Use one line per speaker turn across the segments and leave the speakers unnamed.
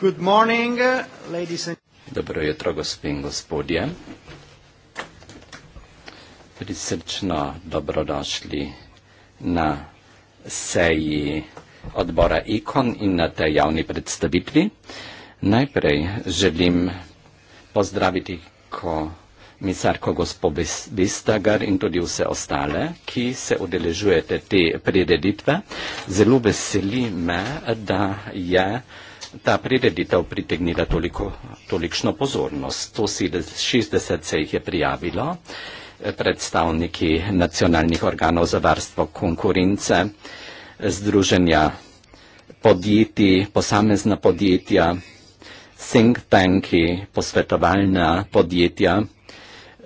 Good morning, ladies and
Dobro jutro, gospe in gospodje. Prisrčno dobrodošli na seji odbora IKON in na tej javni predstavitvi. Najprej želim pozdraviti ko misarko gospo Vistagar in tudi vse ostale, ki se udeležujete te prireditve. Zelo veseli me, da je ta prireditev pritegnila toliko, tolikšno pozornost. 160 se jih je prijavilo, predstavniki nacionalnih organov za varstvo konkurence, združenja podjetij, posamezna podjetja, think tanki, posvetovalna podjetja.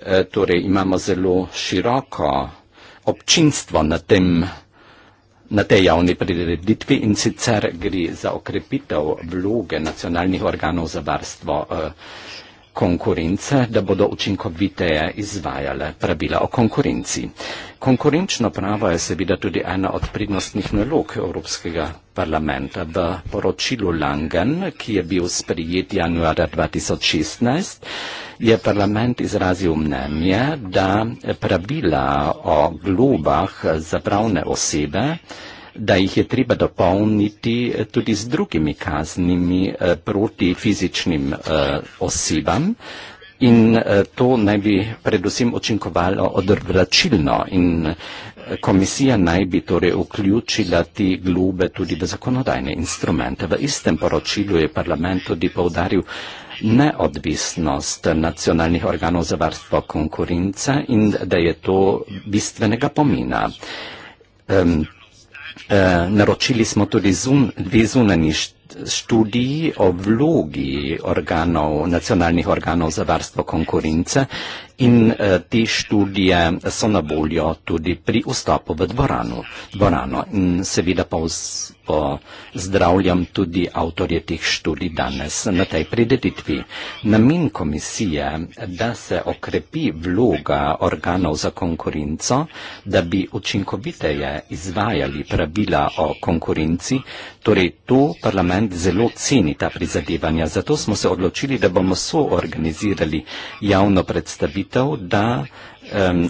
Eh, torej imamo zelo široko občinstvo na tem področju na tej javni prireditvi in sicer gre za okrepitev vloge nacionalnih organov za varstvo eh, konkurence, da bodo učinkoviteje izvajale pravila o konkurenci. Konkurenčno pravo je seveda tudi ena od pridnostnih nalog Evropskega parlamenta. V poročilu Langen, ki je bil sprijet januarja 2016, je parlament izrazil mnenje, da pravila o globah za pravne osebe da jih je treba dopolniti eh, tudi z drugimi kaznimi eh, proti fizičnim eh, osebam. In to naj bi predvsem očinkovalo odvračilno in komisija naj bi torej vključila te globe tudi v zakonodajne instrumente. V istem poročilu je parlament tudi povdaril neodvisnost nacionalnih organov za varstvo konkurence in da je to bistvenega pomena. Um, Eh, naročili smo tudi zun, dve zunani študiji o vlogi organov, nacionalnih organov za varstvo konkurence. Uh, in eh, te študije so na voljo tudi pri vstopu v dvorano. dvorano. In seveda pa pozdravljam tudi avtorje teh študij danes na tej prededitvi. Namen komisije, da se okrepi vloga organov za konkurenco, da bi učinkoviteje izvajali pravila o konkurenci, Torej, to parlament zelo ceni ta prizadevanja, zato smo se odločili, da bomo soorganizirali javno predstavitev, da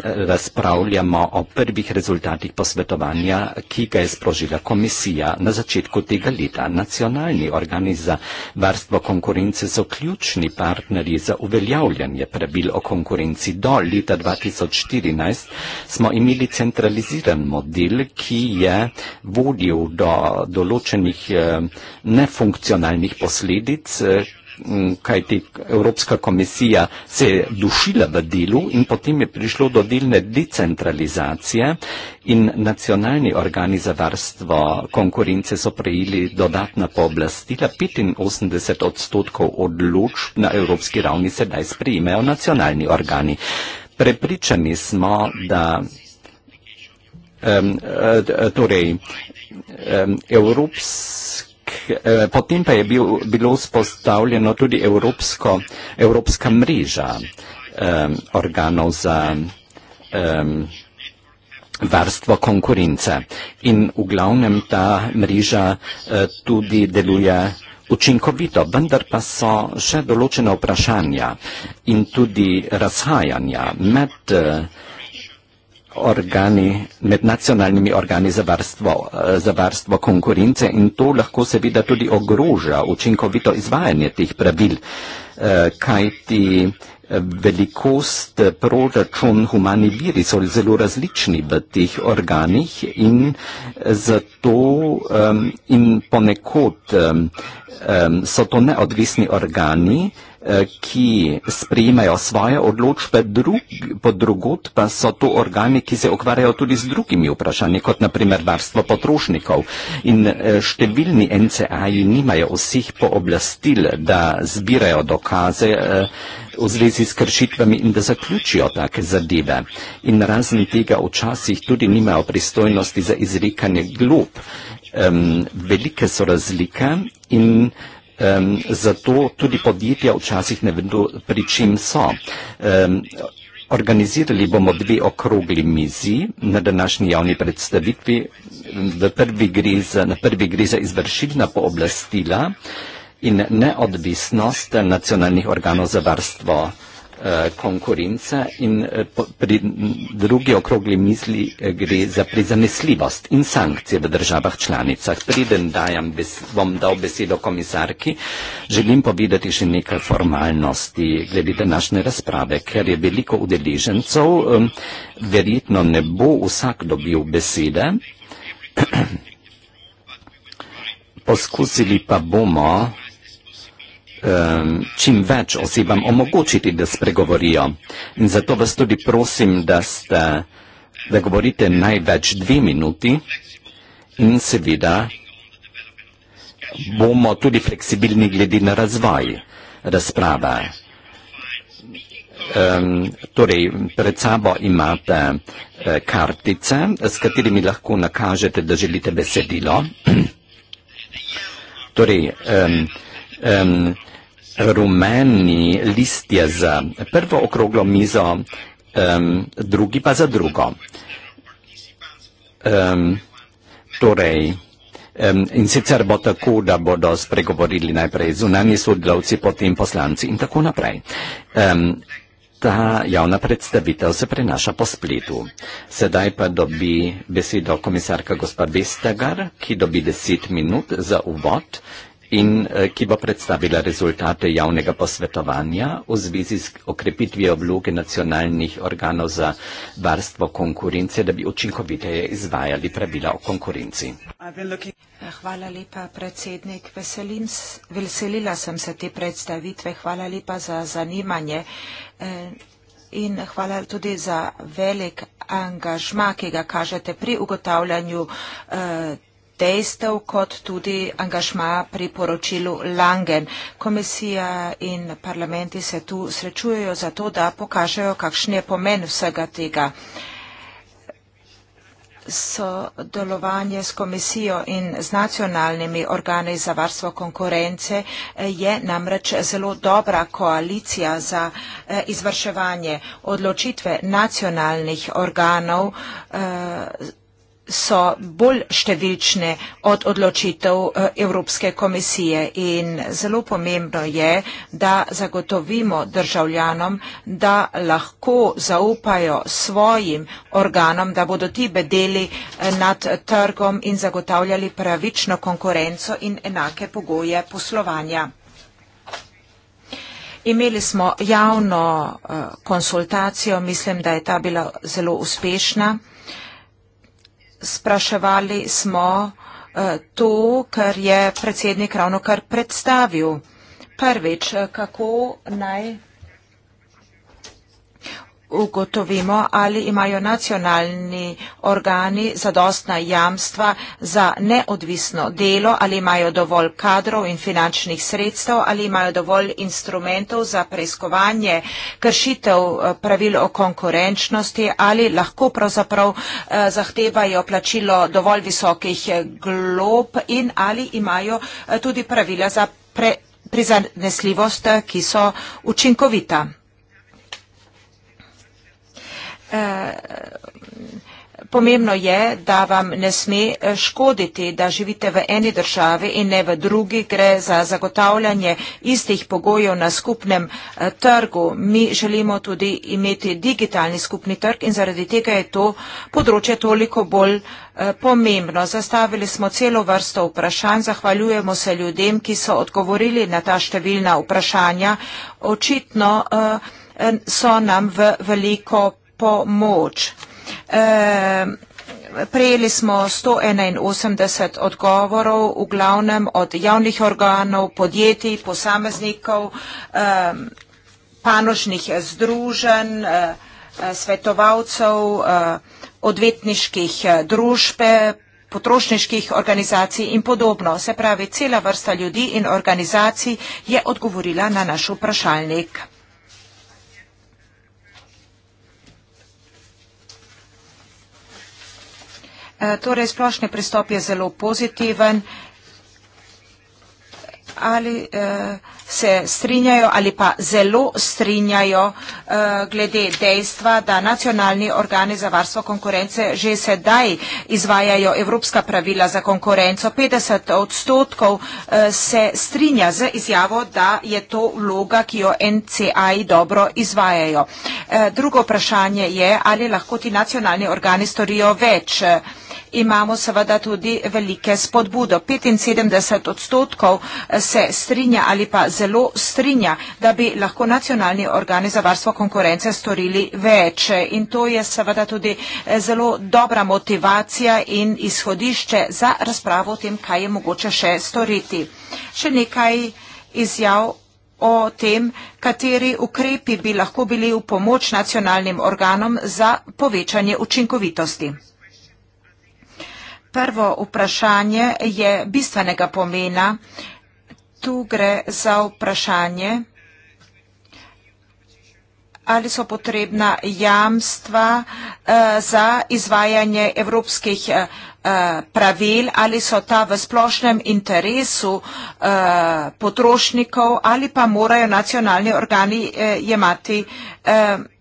razpravljamo o prvih rezultatih posvetovanja, ki ga je sprožila komisija na začetku tega leta. Nacionalni organi za varstvo konkurence so ključni partnerji za uveljavljanje pravil o konkurenci. Do leta 2014 smo imeli centraliziran model, ki je vodil do določenih nefunkcionalnih posledic, Mm, kaj ti Evropska komisija se je dušila v delu in potem je prišlo do delne decentralizacije in nacionalni organi za varstvo konkurence so prejeli dodatna pooblastila. 85 odstotkov odločb na evropski ravni sedaj sprejemajo nacionalni organi. Prepričani smo, da um, torej, um, evropski Eh, potem pa je bil, bilo vzpostavljeno tudi evropsko, evropska mreža um, organov za um, varstvo konkurence. In v glavnem ta mreža uh, tudi deluje učinkovito, vendar pa so še določene vprašanja in tudi razhajanja med. Uh, organi, med nacionalnimi organi za varstvo, eh, za varstvo konkurence in to lahko seveda tudi ogroža učinkovito izvajanje teh pravil, eh, kajti eh, velikost proračun humani viri so zelo različni v teh organih in zato in ponekod so to neodvisni organi, Eh, ki sprejemajo svoje odločbe, drug, podrugot pa so to organi, ki se ukvarjajo tudi z drugimi vprašanji, kot naprimer varstvo potrošnikov. In eh, številni NCA-ji nimajo vseh pooblastil, da zbirajo dokaze eh, v zvezi s kršitvami in da zaključijo take zadeve. In razen tega včasih tudi nimajo pristojnosti za izrekanje glob. Um, velike so razlike in um, zato tudi podjetja včasih ne vedo, pri čem so. Um, Organizirali bomo dve okrogli mizi na današnji javni predstavitvi. Prvi za, na prvi gre za izvršilna pooblastila in neodvisnost nacionalnih organov za varstvo Eh, konkurenca in eh, pri drugi okrogli misli eh, gre za prizanesljivost in sankcije v državah članicah. Preden bom dal besedo komisarki, želim povedati še nekaj formalnosti glede današnje razprave, ker je veliko udeležencev, verjetno ne bo vsak dobil besede. Poskusili pa bomo čim več osebam omogočiti, da spregovorijo. In zato vas tudi prosim, da, ste, da govorite največ dve minuti in seveda bomo tudi fleksibilni glede na razvoj razprave. Um, torej, pred sabo imate uh, kartice, s katerimi lahko nakažete, da želite besedilo. torej, um, um, rumeni listje za prvo okroglo mizo, um, drugi pa za drugo. Um, torej, um, in sicer bo tako, da bodo spregovorili najprej zunani sodelavci, potem poslanci in tako naprej. Um, ta javna predstavitev se prenaša po spletu. Sedaj pa dobi besedo komisarka gospa Vestegar, ki dobi deset minut za uvod in uh, ki bo predstavila rezultate javnega posvetovanja v zvezi z okrepitvijo vloge nacionalnih organov za varstvo konkurence, da bi učinkoviteje izvajali pravila o konkurenci.
Hvala lepa, predsednik. Veselim, veselila sem se te predstavitve. Hvala lepa za zanimanje. E, in hvala tudi za velik angažma, ki ga kažete pri ugotavljanju. E, dejstev kot tudi angažma pri poročilu Langen. Komisija in parlamenti se tu srečujejo zato, da pokažejo, kakšen je pomen vsega tega. Sodelovanje s komisijo in z nacionalnimi organi za varstvo konkurence eh, je namreč zelo dobra koalicija za eh, izvrševanje odločitve nacionalnih organov eh, so bolj številčne od odločitev eh, Evropske komisije in zelo pomembno je, da zagotovimo državljanom, da lahko zaupajo svojim organom, da bodo ti bedeli eh, nad trgom in zagotavljali pravično konkurenco in enake pogoje poslovanja. Imeli smo javno eh, konsultacijo, mislim, da je ta bila zelo uspešna spraševali smo eh, to, kar je predsednik ravno kar predstavil. Prvič, eh, kako naj ugotovimo, ali imajo nacionalni organi zadostna jamstva za neodvisno delo, ali imajo dovolj kadrov in finančnih sredstev, ali imajo dovolj instrumentov za preiskovanje kršitev eh, pravil o konkurenčnosti, ali lahko pravzaprav eh, zahtevajo plačilo dovolj visokih eh, glob in ali imajo tudi pravila za prizanesljivost, ki so učinkovita. Eh, pomembno je, da vam ne sme eh, škoditi, da živite v eni državi in ne v drugi. Gre za zagotavljanje istih pogojev na skupnem eh, trgu. Mi želimo tudi imeti digitalni skupni trg in zaradi tega je to področje toliko bolj pomembno. Zastavili smo celo vrsto vprašanj. Zahvaljujemo se ljudem, ki so odgovorili na ta številna vprašanja. Očitno so nam v veliko pomoč. E, Prejeli smo 181 odgovorov, v glavnem od javnih organov, podjetij, posameznikov, ehm, panožnih združen, eh, eh, svetovalcev, eh, odvetniških družbe, potrošniških organizacij in podobno. Se pravi, cela vrsta ljudi in organizacij je odgovorila na naš vprašalnik. Eh, torej, splošni pristop je zelo pozitiven. Ali eh, se strinjajo ali pa zelo strinjajo eh, glede dejstva, da nacionalni organi za varstvo konkurence že sedaj izvajajo evropska pravila za konkurenco. 50 odstotkov eh, se strinja z izjavo, da je to vloga, ki jo NCI dobro izvajajo. Eh, drugo vprašanje je, ali lahko ti nacionalni organi storijo več. Eh, imamo seveda tudi velike spodbudo. 75 odstotkov se strinja ali pa zelo strinja, da bi lahko nacionalni organi za varstvo konkurence storili več. In to je seveda tudi eh, zelo dobra motivacija in izhodišče za razpravo o tem, kaj je mogoče še storiti. Še nekaj izjav o tem, kateri ukrepi bi lahko bili v pomoč nacionalnim organom za povečanje učinkovitosti. Prvo vprašanje je bistvenega pomena. Tu gre za vprašanje, ali so potrebna jamstva eh, za izvajanje evropskih eh, pravil, ali so ta v splošnem interesu eh, potrošnikov, ali pa morajo nacionalni organi jemati vprašanje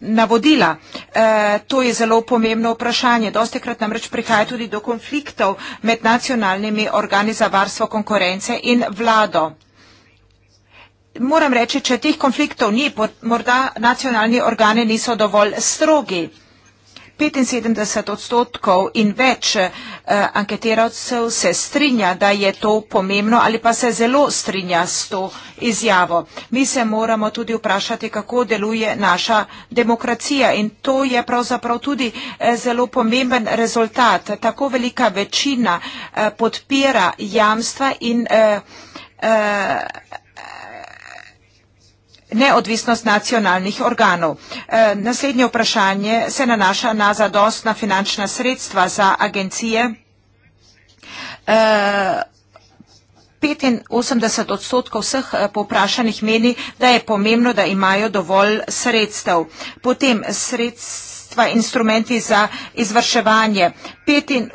navodila. E, to je zelo pomembno vprašanje. Doste krat namreč prihaja tudi do konfliktov med nacionalnimi organi za varstvo konkurence in vlado. Moram reči, če teh konfliktov ni, morda nacionalni organi niso dovolj strogi. 75 odstotkov in več uh, eh, anketirovcev se strinja, da je to pomembno ali pa se zelo strinja s to izjavo. Mi se moramo tudi vprašati, kako deluje naša demokracija in to je pravzaprav tudi uh, zelo pomemben rezultat. Tako velika večina uh, podpira jamstva in. Uh, uh, neodvisnost nacionalnih organov. Eh, naslednje vprašanje se nanaša na zadostna finančna sredstva za agencije. 85 eh, odstotkov vseh eh, poprašanih meni, da je pomembno, da imajo dovolj sredstev. Potem sredstv sredstva, instrumenti za izvrševanje.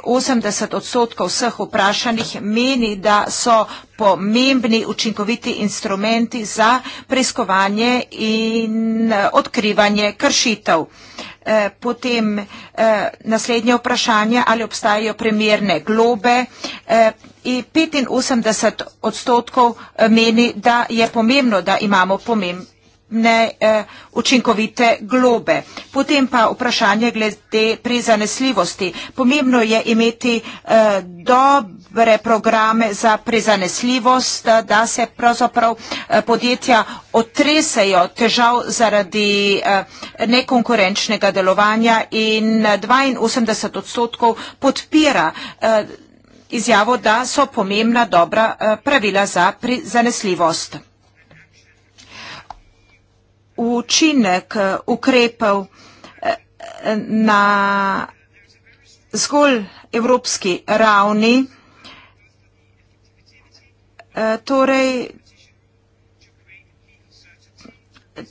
85 odstotkov vseh vprašanih meni, da so pomembni učinkoviti instrumenti za preiskovanje in eh, odkrivanje kršitev. Eh, potem eh, naslednje vprašanje, ali obstajajo primerne globe. 85 odstotkov meni, da je pomembno, da imamo pomembno neučinkovite globe. Potem pa vprašanje glede prizanesljivosti. Pomembno je imeti eh, dobre programe za prizanesljivost, da se pravzaprav eh, podjetja otresejo težav zaradi eh, nekonkurenčnega delovanja in 82 odstotkov podpira izjavo, da so pomembna dobra pravila za prizanesljivost učinek eh, ukrepov eh, na zgolj evropski ravni, eh, torej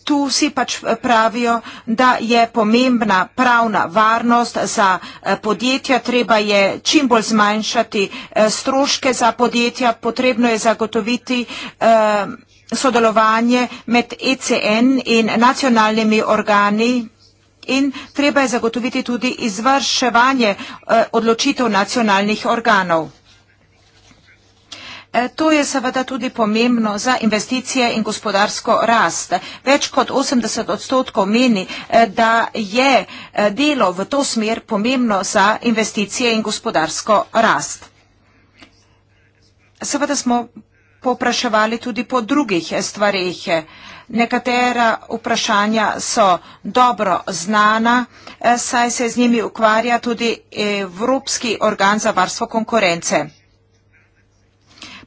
tu vsi pač pravijo, da je pomembna pravna varnost za podjetja, treba je čim bolj zmanjšati stroške za podjetja, potrebno je zagotoviti eh, sodelovanje med ECN in nacionalnimi organi in treba je zagotoviti tudi izvrševanje eh, odločitev nacionalnih organov. Eh, to je seveda tudi pomembno za investicije in gospodarsko rast. Več kot 80 odstotkov meni, eh, da je delo v to smer pomembno za investicije in gospodarsko rast. Seveda smo popraševali tudi po drugih stvareh. Nekatera vprašanja so dobro znana, eh, saj se z njimi ukvarja tudi Evropski organ za varstvo konkurence.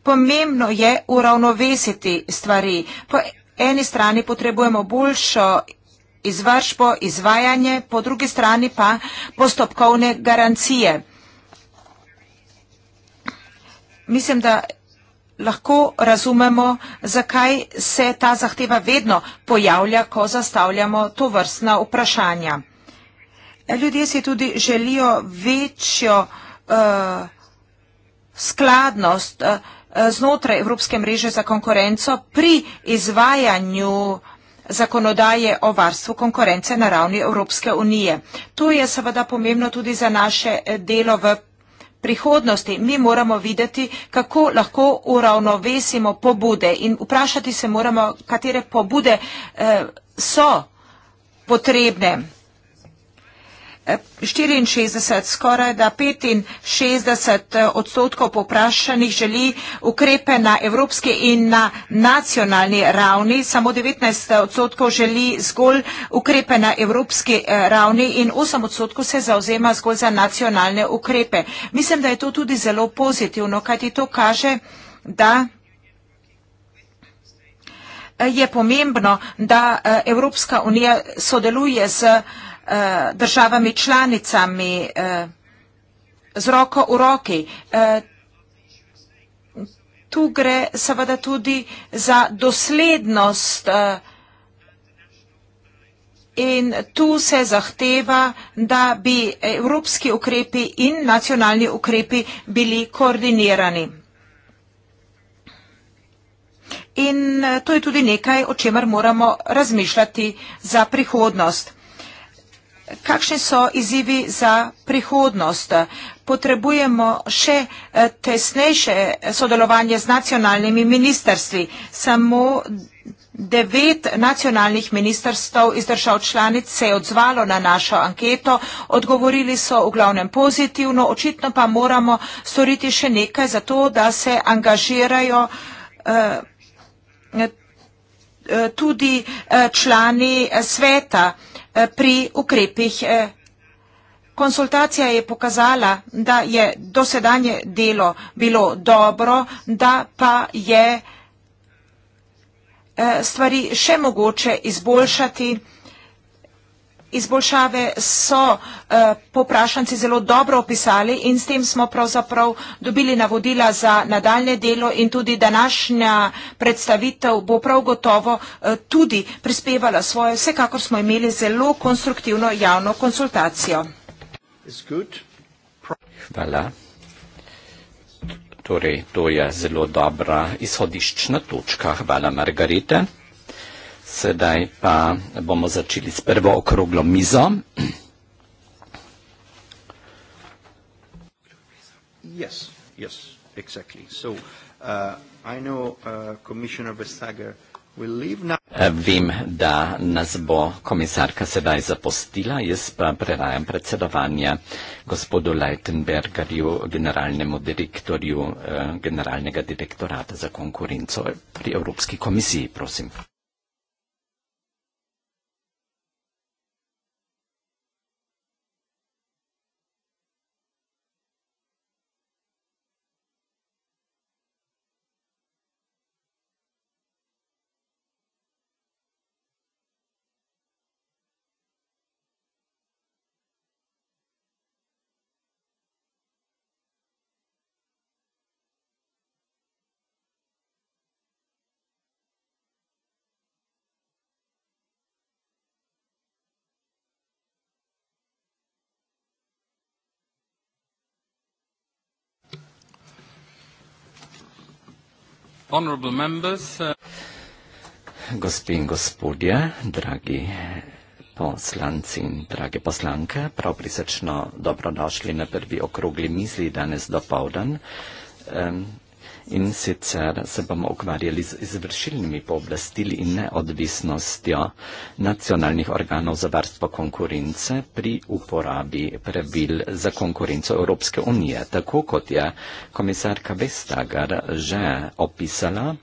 Pomembno je uravnovesiti stvari. Po eni strani potrebujemo boljšo izvršbo, izvajanje, po drugi strani pa postopkovne garancije. Mislim, da lahko razumemo, zakaj se ta zahteva vedno pojavlja, ko zastavljamo to vrstna vprašanja. Ljudje si tudi želijo večjo uh, skladnost uh, znotraj Evropske mreže za konkurenco pri izvajanju zakonodaje o varstvu konkurence na ravni Evropske unije. To je seveda pomembno tudi za naše delo v prihodnosti mi moramo videti, kako lahko uravnovesimo pobude in vprašati se moramo, katere pobude eh, so potrebne. 64, skoraj da 65 eh, odstotkov poprašanih želi ukrepe na evropski in na nacionalni ravni, samo 19 eh, odstotkov želi zgolj ukrepe na evropski eh, ravni in 8 odstotkov se zauzema zgolj za nacionalne ukrepe. Mislim, da je to tudi zelo pozitivno, kajti to kaže, da je pomembno, da Evropska unija sodeluje z Evropskim Eh, državami članicami eh, z roko v roki. Eh, tu gre seveda tudi za doslednost in tu se zahteva, da bi evropski ukrepi in nacionalni ukrepi bili koordinirani. In to je tudi nekaj, o čemer moramo razmišljati za prihodnost kakšni so izzivi za prihodnost. Potrebujemo še eh, tesnejše eh, sodelovanje z nacionalnimi ministerstvi. Samo devet nacionalnih ministerstv iz držav članic se je odzvalo na našo anketo, odgovorili so v glavnem pozitivno, očitno pa moramo storiti še nekaj za to, da se angažirajo. Eh, Eh, tudi eh, člani eh, sveta pri ukrepih. Konsultacija je pokazala, da je dosedanje delo bilo dobro, da pa je stvari še mogoče izboljšati izboljšave so eh, poprašanci zelo dobro opisali in s tem smo pravzaprav dobili navodila za nadaljne delo in tudi današnja predstavitev bo prav gotovo eh, tudi prispevala svoje. Vsekakor smo imeli zelo konstruktivno javno konsultacijo.
Hvala. Torej, to je zelo dobra izhodiščna točka. Hvala, Margarita. Sedaj pa bomo začeli s prvo okroglo mizo. Yes, yes, exactly. So, uh, I know, uh, will leave now. Eh, vem, da nas bo komisarka sedaj zapustila, jaz pa prerajam predsedovanje gospodu Leitenbergerju, generalnemu direktorju uh, Generalnega direktorata za konkurenco pri Evropski komisiji, prosim. Uh, Gospi in gospodje, dragi poslanci in drage poslanke, prav prisrčno dobrodošli na prvi okrogli misli danes do povdan in sicer se bomo ukvarjali z izvršilnimi pooblastili in neodvisnostjo nacionalnih organov za varstvo konkurence pri uporabi pravil za konkurenco Evropske unije. Tako kot je komisarka Vestager že opisala,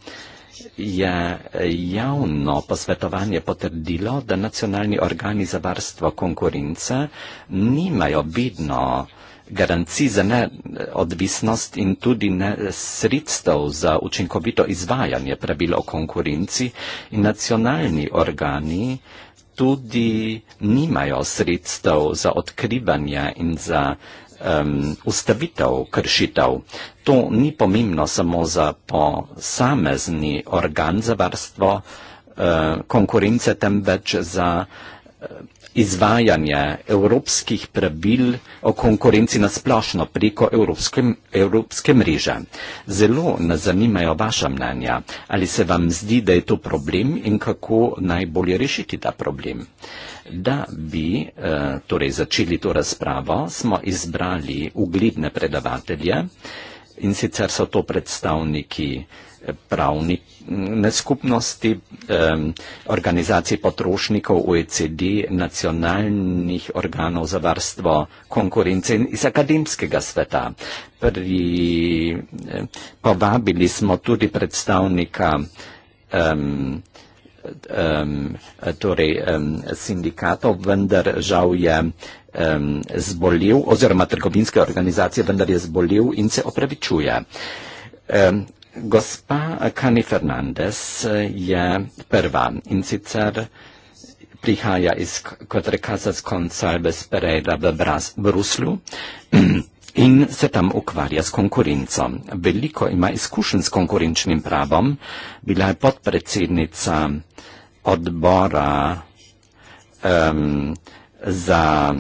je javno posvetovanje potrdilo, da nacionalni organi za varstvo konkurence nimajo vidno garancij za neodvisnost in tudi ne sredstev za učinkovito izvajanje pravil o konkurenci in nacionalni organi tudi nimajo sredstev za odkrivanje in za um, ustavitev kršitev. To ni pomembno samo za posamezni organ za varstvo uh, konkurence, temveč za uh, izvajanje evropskih pravil o konkurenci na splošno preko evropske, evropske mreže. Zelo nas zanimajo vaša mnenja, ali se vam zdi, da je to problem in kako najbolje rešiti ta problem. Da bi eh, torej, začeli to razpravo, smo izbrali ugledne predavatelje in sicer so to predstavniki pravni mm, skupnosti, organizacij potrošnikov OECD, nacionalnih organov za varstvo konkurence in iz akademskega sveta. Pri, povabili smo tudi predstavnika um, um, torej, um, sindikatov, vendar žal je um, zbolel oziroma trgovinske organizacije, vendar je zbolel in se opravičuje gospa Kani Fernandez eh, je prva in sicer prihaja iz, kot rekazac konca Albes Pereira v, Bras, v Ruslu in se tam ukvarja s konkurenco. Veliko ima izkušenj s konkurenčnim pravom, bila je podpredsednica odbora um, za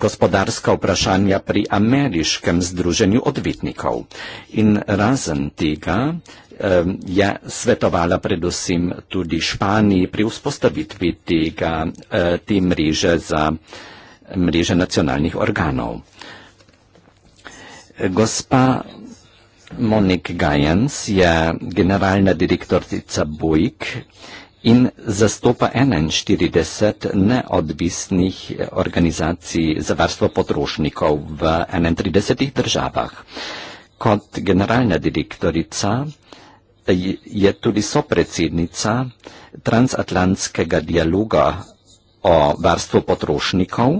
gospodarska vprašanja pri ameriškem združenju odvetnikov. In razen tega je svetovala predvsem tudi Španiji pri vzpostavitvi tega, e, te mreže za mreže nacionalnih organov. Gospa Monik Gajens je generalna direktorica Bujk, in zastopa 41 neodvisnih organizacij za varstvo potrošnikov v 31 državah. Kot generalna direktorica je tudi sopredsednica transatlantskega dialoga o varstvu potrošnikov,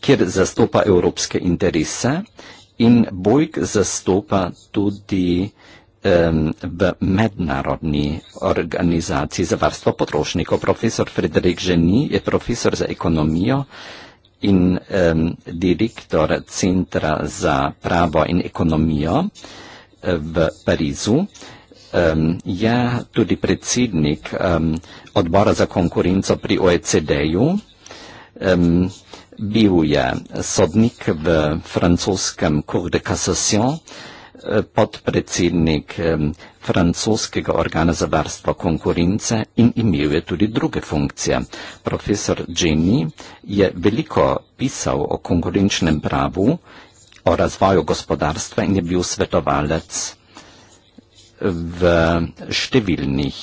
kjer zastopa evropske interese in Bojk zastopa tudi v mednarodni organizaciji za varstvo potrošnikov. Profesor Frederik Ženi je profesor za ekonomijo in um, direktor Centra za pravo in ekonomijo eh, v Parizu. Um, je tudi predsednik um, odbora za konkurenco pri OECD-ju. Um, bil je sodnik v francoskem Cour de Cassation podpredsednik francoskega organa za varstvo konkurence in imel je tudi druge funkcije. Profesor Jenny je veliko pisal o konkurenčnem pravu, o razvoju gospodarstva in je bil svetovalec v številnih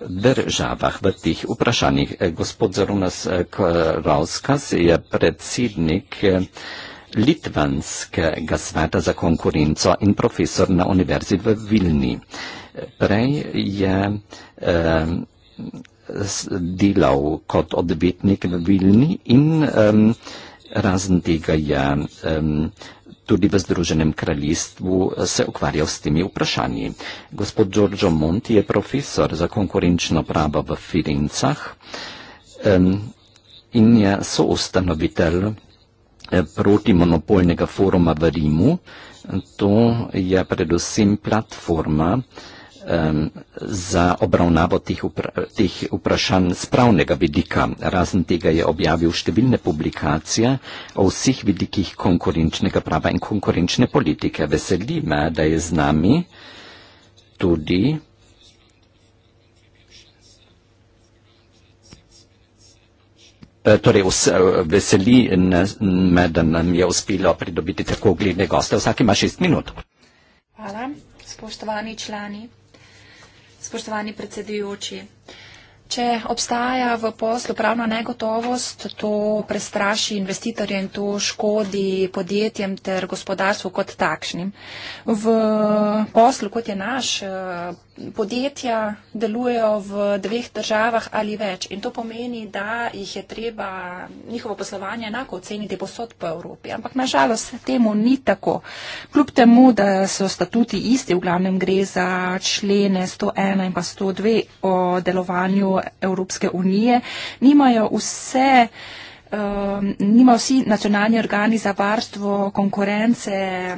državah v teh vprašanjih. Gospod Zarunas Kralskas je predsednik Litvanskega sveta za konkurenco in profesor na univerzi v Vilni. Prej je eh, delal kot odvetnik v Vilni in eh, razen tega je eh, tudi v Združenem kraljestvu eh, se ukvarjal s temi vprašanji. Gospod Giorgio Monti je profesor za konkurenčno pravo v Firencah. Eh, in je soustanovitelj protimonopolnega foruma v Rimu. To je predvsem platforma za obravnavo teh, upra teh vprašanj z pravnega vidika. Razen tega je objavil številne publikacije o vseh vidikih konkurenčnega prava in konkurenčne politike. Veseli me, da je z nami tudi Eh, torej, eh, veseli me, da nam je uspelo pridobiti tako ugledne goste. Vsak ima šest minut.
Hvala, spoštovani člani, spoštovani predsedujoči. Če obstaja v poslu pravna negotovost, to prestraši investitorje in to škodi podjetjem ter gospodarstvu kot takšnim. V poslu, kot je naš, eh, podjetja delujejo v dveh državah ali več in to pomeni, da jih je treba njihovo poslovanje enako oceniti posod po Evropi. Ampak nažalost temu ni tako. Kljub temu, da so statuti isti, v glavnem gre za člene 101 in pa 102 o delovanju Evropske unije, nimajo vse Um, nima vsi nacionalni organi za varstvo konkurence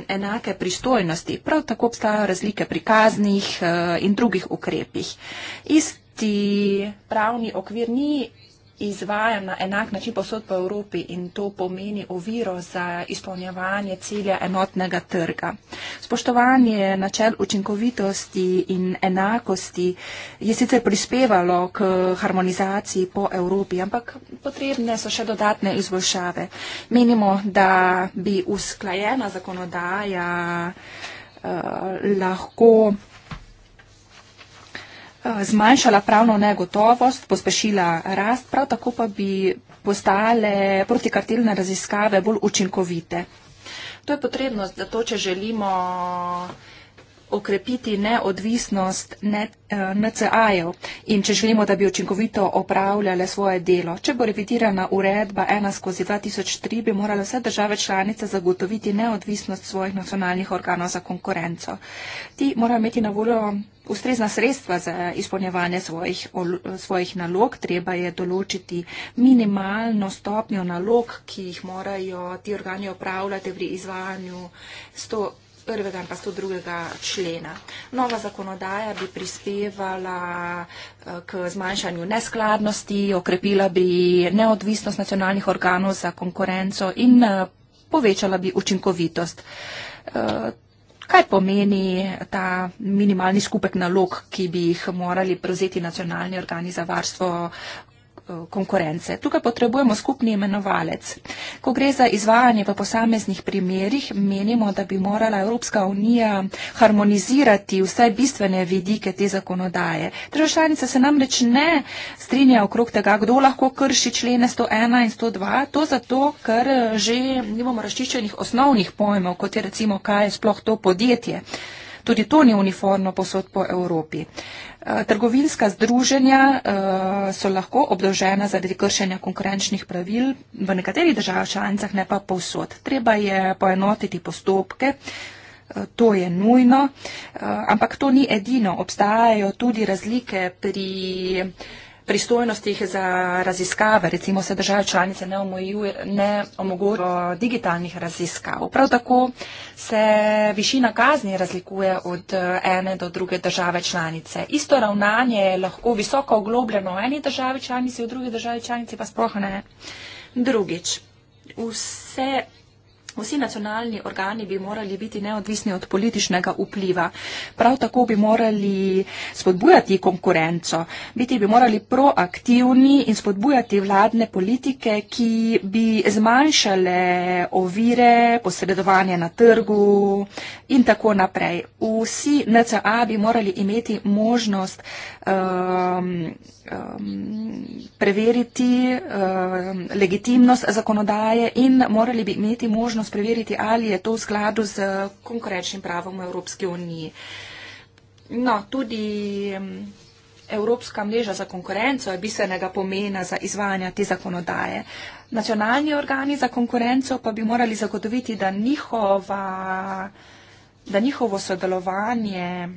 enake pristojnosti. Prav tako obstajajo razlike pri kaznih uh, in drugih ukrepih. Isti pravni okvir ni izvajan na enak način posod po Evropi in to pomeni oviro za izpolnjevanje cilja enotnega trga. Spoštovanje načel učinkovitosti in enakosti je sicer prispevalo k harmonizaciji po Evropi, ampak potrebne so še dodatne izboljšave. Menimo, da bi usklajena zakonodaja uh, lahko Eh, zmanjšala pravno negotovost, pospešila rast, prav tako pa bi postale protikartelne raziskave bolj učinkovite. To je potrebno, zato če želimo okrepiti neodvisnost NCA-jev eh, in če želimo, da bi učinkovito opravljale svoje delo. Če bo revidirana uredba 1 skozi 2003, bi morale vse države članice zagotoviti neodvisnost svojih nacionalnih organov za konkurenco. Ti morajo imeti na voljo ustrezna sredstva za izpolnjevanje svojih, svojih nalog. Treba je določiti minimalno stopnjo nalog, ki jih morajo ti organi opravljati pri izvajanju 100 prvega in pa 102. člena. Nova zakonodaja bi prispevala eh, k zmanjšanju neskladnosti, okrepila bi neodvisnost nacionalnih organov za konkurenco in eh, povečala bi učinkovitost. Eh, kaj pomeni ta minimalni skupek nalog, ki bi jih morali prevzeti nacionalni organi za varstvo Eh, konkurence. Tukaj potrebujemo skupni imenovalec. Ko gre za izvajanje v posameznih primerjih, menimo, da bi morala Evropska unija harmonizirati vse bistvene vidike te zakonodaje. Državšanice se namreč ne strinjajo okrog tega, kdo lahko krši člene 101 in 102. To zato, ker že nimamo raščičenih osnovnih pojmov, kot je recimo, kaj je sploh to podjetje. Tudi to ni uniformno posod po Evropi. Eh, trgovinska združenja eh, so lahko obdolžena zaradi kršenja konkurenčnih pravil v nekaterih državah članicah, ne pa povsod. Treba je poenotiti postopke. Eh, to je nujno, ampak to ni edino. Obstajajo tudi razlike pri pristojnostih za raziskave, recimo se države članice ne, ne omogočajo digitalnih raziskav. Prav tako se višina kazni razlikuje od eh, ene do druge države članice. Isto ravnanje je lahko visoko oglobljeno v eni državi članici, v drugi državi članici pa sploh ne. Drugič, vse Vsi nacionalni organi bi morali biti neodvisni od političnega vpliva. Prav tako bi morali spodbujati konkurenco, biti bi morali proaktivni in spodbujati vladne politike, ki bi zmanjšale ovire, posredovanje na trgu in tako naprej. Vsi NCA bi morali imeti možnost um, um, preveriti um, legitimnost zakonodaje in morali bi imeti možnost možnost preveriti, ali je to v skladu z eh, konkurenčnim pravom Evropske unije. No, tudi mm, Evropska mreža za konkurenco je bistvenega pomena za izvajanje te zakonodaje. Nacionalni organi za konkurenco pa bi morali zagotoviti, da, njihova, da njihovo sodelovanje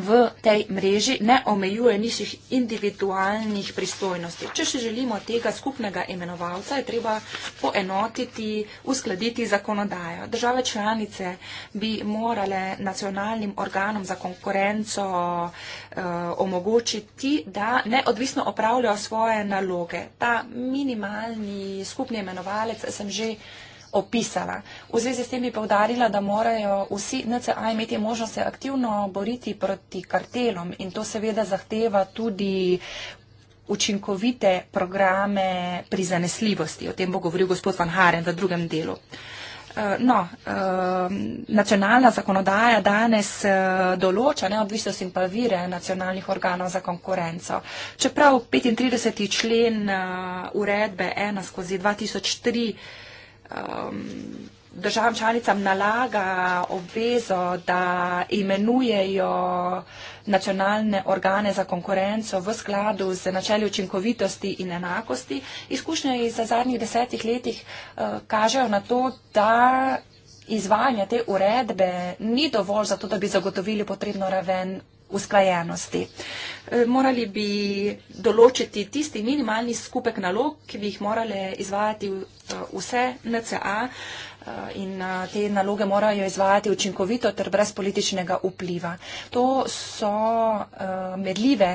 v tej mreži ne omejuje niših individualnih pristojnosti. Če še želimo tega skupnega imenovalca, je treba poenotiti, uskladiti zakonodajo. Države članice bi morale nacionalnim organom za konkurenco eh, omogočiti, da neodvisno opravljajo svoje naloge. Ta minimalni skupni imenovalec sem že opisala. V zvezi s tem bi povdarila, da morajo vsi NCA imeti možnost se aktivno boriti proti kartelom in to seveda zahteva tudi učinkovite programe pri zanesljivosti. O tem bo govoril gospod Van Haren v drugem delu. Eh, no, eh, nacionalna zakonodaja danes eh, določa neodvisnost in pa vire nacionalnih organov za konkurenco. Čeprav 35. člen uredbe 1 skozi 2003 um, državam članicam nalaga obvezo, da imenujejo nacionalne organe za konkurenco v skladu z načeli učinkovitosti in enakosti. Izkušnje iz zadnjih desetih letih uh, kažejo na to, da izvajanje te uredbe ni dovolj za to, da bi zagotovili potrebno raven usklajenosti. E, morali bi določiti tisti minimalni skupek nalog, ki bi jih morale izvajati e, vse NCA e, in te naloge morajo izvajati učinkovito ter brez političnega vpliva. To so merljive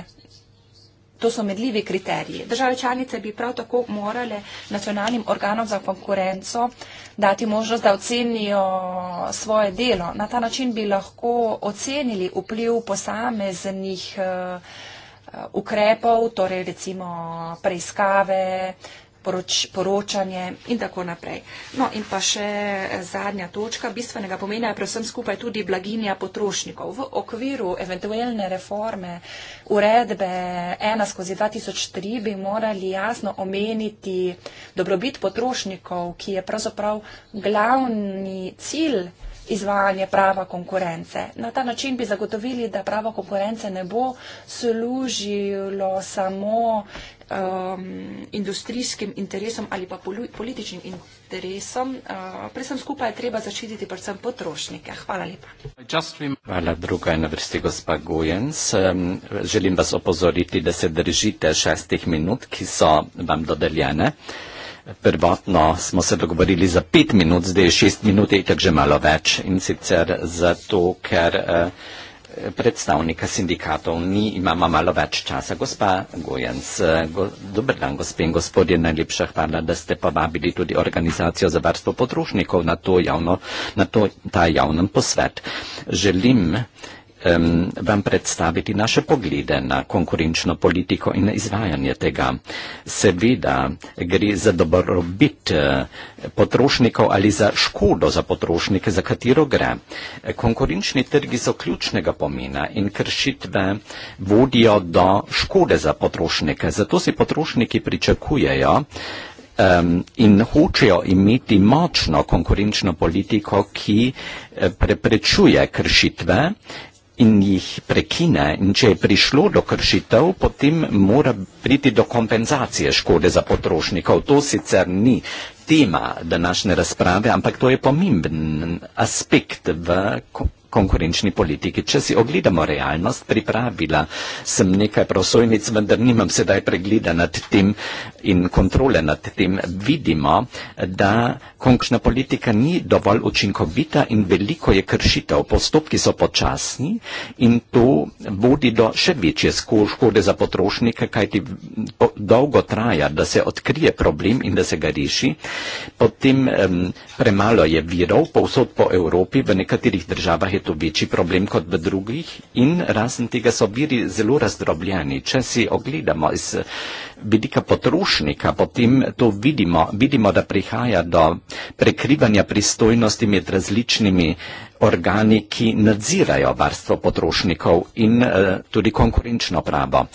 To so medljivi kriteriji. Države članice bi prav tako morale nacionalnim organom za konkurenco dati možnost, da ocenijo svoje delo. Na ta način bi lahko ocenili vpliv posameznih eh, ukrepov, torej recimo preiskave, poroč, poročanje in tako naprej. No in pa še zadnja točka, bistvenega pomena je predvsem skupaj tudi blaginja potrošnikov. V okviru eventualne reforme uredbe 1 skozi 2003 bi morali jasno omeniti dobrobit potrošnikov, ki je pravzaprav glavni cilj izvajanje prava konkurence. Na ta način bi zagotovili, da pravo konkurence ne bo služilo samo um, industrijskim interesom ali pa političnim interesom. Uh, predvsem skupaj je treba zaščititi predvsem potrošnike. Hvala lepa.
Hvala, druga je na vrsti gospa Gujens. Um, želim vas opozoriti, da se držite šestih minut, ki so vam dodeljene. Prvotno smo se dogovorili za pet minut, zdaj je šest minut, je tako že malo več in sicer zato, ker. Uh, predstavnika sindikatov, ni, imamo malo več časa. Gospa Gojens, eh, go, dober dan, gospe in gospodje, najlepša hvala, da ste povabili tudi organizacijo za varstvo potrošnikov na, to javno, na to, ta javnem posvet. Želim, eh, um, vam predstaviti naše poglede na konkurenčno politiko in izvajanje tega. Seveda gre za dobrobit eh, potrošnikov ali za škodo za potrošnike, za katero gre. Konkurenčni trgi so ključnega pomena in kršitve vodijo do škode za potrošnike. Zato si potrošniki pričakujejo, in hočejo imeti močno konkurenčno politiko, ki eh, preprečuje kršitve in jih prekine in če je prišlo do kršitev, potem mora priti do kompenzacije škode za potrošnikov. To sicer ni tema današnje razprave, ampak to je pomemben aspekt v konkurenčni politiki. Če si ogledamo realnost, pripravila sem nekaj prosojnic, vendar nimam sedaj pregleda nad tem in kontrole nad tem. Vidimo, da konkurenčna politika ni dovolj učinkovita in veliko je kršitev. Postopki so počasni in to vodi do še večje škode za potrošnike, kajti dolgo traja, da se odkrije problem in da se ga reši. Potem um, premalo je virov, povsod po Evropi, v nekaterih državah je to svetu večji problem kot v drugih in razen tega so viri zelo razdrobljeni. Če si ogledamo iz vidika potrošnika, potem to vidimo, vidimo, da prihaja do prekrivanja pristojnosti med različnimi organi, ki nadzirajo varstvo potrošnikov in eh, tudi konkurenčno pravo.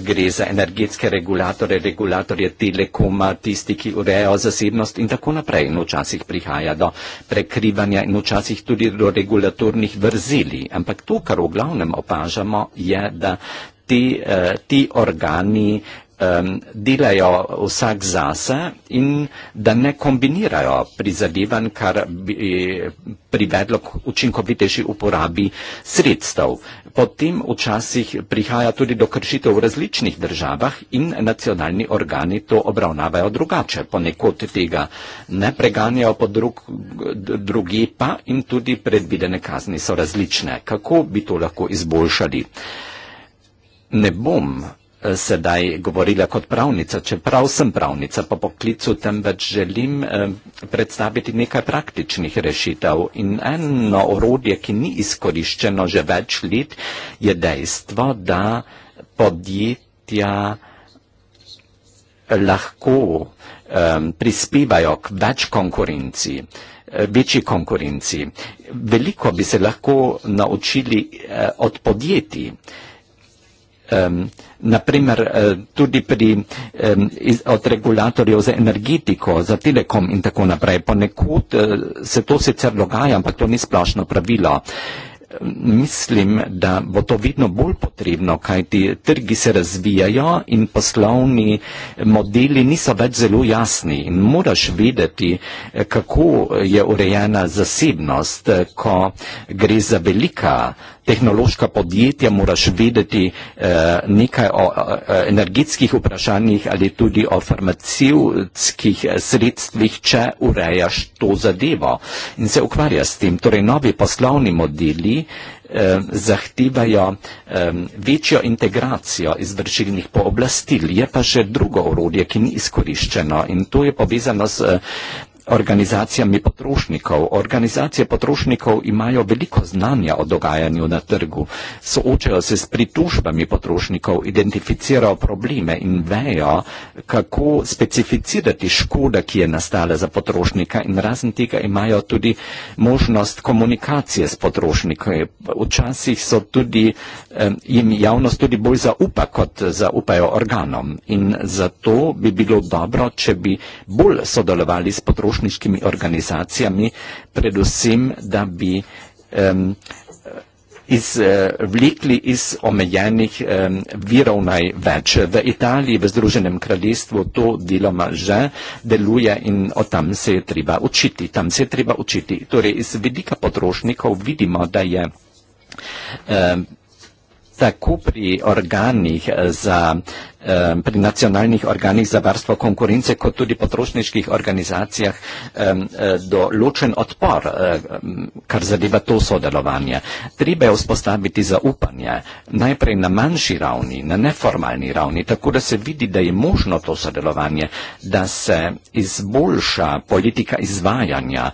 Gre za energetske regulatore, regulatorje telekoma, tisti, ki urejajo zasebnost in tako naprej. In včasih prihaja do prekrivanja in včasih tudi do regulatornih vrzeli. Ampak to, kar v glavnem opažamo, je, da ti, eh, ti organi um, delajo vsak zase in da ne kombinirajo prizadevanj, kar bi privedlo k učinkovitejši uporabi sredstev. Potem včasih prihaja tudi do kršitev v različnih državah in nacionalni organi to obravnavajo drugače. Ponekod tega ne preganjajo, po drug, drugi pa in tudi predvidene kazni so različne. Kako bi to lahko izboljšali? Ne bom Eh, sedaj govorila kot pravnica, čeprav sem pravnica po poklicu, temveč želim eh, predstaviti nekaj praktičnih rešitev. In eno orodje, ki ni izkoriščeno že več let, je dejstvo, da podjetja eh, lahko prispevajo k več konkurenci, večji konkurenci. Veliko bi se lahko naučili od podjetij naprimer eh, tudi pri, od regulatorjev za energetiko, za telekom in tako naprej. Ponekud eh, se to sicer dogaja, ampak to ni splošno pravilo. Mislim, da bo to vedno bolj potrebno, kajti trgi se razvijajo in poslovni modeli niso več zelo jasni. In moraš vedeti, eh, kako je urejena zasebnost, ko gre za velika tehnološka podjetja, moraš vedeti eh, nekaj o, o energetskih vprašanjih ali tudi o farmacijskih sredstvih, če urejaš to zadevo in se ukvarja s tem. Torej, novi poslovni modeli eh, zahtevajo eh, večjo integracijo izvršilnih pooblastil. Je pa še drugo orodje, ki ni izkoriščeno in to je povezano z eh, organizacijami potrošnikov. Organizacije potrošnikov imajo veliko znanja o dogajanju na trgu, soočajo se s pritužbami potrošnikov, identificirajo probleme in vejo, kako specificirati škoda, ki je nastala za potrošnika in razen tega imajo tudi možnost komunikacije s potrošniki. Včasih so tudi, jim javnost tudi bolj zaupa, kot zaupajo organom in zato bi bilo dobro, če bi bolj sodelovali s potrošniki potrošniškimi organizacijami, predvsem, da bi um, iz, eh, vlikli iz omejenih um, virov največ. V Italiji, v Združenem kraljestvu to deloma že deluje in o tam se je treba učiti. Tam se je treba učiti. Torej, iz vidika potrošnikov vidimo, da je. Um, tako pri organih eh, za pri nacionalnih organih za varstvo konkurence, kot tudi potrošniških organizacijah e, določen odpor, e, kar zadeva to sodelovanje. Treba je vzpostaviti zaupanje, najprej na manjši ravni, na neformalni ravni, tako da se vidi, da je možno to sodelovanje, da se izboljša politika izvajanja e,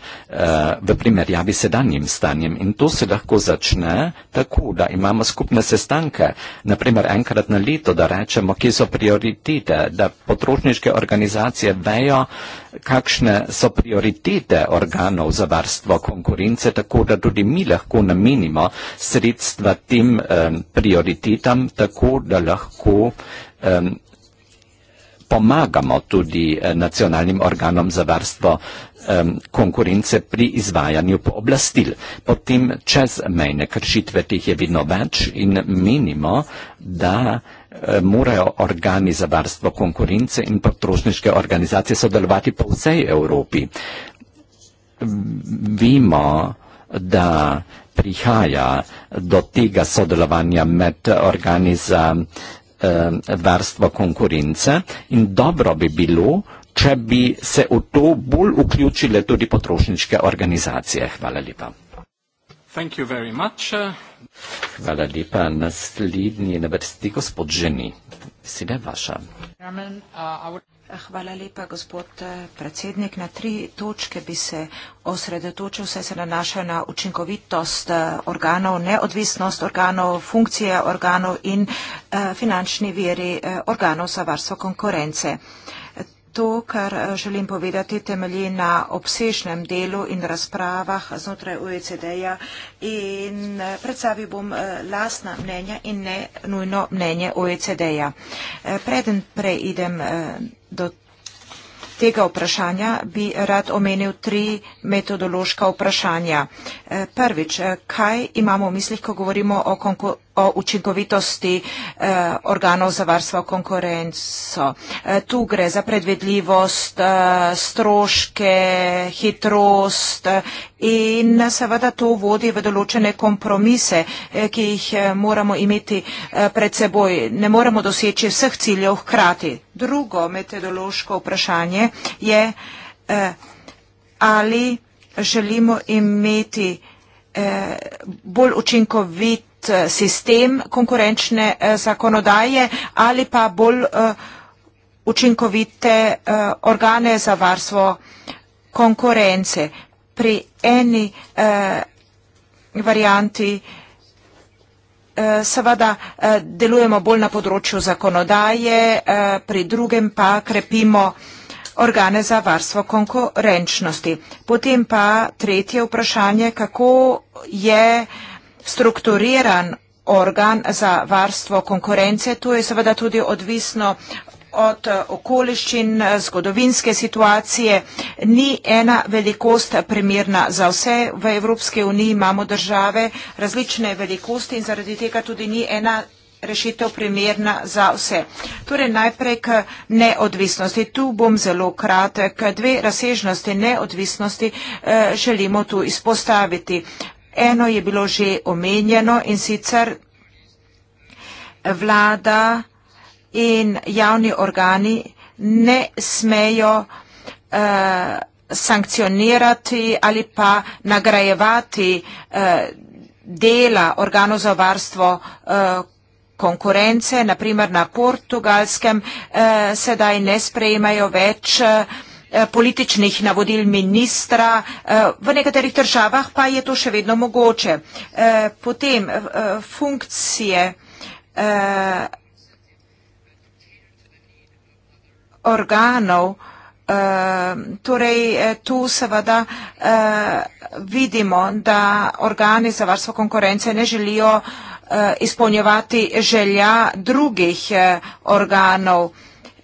v primerjavi sedanjim stanjem in to se lahko začne tako, da imamo skupne sestanke, naprimer enkrat na leto, da rečemo, kje so prioritete, da potrošniške organizacije vejo, kakšne so prioritete organov za varstvo konkurence, tako da tudi mi lahko namenimo sredstva tem um, prioritetam, tako da lahko um, pomagamo tudi eh, nacionalnim organom za varstvo konkurence pri izvajanju pooblastil. Potem čezmejne kršitve teh je vedno več in menimo, da Eh, morajo organi za varstvo konkurence in potrošniške organizacije sodelovati po vsej Evropi. Mm, vemo, da prihaja do tega sodelovanja med organi za eh, varstvo konkurence in dobro bi bilo, če bi se v to bolj vključile tudi potrošniške organizacije. Hvala lepa. Hvala lepa. Naslednji je na vrsti gospod Ženi. Sedaj vaša.
Hvala lepa, gospod eh, predsednik. Na tri točke bi se osredotočil, saj se nanašajo na učinkovitost eh, organov, neodvisnost organov, funkcije organov in eh, finančni veri organov za varstvo konkurence to, kar eh, želim povedati, temelji na obsežnem delu in razpravah znotraj OECD-ja in eh, predstavil bom eh, lastna mnenja in ne nujno mnenje OECD-ja. Preden preidem do tega vprašanja, bi rad omenil tri metodološka vprašanja. Prvič, kaj imamo v mislih, ko govorimo o konkurenčnosti? o učinkovitosti eh, organov za varstvo konkurenco. Eh, tu gre za predvedljivost, eh, stroške, hitrost eh, in seveda to vodi v določene kompromise, eh, ki jih eh, moramo imeti eh, pred seboj. Ne moremo doseči vseh ciljev hkrati. Drugo metodološko vprašanje je, eh, ali želimo imeti eh, bolj učinkovit Eh, sistem konkurenčne eh, zakonodaje ali pa bolj eh, učinkovite organe za varstvo konkurence. Pri eni varianti seveda delujemo bolj na področju zakonodaje, pri drugem pa krepimo organe za varstvo konkurenčnosti. Potem pa tretje vprašanje, kako je vprašanje, strukturiran organ za varstvo konkurence. To je seveda tudi odvisno od okoliščin, zgodovinske situacije. Ni ena velikost primirna za vse. V Evropske unije imamo države različne velikosti in zaradi tega tudi ni ena rešitev primerna za vse. Torej najprej k neodvisnosti. Tu bom zelo kratek. Dve razsežnosti neodvisnosti eh, želimo tu izpostaviti. Eno je bilo že omenjeno in sicer vlada in javni organi ne smejo uh, sankcionirati ali pa nagrajevati uh, dela organov za varstvo uh, konkurence, naprimer na portugalskem, uh, sedaj ne sprejemajo več uh, Eh, političnih navodil ministra, eh, v nekaterih državah pa je to še vedno mogoče. Eh, potem funkcije organov, torej tu seveda vidimo, da organi za varstvo konkurence ne želijo izpolnjevati želja drugih organov,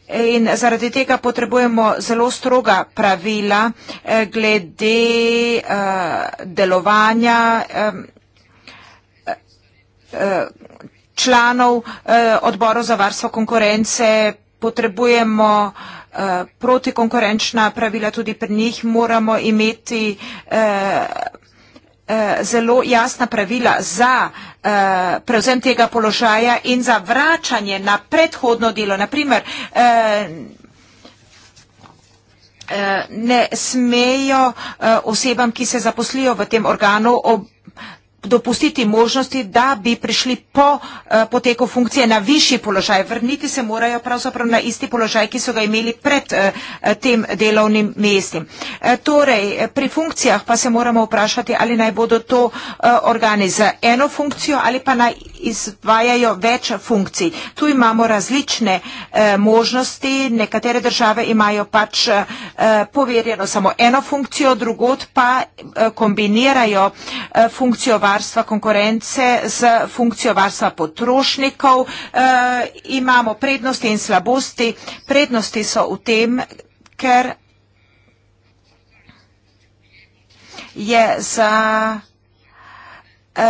In zaradi tega potrebujemo zelo stroga pravila eh, glede eh, delovanja eh, članov odboru za varstvo konkurence, potrebujemo protikonkurenčna pravila, tudi pri njih moramo imeti Eh, zelo jasna pravila za eh, prevzem tega položaja in za vračanje na predhodno delo. Naprimer, eh, ne smejo osebam, ki se zaposlijo v tem organu, ob dopustiti možnosti, da bi prišli po eh, poteku funkcije na višji položaj. Vrniti se morajo pravzaprav na isti položaj, ki so ga imeli pred eh, eh, tem delovnim mestim. Torej, pri funkcijah pa se moramo vprašati, ali naj bodo to organi za eno funkcijo ali pa naj izvajajo več funkcij. Tu imamo različne možnosti. Nekatere države imajo pač poverjeno samo eno funkcijo, drugot pa kombinirajo funkcijo varstva konkurence z funkcijo varstva potrošnikov. E, imamo prednosti in slabosti. Prednosti so v tem, ker je za uh,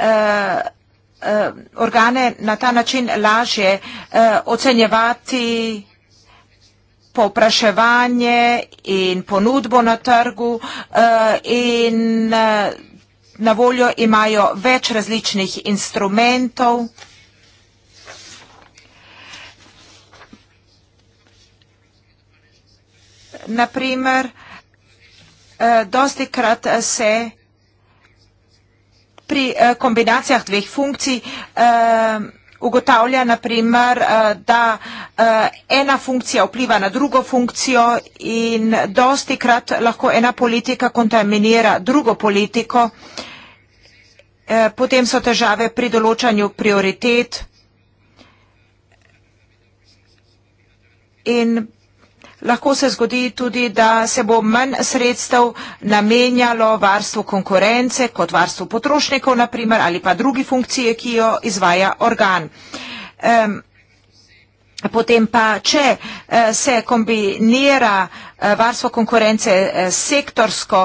uh, organe na ta način lažje uh, ocenjevati popraševanje in ponudbo na trgu uh, in uh, na voljo imajo več različnih instrumentov, Naprimer, eh, dosti krat eh, se pri eh, kombinacijah dveh funkcij vsega ugotavlja naprimer, eh, da eh, ena funkcija vpliva na drugo funkcijo in dosti krat lahko ena politika kontaminira drugo politiko, eh, potem so težave pri določanju prioritet in prioritet. Lahko se zgodi tudi, da se bo manj sredstev namenjalo varstvu konkurence kot varstvu potrošnikov, naprimer, ali pa drugi funkcije, ki jo izvaja organ. Um, Potem pa, če eh, se kombinira eh, varstvo konkurence eh, s sektorsko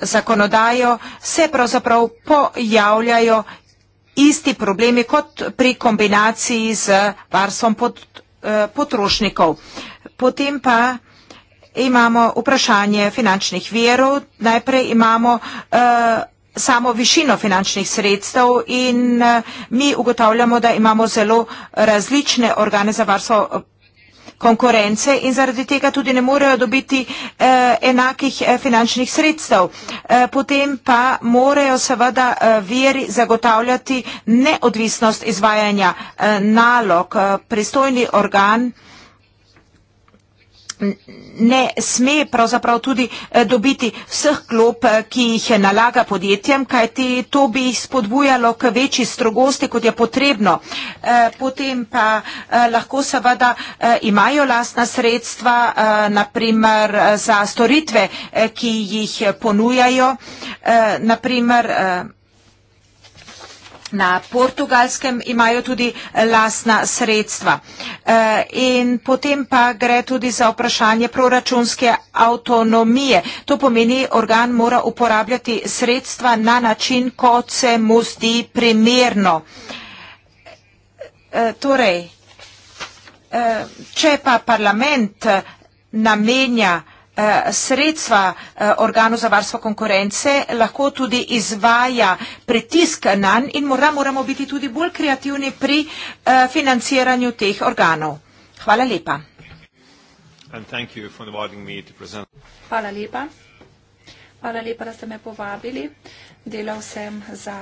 zakonodajo, se pravzaprav pojavljajo isti problemi kot pri kombinaciji z varstvom potrošnikov Eh, potrošnikov. Potem pa imamo vprašanje finančnih verov. Najprej imamo eh, samo višino finančnih sredstev in eh, mi ugotavljamo, da imamo zelo različne organe za varstvo potrošnikov konkurence in zaradi tega tudi ne morejo dobiti eh, enakih eh, finančnih sredstev. Eh, potem pa morejo seveda eh, veri zagotavljati neodvisnost izvajanja eh, nalog. Eh, pristojni organ eh, ne sme pravzaprav tudi eh, dobiti vseh klop, eh, ki jih nalaga podjetjem, kajti to bi jih spodbujalo k večji strogosti, kot je potrebno. Eh, potem pa lahko seveda imajo lastna sredstva, naprimer za storitve, ki jih ponujajo, naprimer na portugalskem imajo tudi eh, lasna sredstva. Eh, in potem pa gre tudi za vprašanje proračunske avtonomije. To pomeni, organ mora uporabljati sredstva na način, kot se mu zdi primerno. Eh, torej, če pa parlament namenja Eh, sredstva eh, organu za varstvo konkurence, lahko tudi izvaja pritisk na nj in mora, moramo biti tudi bolj kreativni pri eh, financiranju teh organov. Hvala lepa.
Hvala lepa. Hvala lepa, da ste me povabili. Delal sem za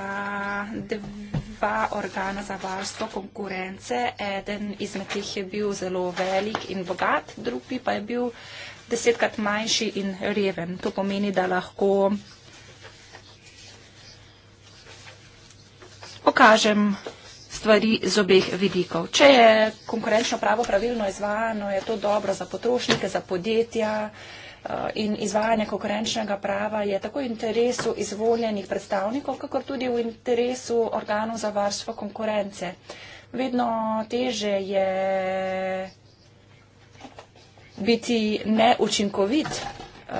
dva organa za varstvo konkurence. Eden izmed teh je bil zelo velik in bogat, drugi pa je bil uh, desetkrat manjši in reven. To pomeni, da lahko pokažem stvari z obeh vidikov. Če je konkurenčno pravo pravilno izvajano, je to dobro za potrošnike, za podjetja eh, in izvajanje konkurenčnega prava je tako v interesu izvoljenih predstavnikov, kakor tudi v interesu organov za varstvo konkurence. Vedno teže je biti neučinkovit, eh,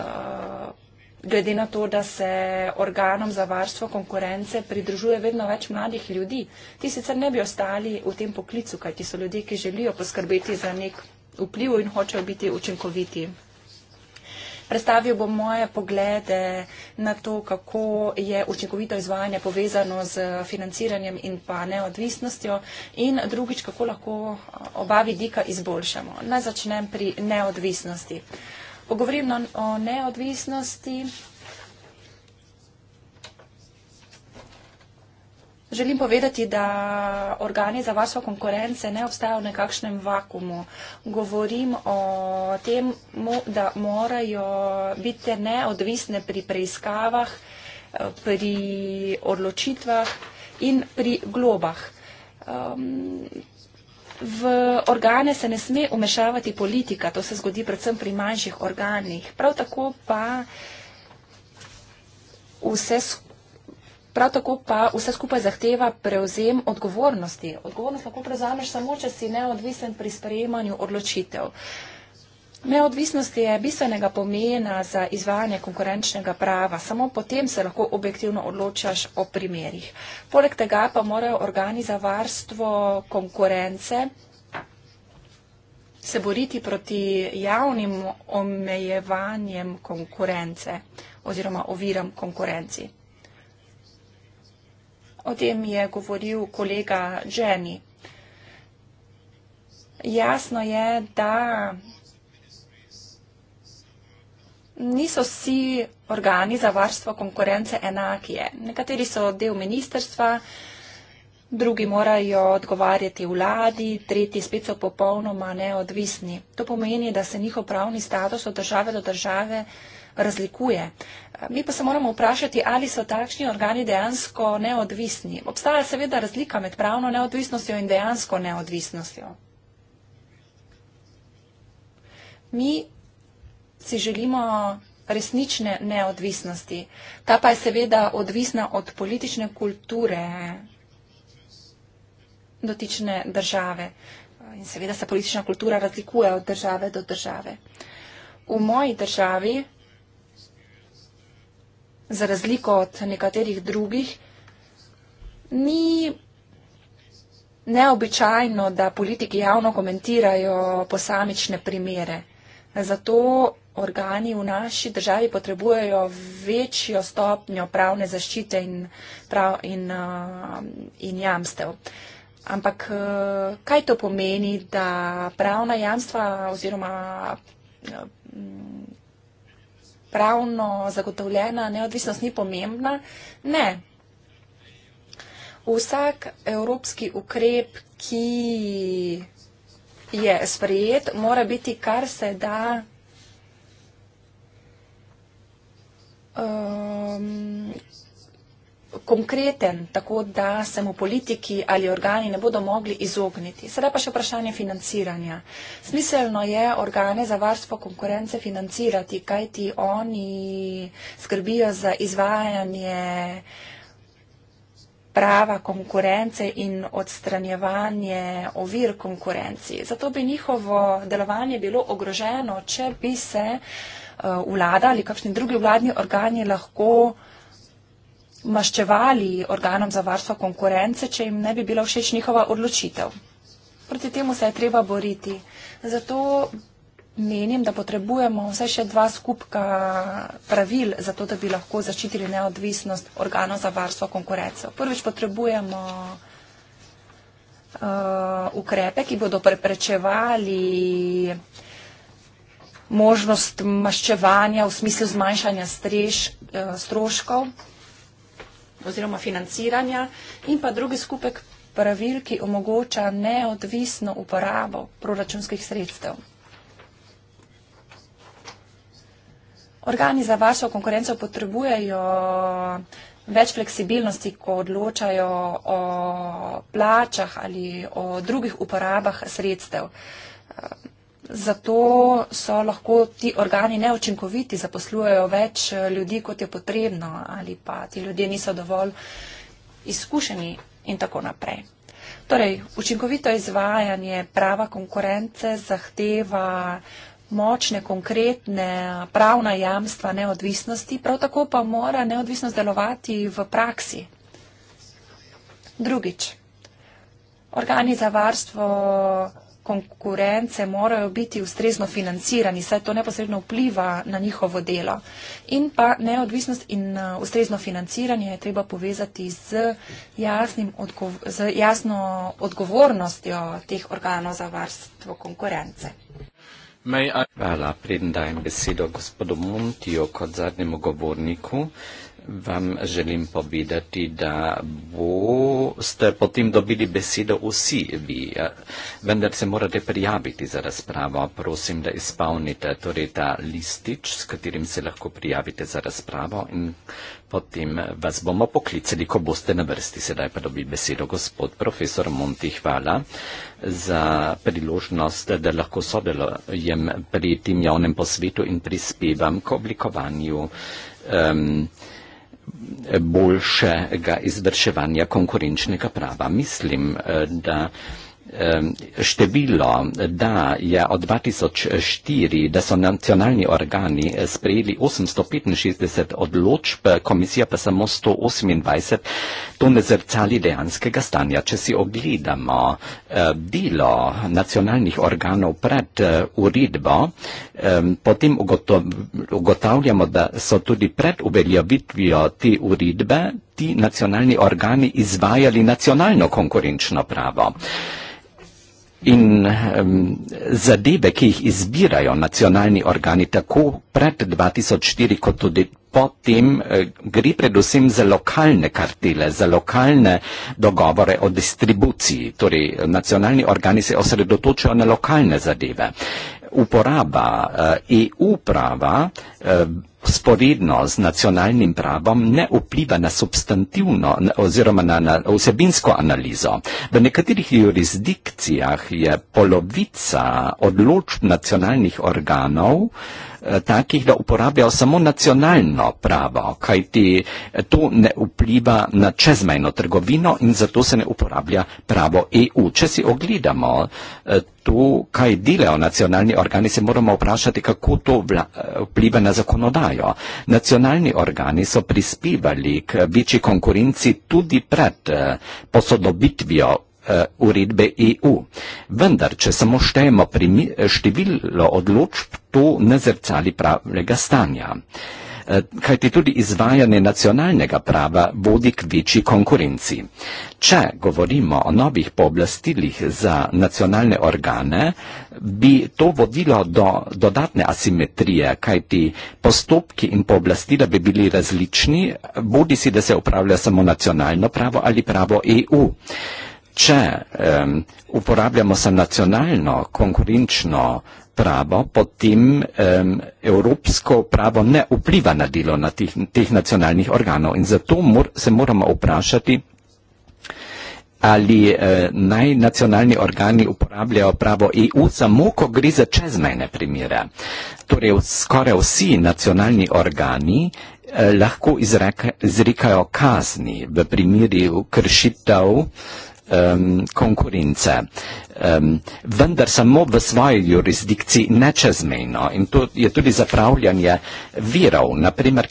glede na to, da se organom za varstvo konkurence pridružuje vedno več mladih ljudi. Ti sicer ne bi ostali v tem poklicu, kajti so ljudje, ki želijo poskrbeti za nek vpliv in hočejo biti učinkoviti Predstavil bom moje poglede na to, kako je učinkovito izvajanje povezano z financiranjem in pa neodvisnostjo in drugič, kako lahko eh, oba vidika izboljšamo. Naj začnem pri neodvisnosti. Pogovorim o neodvisnosti Želim povedati, da organi za varstvo konkurence ne obstajajo v nekakšnem vakumu. Govorim o tem, da morajo biti neodvisne pri preiskavah, pri odločitvah in pri globah. Um, v organe se ne sme umešavati politika, to se zgodi predvsem pri manjših organih. Prav tako pa vse skupaj. Prav tako pa vse skupaj zahteva prevzem odgovornosti. Odgovornost lahko prevzameš samo, če si neodvisen pri sprejemanju odločitev. Neodvisnost je bistvenega pomena za izvajanje konkurenčnega prava. Samo potem se lahko objektivno odločaš o primerjih. Poleg tega pa morajo organi za varstvo konkurence se boriti proti javnim omejevanjem konkurence oziroma oviram konkurenci. O tem je govoril kolega Ženi. Jasno je, da niso vsi organi za varstvo konkurence enaki. Nekateri so del ministerstva, drugi morajo odgovarjati vladi, tretji spet so popolnoma neodvisni. To pomeni, da se njihov pravni status od države do države razlikuje. Mi pa se moramo vprašati, ali so takšni organi dejansko neodvisni. Obstaja seveda razlika med pravno neodvisnostjo in dejansko neodvisnostjo. Mi si želimo resnične neodvisnosti. Ta pa je seveda odvisna od politične kulture dotične države. In seveda se politična kultura razlikuje od države do države. V moji državi za razliko od nekaterih drugih, ni neobičajno, da politiki javno komentirajo posamične primere. Zato organi v naši državi potrebujejo večjo stopnjo pravne zaščite in, prav, in, uh, in jamstev. Ampak uh, kaj to pomeni, da pravna jamstva oziroma uh, pravno zagotovljena neodvisnost ni pomembna. Ne. Vsak evropski ukrep, ki je sprejet, mora biti kar se da um, konkreten, tako da se mu politiki ali organi ne bodo mogli izogniti. Sedaj pa še vprašanje financiranja. Smiselno je organe za varstvo konkurence financirati, kajti oni skrbijo za izvajanje prava konkurence in odstranjevanje ovir konkurenci. Zato bi njihovo delovanje bilo ogroženo, če bi se uh, vlada ali kakšni drugi vladni organi lahko uh, maščevali organom za varstvo konkurence, če jim ne bi bila všeč njihova odločitev. Proti temu se je treba boriti. Zato menim, da potrebujemo vse še dva skupka pravil, zato da bi lahko zaščitili neodvisnost organov za varstvo konkurence. Prvič potrebujemo uh, ukrepe, ki bodo preprečevali možnost maščevanja v smislu zmanjšanja strež, uh, stroškov oziroma financiranja in pa drugi skupek pravil, ki omogoča neodvisno uporabo proračunskih sredstev. Organi za varstvo konkurencev potrebujejo več fleksibilnosti, ko odločajo o plačah ali o drugih uporabah sredstev. Zato so lahko ti organi neočinkoviti, zaposlujejo več eh, ljudi, kot je potrebno, ali pa ti ljudje niso dovolj izkušeni in tako naprej. Torej, učinkovito izvajanje prava konkurence zahteva močne, konkretne pravna jamstva neodvisnosti, prav tako pa mora neodvisnost delovati v praksi. Drugič, organi za varstvo konkurence morajo biti ustrezno financirani, saj to neposredno vpliva na njihovo delo. In pa neodvisnost in uh, ustrezno financiranje je treba povezati z, jasnim, z jasno odgovornostjo teh organov za varstvo konkurence.
Hvala, predem dajem besedo gospodu Montijo kot zadnjemu govorniku vam želim povedati, da boste potem dobili besedo vsi vi, vendar se morate prijaviti za razpravo. Prosim, da izpolnite torej ta listič, s katerim se lahko prijavite za razpravo in potem vas bomo poklicali, ko boste na vrsti. Sedaj pa dobi besedo gospod profesor Monti. Hvala za priložnost, da lahko sodelujem pri tem javnem posvetu in prispevam k oblikovanju. Um, boljšega izvrševanja konkurenčnega prava. Mislim, eh, da Število, da je od 2004, da so nacionalni organi eh, sprejeli 865 odločb, komisija pa samo 128, to ne zrcali dejanskega stanja. Če si ogledamo eh, delo nacionalnih organov pred eh, uredbo, potem ugotavljamo, da so tudi pred uveljavitvijo te uredbe ti nacionalni organi izvajali nacionalno konkurenčno pravo. In um, zadeve, ki jih izbirajo nacionalni organi tako pred 2004 kot tudi potem, eh, gre predvsem za lokalne kartele, za lokalne dogovore o distribuciji. Torej, nacionalni organi se osredotočajo na lokalne zadeve. Uporaba uh, eh, EU prava uh, sporedno z nacionalnim pravom ne vpliva na substantivno oziroma na, na vsebinsko analizo. V nekaterih jurisdikcijah je polovica odločb nacionalnih organov eh, takih, da uporabljajo samo nacionalno pravo, kajti eh, to ne vpliva na čezmejno trgovino in zato se ne uporablja pravo EU. Če si ogledamo eh, to, kaj delajo nacionalni organi, se moramo vprašati, kako to vpliva na zakonodajo obstajajo. Nacionalni organi so prispevali k večji konkurenci tudi pred eh, posodobitvijo eh, uredbe EU. Vendar, če samo štejemo število odločb, to ne zrcali pravega stanja. Eh, kajti tudi izvajanje nacionalnega prava vodi k večji konkurenci. Če govorimo o novih pooblastilih za nacionalne organe, bi to vodilo do dodatne asimetrije, kajti postopki in pooblastila bi bili različni, bodi si, da se upravlja samo nacionalno pravo ali pravo EU. Če um, uporabljamo samo nacionalno konkurenčno pravo, potem um, evropsko pravo ne vpliva na delo na teh, teh nacionalnih organov. In zato mor, se moramo vprašati, ali eh, naj nacionalni organi uporabljajo pravo EU samo, ko gre za čezmejne primere. Torej, skoraj vsi nacionalni organi eh, lahko izrekajo kazni v primeru kršitev eh, um, konkurence. Um, vendar samo v svoji jurisdikciji nečezmejno in to je tudi zapravljanje virov. Naprimer,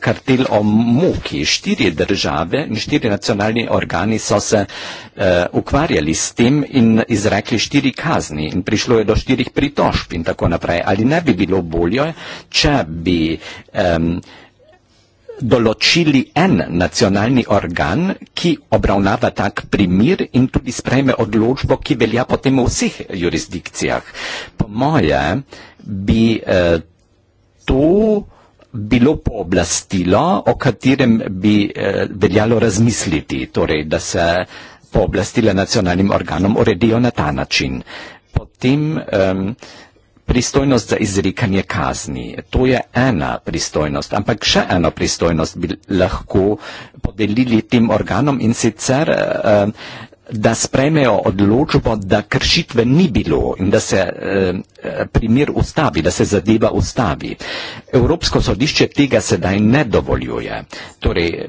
kartel o muki, štiri države in štiri nacionalni organi so se uh, ukvarjali s tem in izrekli štiri kazni in prišlo je do štirih pritožb in tako naprej. Ali ne bi bilo bolje, če bi um, določili en nacionalni organ, ki obravnava tak primir in tudi sprejme odločbo, ki velja potem v vseh jurisdikcijah. Po moje bi eh, to bilo pooblastilo, o katerem bi eh, veljalo razmisliti, torej, da se pooblastila nacionalnim organom uredijo na ta način. Potem, eh, pristojnost za izrekanje kazni. To je ena pristojnost, ampak še eno pristojnost bi lahko podelili tem organom in sicer. Uh, da spremejo odločbo, da kršitve ni bilo in da se eh, eh, primer ustavi, da se zadeva ustavi. Evropsko sodišče tega sedaj ne dovoljuje. Torej,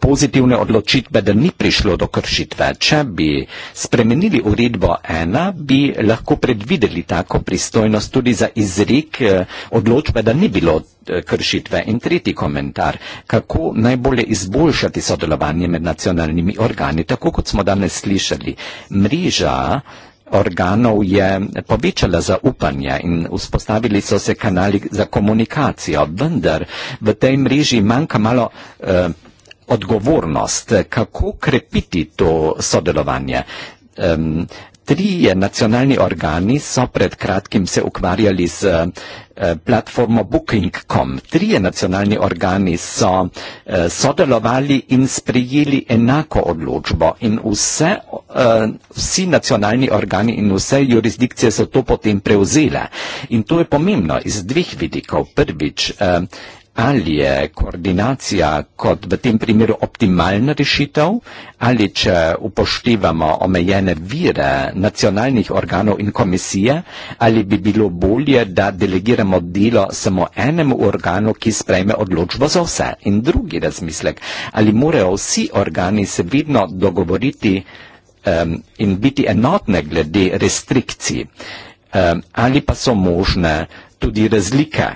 pozitivne odločitve, da ni prišlo do kršitve. Če bi spremenili uredbo ena, bi lahko predvideli tako pristojnost tudi za izrek eh, odločbe, da ni bilo Eh, kršitve. In tretji komentar, kako najbolje izboljšati sodelovanje med nacionalnimi organi, tako kot smo danes slišali. Mreža organov je povečala zaupanje in vzpostavili so se kanali za komunikacijo, vendar v tej mreži manjka malo eh, odgovornost, kako krepiti to sodelovanje. Eh, trije nacionalni organi so pred kratkim se ukvarjali z eh, platformo Booking.com. Trije nacionalni organi so eh, sodelovali in sprijeli enako odločbo in vse, eh, vsi nacionalni organi in vse jurisdikcije so to potem prevzele. In to je pomembno iz dveh vidikov. Prvič, ali je koordinacija kot v tem primeru optimalna rešitev, ali če upoštevamo omejene vire nacionalnih organov in komisije, ali bi bilo bolje, da delegiramo delo samo enemu organu, ki sprejme odločbo za vse. In drugi razmislek, ali morajo vsi organi se vedno dogovoriti um, in biti enotne glede restrikcij, um, ali pa so možne tudi razlike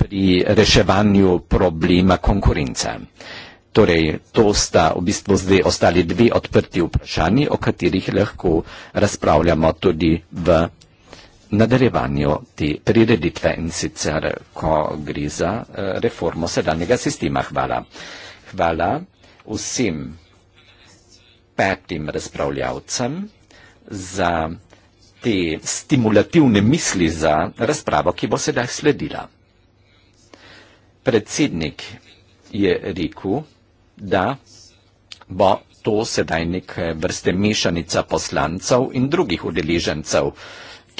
pri reševanju problema konkurence. Torej, to sta v bistvu zdaj ostali dve odprti vprašanji, o katerih lahko razpravljamo tudi v nadaljevanju te prireditve in sicer, ko gre za eh, reformo sedanjega sistema. Hvala. Hvala vsem petim razpravljavcem za te stimulativne misli za razpravo, ki bo sedaj sledila. Predsednik je rekel, da bo to sedaj nek vrste mešanica poslancev in drugih udeležencev,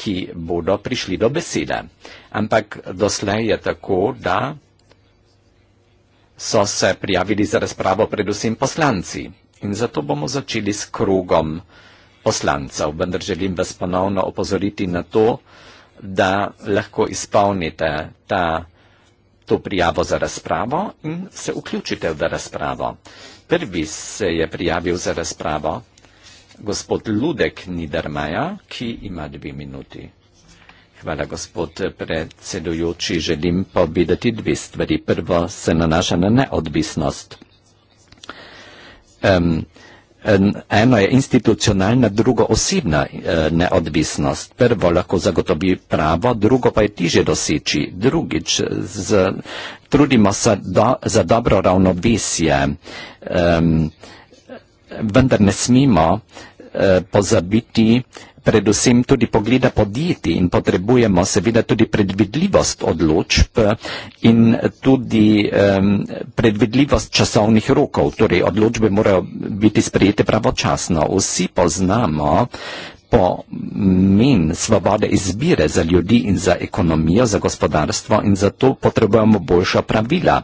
ki bodo prišli do besede. Ampak doslej je tako, da so se prijavili za razpravo predvsem poslanci. In zato bomo začeli s krogom poslancev. Vendar želim vas ponovno opozoriti na to, da lahko izpolnite ta to prijavo za razpravo in se vključite v razpravo. Prvi se je prijavil za razpravo gospod Ludek Nidermaja, ki ima dve minuti. Hvala, gospod predsedujoči. Želim povedati dve stvari. Prvo se nanaša na neodvisnost. Um, Eno je institucionalna, drugo osebna e, neodvisnost. Prvo lahko zagotovi pravo, drugo pa je tiže doseči. Drugič, z, trudimo se do, za dobro ravnovesje, um, vendar ne smemo uh, pozabiti, predvsem tudi pogleda podjetij in potrebujemo seveda tudi predvidljivost odločb eh, in tudi um, predvidljivost časovnih rokov. Torej, odločbe morajo biti sprejete pravočasno. Vsi poznamo po menj svobode izbire za ljudi in za ekonomijo, za gospodarstvo in zato potrebujemo boljša pravila.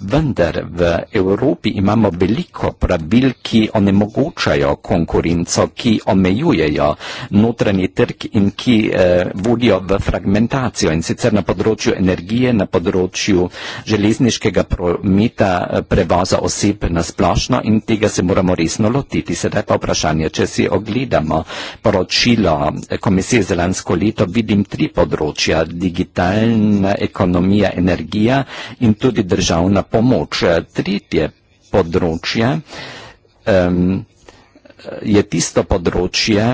Vendar v Evropi imamo veliko pravil, ki onemogočajo konkurenco, ki omejujejo notranji trg in ki eh, vodijo v fragmentacijo in sicer na področju energije, na področju železniškega prometa, eh, prevoza oseb na splošno in tega se moramo resno lotiti. Sedaj pa vprašanje, če si ogledamo poročanje, poročilo komisije za lansko leto vidim tri področja, digitalna ekonomija, energija in tudi državna pomoč. Tretje področje um, je tisto področje,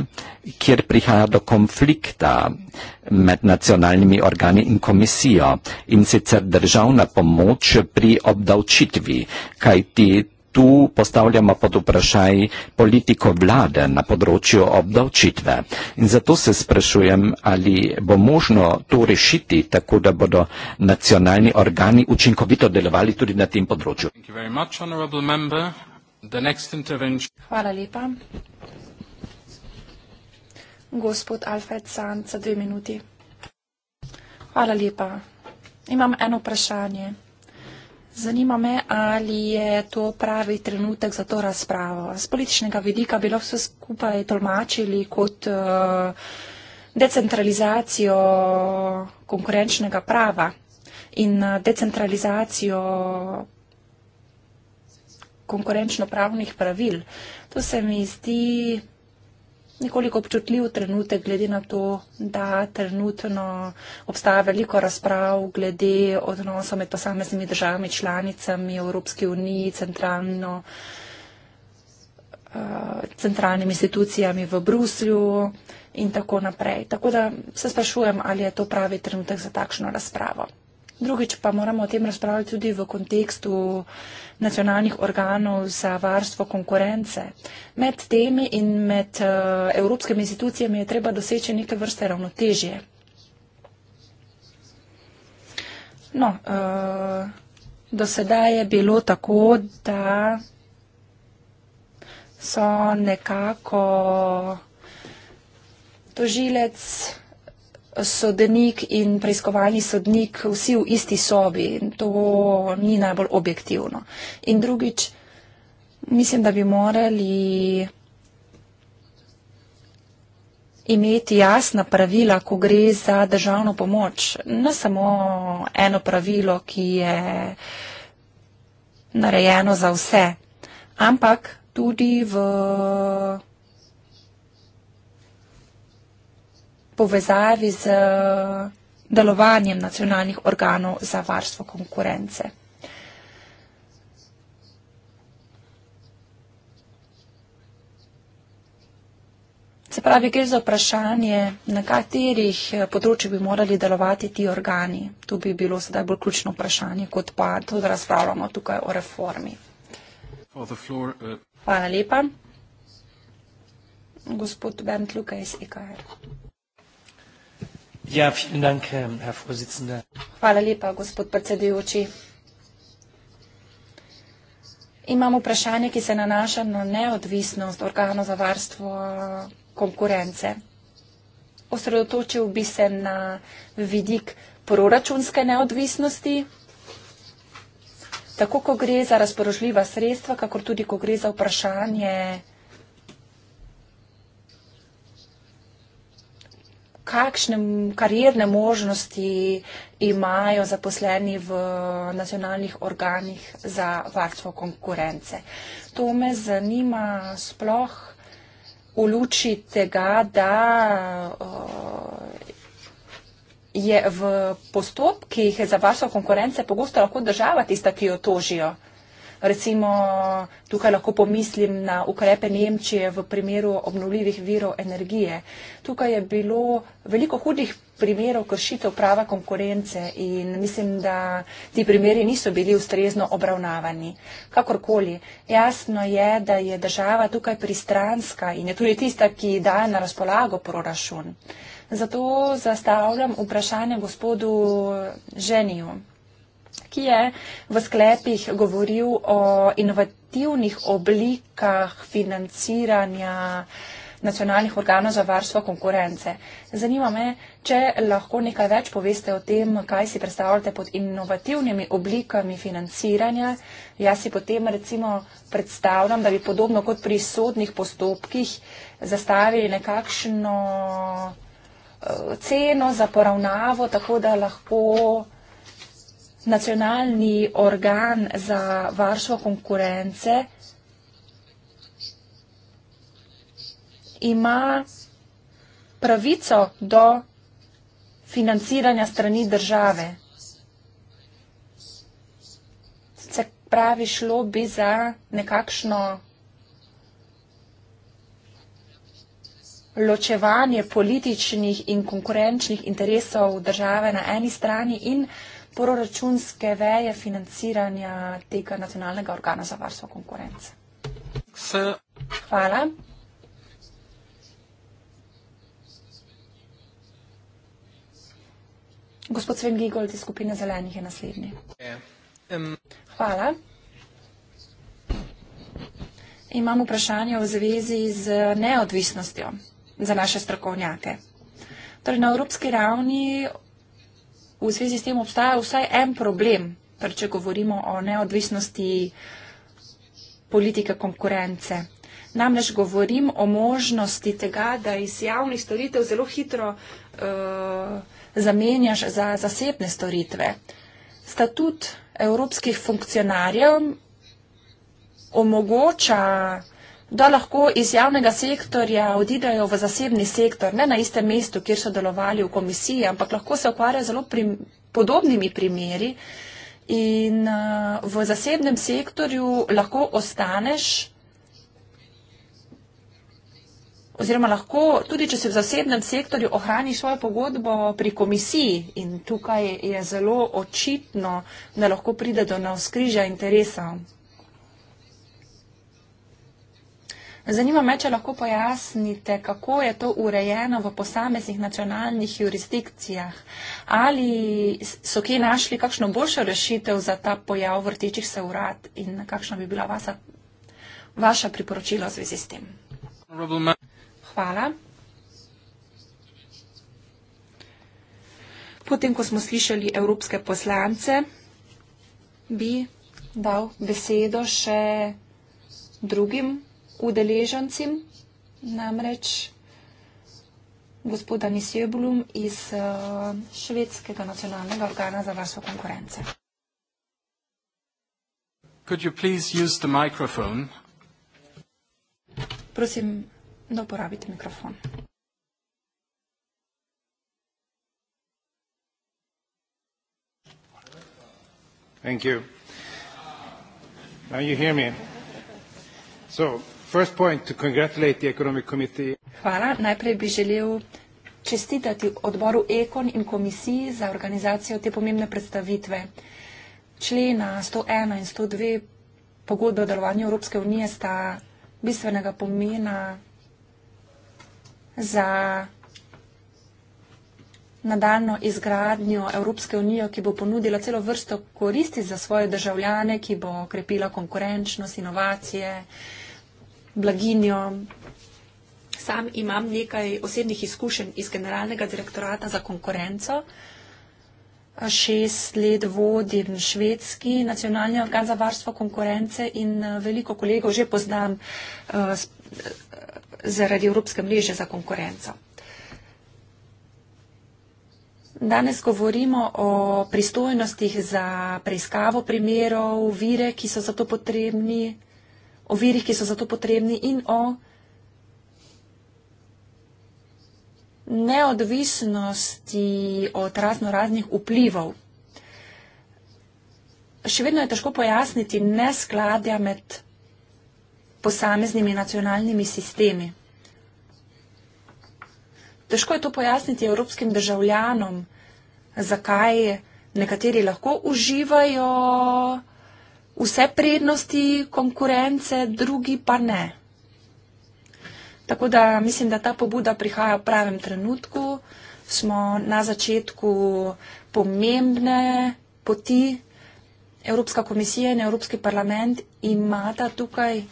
kjer prihaja do konflikta med nacionalnimi organi in komisijo in sicer državna pomoč pri obdavčitvi, kaj ti tu postavljamo pod vprašaj politiko vlade na področju obdavčitve. In zato se sprašujem, ali bo možno to rešiti tako, da bodo nacionalni organi učinkovito delovali tudi na tem področju. Much,
Hvala lepa. Gospod Alfred Sanca, dve minuti. Hvala lepa. Imam eno vprašanje. Zanima me, ali je to pravi trenutek za to razpravo. Z političnega vidika bi lahko vse skupaj tolmačili kot uh, decentralizacijo konkurenčnega prava in eh, decentralizacijo konkurenčno pravnih pravil. To se mi zdi nekoliko občutljiv trenutek, glede na to, da trenutno obstaja veliko razprav glede odnosa med posameznimi državami, članicami Evropske unije, centralno, eh, centralnimi institucijami v Bruslju in tako naprej. Tako da se sprašujem, ali je to pravi trenutek za takšno razpravo drugič pa moramo o tem razpravljati tudi v kontekstu nacionalnih organov za varstvo konkurence. Med temi in med uh, evropskimi institucijami je treba doseči neke vrste ravnotežje. No, uh, do sedaj je bilo tako, da so nekako tožilec sodenik in preiskovalni sodnik vsi v isti sobi. To ni najbolj objektivno. In drugič, mislim, da bi morali imeti jasna pravila, ko gre za državno pomoč. Ne samo eno pravilo, ki je narejeno za vse, ampak tudi v povezavi z eh, delovanjem nacionalnih organov za varstvo konkurence. Se pravi, gre za vprašanje, na katerih eh, področjih bi morali delovati ti organi. Tu bi bilo sedaj bolj ključno vprašanje, kot pa to, da razpravljamo tukaj o reformi. Floor, uh... Hvala lepa. Gospod Bent Lukaj iz EKR.
Ja, vielen Dank, Herr Vorsitzender.
Hvala lepa, gospod predsedujoči. Imam vprašanje, ki se nanaša na neodvisnost organov za varstvo konkurence. Osredotočil bi se na vidik proračunske neodvisnosti, tako ko gre za razporožljiva sredstva, kako tudi ko gre za vprašanje vprašanje kakšne karierne možnosti imajo zaposleni v nacionalnih organih za varstvo konkurence. To me zanima sploh v luči tega, da eh, je v postopkih za varstvo konkurence pogosto lahko država tista, ki jo tožijo. Recimo tukaj lahko pomislim na ukrepe Nemčije v primeru obnovljivih virov energije. Tukaj je bilo veliko hudih primerov kršitev prava konkurence in mislim, da ti primeri niso bili ustrezno obravnavani. Kakorkoli, jasno je, da je država tukaj pristranska in je tudi tista, ki daje na razpolago proračun. Zato zastavljam vprašanje gospodu Ženiju ki je v sklepih govoril o inovativnih oblikah financiranja nacionalnih organov za varstvo konkurence. Zanima me, če lahko nekaj več poveste o tem, kaj si predstavljate pod inovativnimi oblikami financiranja. Jaz si potem recimo predstavljam, da bi podobno kot pri sodnih postopkih zastavili nekakšno eh, ceno za poravnavo, tako da lahko uh, nacionalni organ za varstvo konkurence ima pravico do financiranja strani države. Se pravi, šlo bi za nekakšno ločevanje političnih in konkurenčnih interesov države na eni strani in proračunske veje financiranja tega nacionalnega organa za varstvo konkurence. Se. Hvala. Gospod Sven Gigold iz skupine zelenih je naslednji. Hvala. Imam vprašanje v zvezi z neodvisnostjo za naše strokovnjake. Torej, na evropski ravni v zvezi s tem obstaja vsaj en problem, pr, če govorimo o neodvisnosti politike konkurence. Namreč govorim o možnosti tega, da iz javnih storitev zelo hitro uh, zamenjaš za zasebne storitve. Statut evropskih funkcionarjev omogoča da lahko iz javnega sektorja odidajo v zasebni sektor, ne na istem mestu, kjer so delovali v komisiji, ampak lahko se ukvarjajo zelo prim, podobnimi primeri in uh, v zasebnem sektorju lahko ostaneš. Oziroma, lahko tudi, če si v zasebnem sektorju ohraniš svojo pogodbo pri komisiji in tukaj je zelo očitno, da lahko pride do navskrižja interesov. Zanima me, če lahko pojasnite, kako je to urejeno v posameznih nacionalnih jurisdikcijah. Ali so kje našli kakšno boljšo rešitev za ta pojav vrtičih se urad in kakšna bi bila vasa, vaša priporočila v zvezi s tem? Hvala. Potem, ko smo slišali evropske poslance, bi dal besedo še drugim udeleženci, namreč gospoda Nisjeblum iz eh, švedskega nacionalnega organa za varstvo konkurence.
Could you please use the microphone?
Prosim, da uporabite mikrofon. Thank you. Now you hear me. So,
First point to congratulate the economic committee.
Hvala. Najprej bi želel čestitati odboru Ekon in komisiji za organizacijo te pomembne predstavitve. Člena 101 in 102 pogodbe o delovanju Evropske unije sta bistvenega pomena za nadaljno izgradnjo Evropske unije, ki bo ponudila celo vrsto koristi za svoje državljane, ki bo krepila konkurenčnost, inovacije, blaginjo. Sam imam nekaj osebnih izkušenj iz Generalnega direktorata za konkurenco. Šest let vodim švedski nacionalni organ za varstvo konkurence in eh, veliko kolegov že poznam eh, eh, zaradi Evropske mreže za konkurenco. Danes govorimo o pristojnostih za preiskavo primerov, vire, ki so za to potrebni, o virih, ki so za to potrebni in o neodvisnosti od razno raznih vplivov. Še vedno je težko pojasniti neskladja med posameznimi nacionalnimi sistemi. Težko je to pojasniti evropskim državljanom, zakaj nekateri lahko uživajo vse prednosti konkurence, drugi pa ne. Tako da mislim, da ta pobuda prihaja v pravem trenutku. Smo na začetku pomembne poti. Evropska komisija in Evropski parlament imata tukaj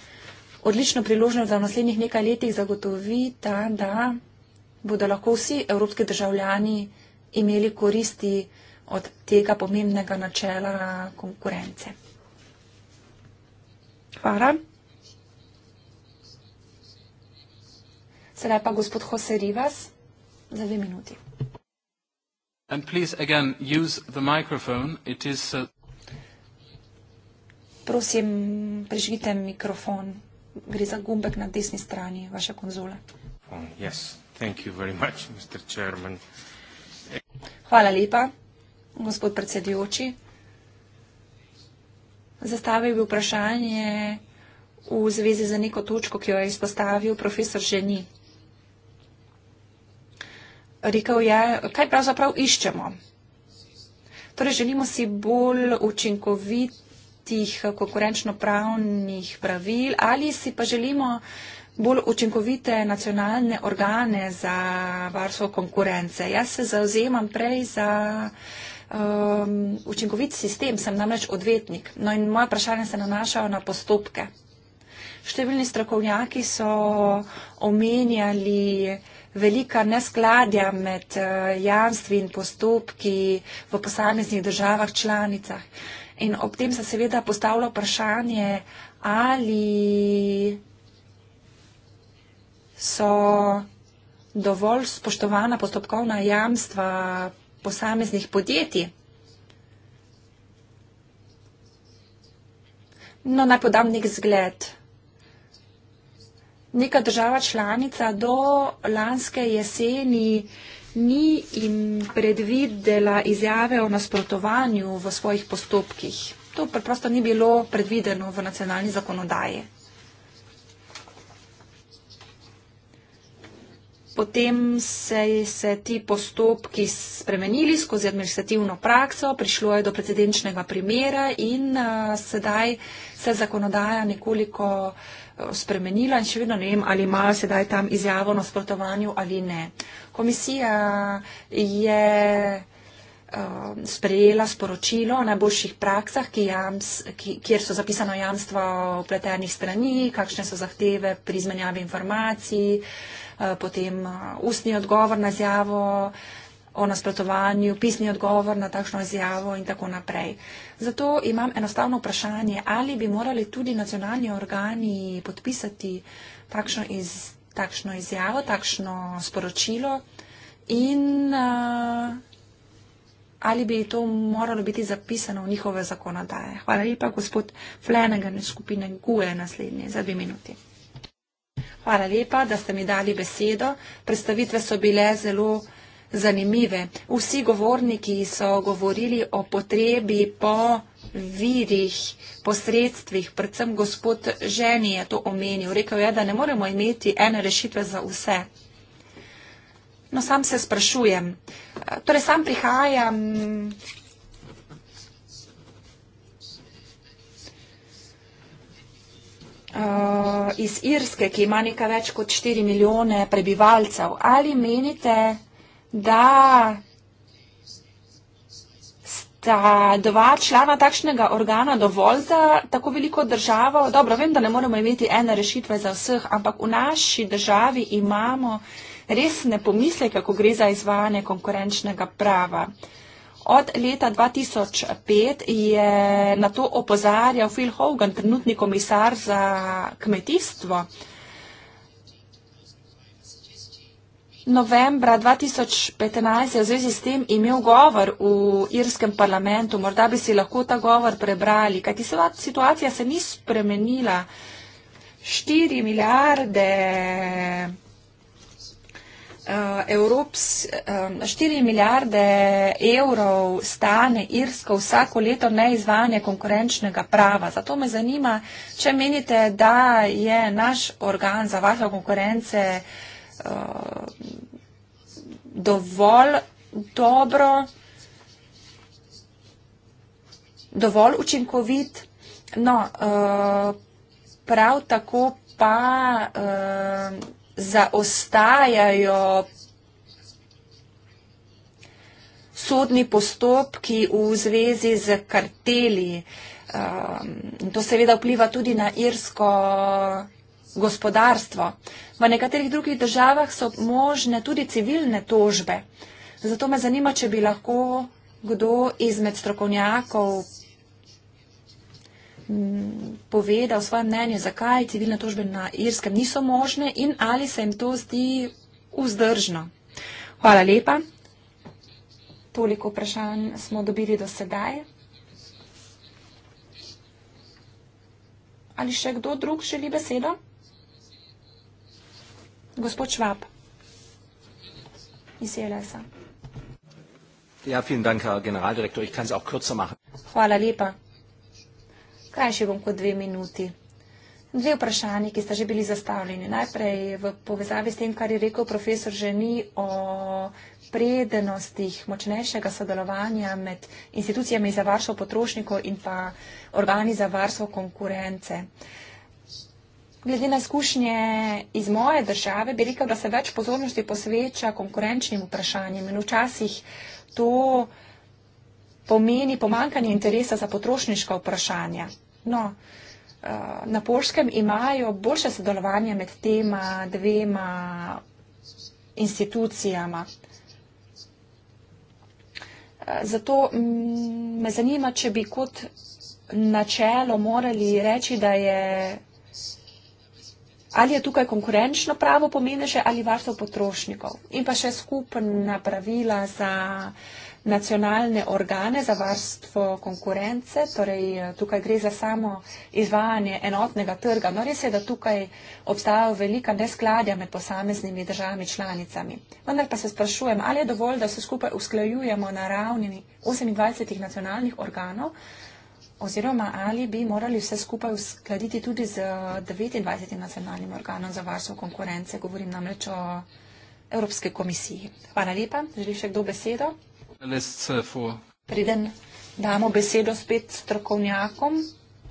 odlično priložnost, da v naslednjih nekaj letih zagotovita, da bodo lahko vsi evropski državljani imeli koristi od tega pomembnega načela konkurence. Aram. Sedaj pa gospod Jose Rivas za dve minuti.
Again, uh...
Prosim, prežvite mikrofon. Gre za gumbek na desni strani vaše konzole.
Yes. Thank you very much, Mr.
Hvala lepa, gospod predsedujoči zastavil bi vprašanje v zvezi z neko točko, ki jo je izpostavil profesor Ženi. Rekel je, kaj pravzaprav iščemo. Torej, želimo si bolj učinkovitih konkurenčno-pravnih pravil ali si pa želimo bolj učinkovite nacionalne organe za varstvo konkurence. Jaz se zauzemam prej za um, učinkovit sistem, sem namreč odvetnik. No in moje vprašanje se nanašajo na postopke. Številni strokovnjaki so omenjali velika neskladja med eh, jamstvi in postopki v posameznih državah članicah. In ob tem se seveda postavlja vprašanje, ali so dovolj spoštovana postopkovna jamstva posameznih podjetij. No, naj podam nek zgled. Neka država članica do lanske jeseni ni in predvidela izjave o nasprotovanju v svojih postopkih. To preprosto ni bilo predvideno v nacionalni zakonodaji. Potem se, se ti postopki spremenili skozi administrativno prakso, prišlo je do precedenčnega primera in uh, sedaj se zakonodaja nekoliko e, spremenila in še vedno ne vem, ali imajo sedaj tam izjavo na sprotovanju ali ne. Komisija je. Um, sprejela sporočilo o najboljših praksah, ki jams, ki, kjer so zapisano jamstva vpletenih strani, kakšne so zahteve pri izmenjavi informacij, uh, potem uh, ustni odgovor na izjavo o nasprotovanju, pisni odgovor na takšno izjavo in tako naprej. Zato imam enostavno vprašanje, ali bi morali tudi nacionalni organi podpisati takšno, iz, takšno izjavo, takšno sporočilo in uh, ali bi to moralo biti zapisano v njihove zakonodaje. Hvala lepa, gospod Flenagan iz skupine GUE naslednje za dve minuti. Hvala lepa, da ste mi dali besedo. Predstavitve so bile zelo zanimive. Vsi govorniki so govorili o potrebi po virih, po sredstvih, predvsem gospod Ženi je to omenil. Rekel je, da ne moremo imeti ene rešitve za vse. No, sam se sprašujem. Eh, torej, sam prihajam. Uh, iz Irske, ki ima nekaj več kot 4 milijone prebivalcev. Ali menite, da sta dva člana takšnega organa dovolj za tako veliko državo? Dobro, vem, da ne moremo imeti ene rešitve za vseh, ampak v naši državi imamo uh, resne pomisleke, ko gre za izvajanje konkurenčnega prava. Od leta 2005 je na to opozarjal Phil Hogan, trenutni komisar za kmetijstvo. Novembra 2015 je v zvezi s tem imel govor v irskem parlamentu. Morda bi si lahko ta govor prebrali, kajti situacija se ni spremenila. 4 milijarde Eh, Evrops, 4 eh, milijarde evrov stane Irsko vsako leto neizvanje konkurenčnega prava. Zato me zanima, če menite, da je naš organ za varstvo konkurence eh, dovolj dobro, dovolj učinkovit. No, prav tako pa zaostajajo sodni postopki v zvezi z karteli. Um, to seveda vpliva tudi na irsko gospodarstvo. V nekaterih drugih državah so možne tudi civilne tožbe. Zato me zanima, če bi lahko kdo izmed strokovnjakov povedal svoje mnenje, zakaj civilne tožbe na Irskem niso možne in ali se jim to zdi vzdržno. Hvala lepa. Toliko vprašanj smo dobili do sedaj. Ali še kdo drug želi besedo? Gospod Švab iz JLS-a.
Ja, vielen Dank, Generaldirektor. Ich kann es auch kürzer machen.
Hvala lepa. Krajši bom kot dve minuti. Dve vprašanji, ki sta že bili zastavljeni. Najprej v povezavi s tem, kar je rekel profesor Ženi o prednostih močnejšega sodelovanja med institucijami za varstvo potrošnikov in pa organi za varstvo konkurence. Glede na izkušnje iz moje države, bi rekel, da se več pozornosti posveča konkurenčnim vprašanjem in včasih to pomeni pomankanje interesa za potrošniška vprašanja trenutno eh, na Polskem imajo boljše sodelovanje med tema dvema institucijama. Eh, zato me zanima, če bi kot načelo morali reči, da je ali je tukaj konkurenčno pravo pomene še ali varstvo potrošnikov in pa še skupna pravila za uh, nacionalne organe za varstvo konkurence, torej eh, tukaj gre za samo izvajanje enotnega trga. No, res je, da tukaj obstajajo velika neskladja med posameznimi državami članicami. Vendar pa se sprašujem, ali je dovolj, da se skupaj usklajujemo na ravni 28 nacionalnih organov oziroma ali bi morali vse skupaj uskladiti tudi z 29 eh, nacionalnim organom za varstvo konkurence, govorim namreč o Evropske komisije. Hvala lepa. Želi še kdo besedo?
Uh,
Preden damo besedo spet strokovnjakom,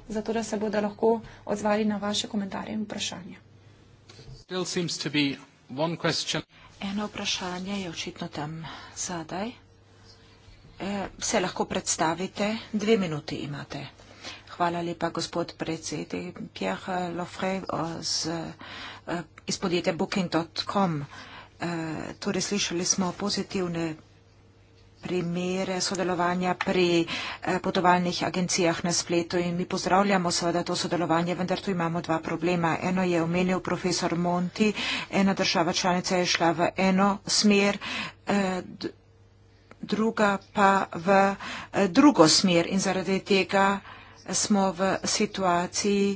zato da se bodo lahko odzvali na vaše komentarje in vprašanja.
Eno vprašanje je očitno tam zadaj. E, se lahko predstavite? Dve minuti imate. Hvala lepa, gospod predsednik Pierre Lofrey z, e, iz podjetja booking.com. E, torej slišali smo pozitivne primere sodelovanja pri eh, potovalnih agencijah na spletu in mi pozdravljamo seveda to sodelovanje, vendar tu imamo dva problema. Eno je omenil profesor Monti, ena država članica je šla v eno smer, eh, druga pa v eh, drugo smer in zaradi tega smo v situaciji,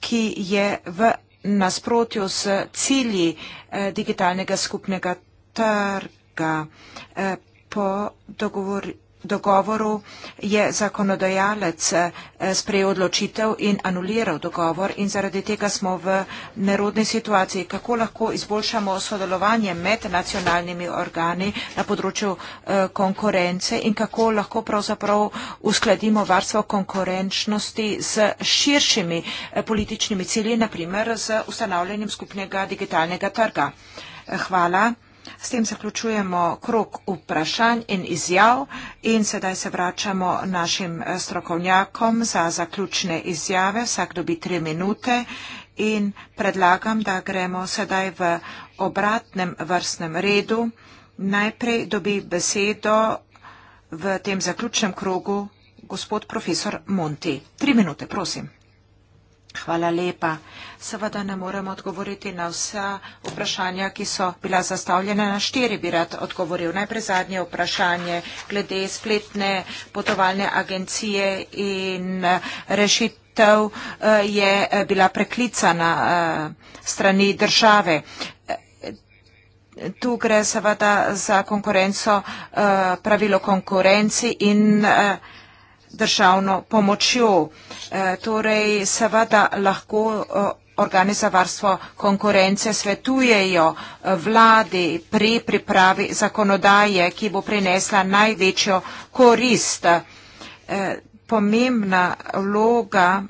ki je v nasprotju s cilji digitalnega skupnega trga po dogovor, dogovoru je zakonodajalec eh, sprejel odločitev in anuliral dogovor in zaradi tega smo v nerodni situaciji, kako lahko izboljšamo sodelovanje med nacionalnimi organi na področju eh, konkurence in kako lahko pravzaprav uskladimo varstvo konkurenčnosti z širšimi eh, političnimi cilji, naprimer z ustanavljanjem skupnega digitalnega trga. Hvala. S tem zaključujemo krok vprašanj in izjav in sedaj se vračamo našim eh, strokovnjakom za zaključne izjave. Vsak dobi tri minute in predlagam, da gremo sedaj v obratnem vrstnem redu. Najprej dobi besedo v tem zaključnem krogu gospod profesor Monti. Tri minute, prosim. Hvala lepa. Seveda ne morem odgovoriti na vsa vprašanja, ki so bila zastavljena. Na štiri bi rad odgovoril. Najprej zadnje vprašanje glede spletne potovalne agencije in eh, rešitev eh, je eh, bila preklicana strani države. Tu gre seveda za konkurenco, pravilo konkurenci in državno pomočjo. Eh, torej, seveda lahko eh, organi za varstvo konkurence svetujejo eh, vladi pri pripravi zakonodaje, ki bo prinesla največjo korist. Pomembna vloga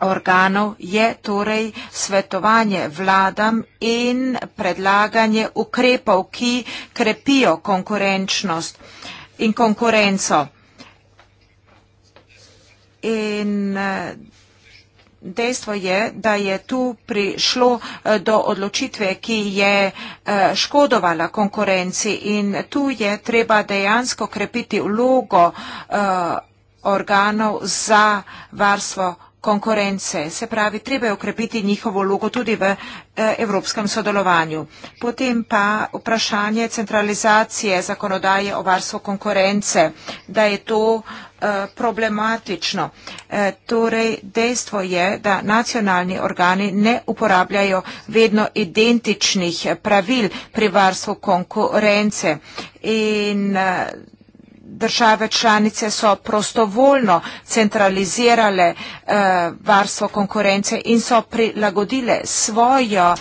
organov je torej svetovanje vladam in predlaganje ukrepov, ki krepijo konkurenčnost in konkurenco in eh, dejstvo je, da je tu prišlo eh, do odločitve, ki je eh, škodovala konkurenci in tu je treba dejansko krepiti vlogo organov za varstvo konkurence. Se pravi, treba je okrepiti njihovo vlogo tudi v eh, evropskem sodelovanju. Potem pa vprašanje centralizacije zakonodaje o varstvu konkurence, da je to eh, problematično. Eh, torej, dejstvo je, da nacionalni organi ne uporabljajo vedno identičnih pravil pri varstvu konkurence. In, države članice so prostovoljno centralizirale eh, varstvo konkurence in so prilagodile svojo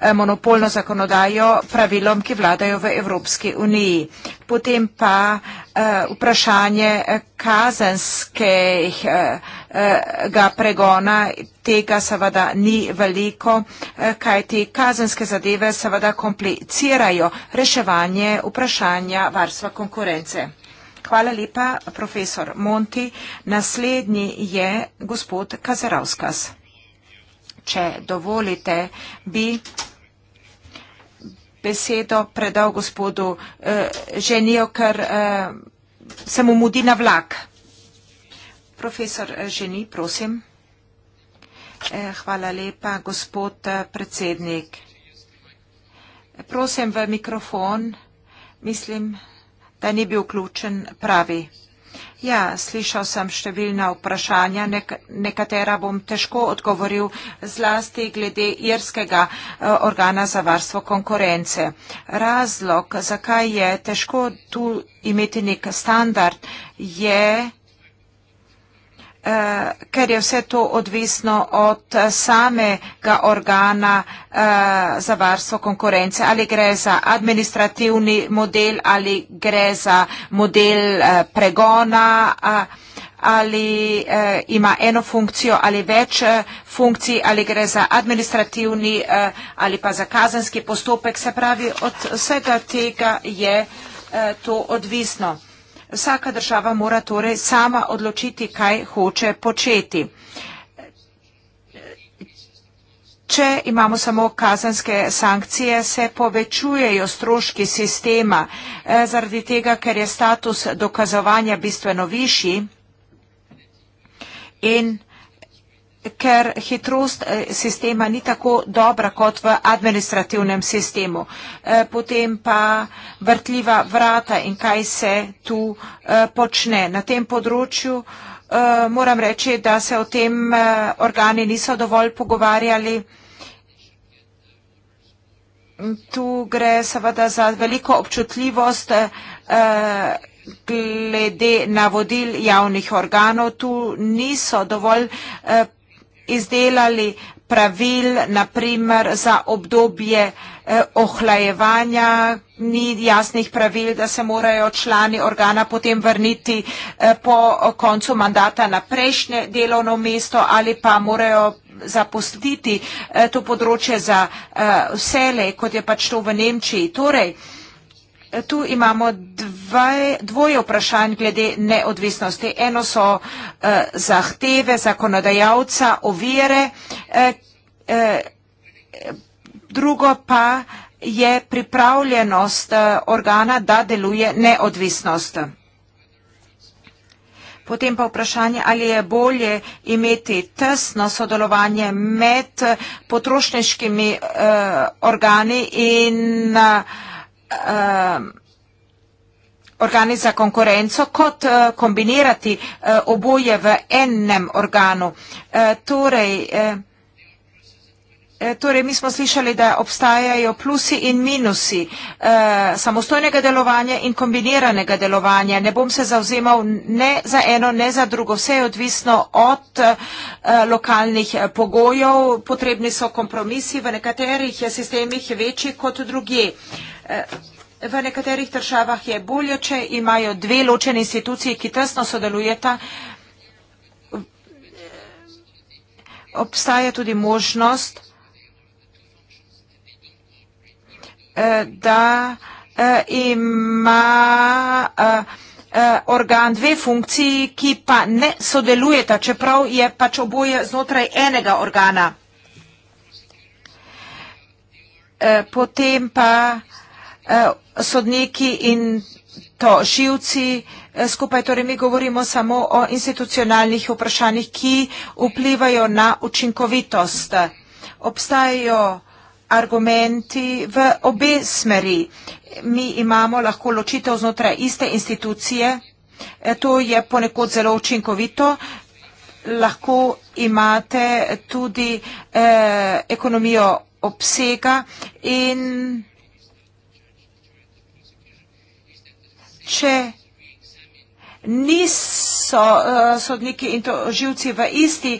eh, monopolno zakonodajo pravilom, ki vladajo v Evropski uniji. Potem pa eh, vprašanje eh, kazenskih eh, eh, pregona, tega seveda ni veliko, eh, kaj ti kazenske zadeve seveda komplicirajo reševanje vprašanja varstva konkurence. Hvala lepa, profesor Monti. Naslednji je gospod Kazerauskas. Če dovolite, bi besedo predal gospodu eh, Ženijo, ker eh, se mu mudi na vlak. Profesor eh, Ženi, prosim. Eh, hvala lepa, gospod eh, predsednik. Prosim v mikrofon, mislim da ni bil ključen pravi. Ja, slišal sem številna vprašanja, nek nekatera bom težko odgovoril zlasti glede irskega eh, organa za varstvo konkurence. Razlog, zakaj je težko tu imeti nek standard, je eh, ker je vse to odvisno od eh, samega organa eh, za varstvo konkurence. Ali gre za administrativni model, ali gre za model eh, pregona, eh, ali eh, ima eno funkcijo ali več eh, funkcij, ali gre za administrativni eh, ali pa za kazenski postopek. Se pravi, od vsega tega je eh, to odvisno. Vsaka država mora torej sama odločiti, kaj hoče početi. Če imamo samo kazanske sankcije, se povečujejo stroški sistema e, zaradi tega, ker je status dokazovanja bistveno višji in ker hitrost eh, sistema ni tako dobra kot v administrativnem sistemu. Eh, potem pa vrtljiva vrata in kaj se tu eh, počne. Na tem področju moram reči, da se o tem organi niso dovolj pogovarjali. Tu gre seveda za veliko občutljivost glede navodil javnih organov. Tu niso dovolj pogovarjali izdelali pravil, naprimer za obdobje eh, ohlajevanja, ni jasnih pravil, da se morajo člani organa potem vrniti eh, po koncu mandata na prejšnje delovno mesto ali pa morajo zapustiti eh, to področje za vsele, kot je pač to v Nemčiji. Torej, Tu imamo dvaj, dvoje vprašanj glede neodvisnosti. Eno so eh, zahteve zakonodajalca, ovire, eh, eh, drugo pa je pripravljenost eh, organa, da deluje neodvisnost. Potem pa vprašanje, ali je bolje imeti tesno sodelovanje med potrošniškimi eh, organi in eh, Ehm, organi za konkurenco kot eh, kombinirati eh, oboje v enem organu. Eh, torej, torej mi smo slišali, da obstajajo plusi in minusi samostojnega delovanja in kombiniranega delovanja. Ne bom se zavzemal ne za eno, ne za drugo. Vse je odvisno od lokalnih pogojev. Potrebni so kompromisi, v nekaterih sistemih je večji kot drugi. V nekaterih državah je bolje, če imajo dve ločene institucije, ki tesno sodelujeta. Obstaja tudi možnost, eh, da eh, ima eh, organ dve funkciji, ki pa ne sodelujeta, čeprav je pač oboje znotraj enega organa. Potem pa Eh, sodniki in to živci eh, skupaj, torej mi govorimo samo o institucionalnih vprašanjih, ki vplivajo na učinkovitost. Obstajajo argumenti v obe smeri. Mi imamo lahko ločitev znotraj iste institucije, eh, to je ponekod zelo učinkovito, lahko imate tudi eh, ekonomijo obsega in če niso uh, sodniki in to živci v, isti,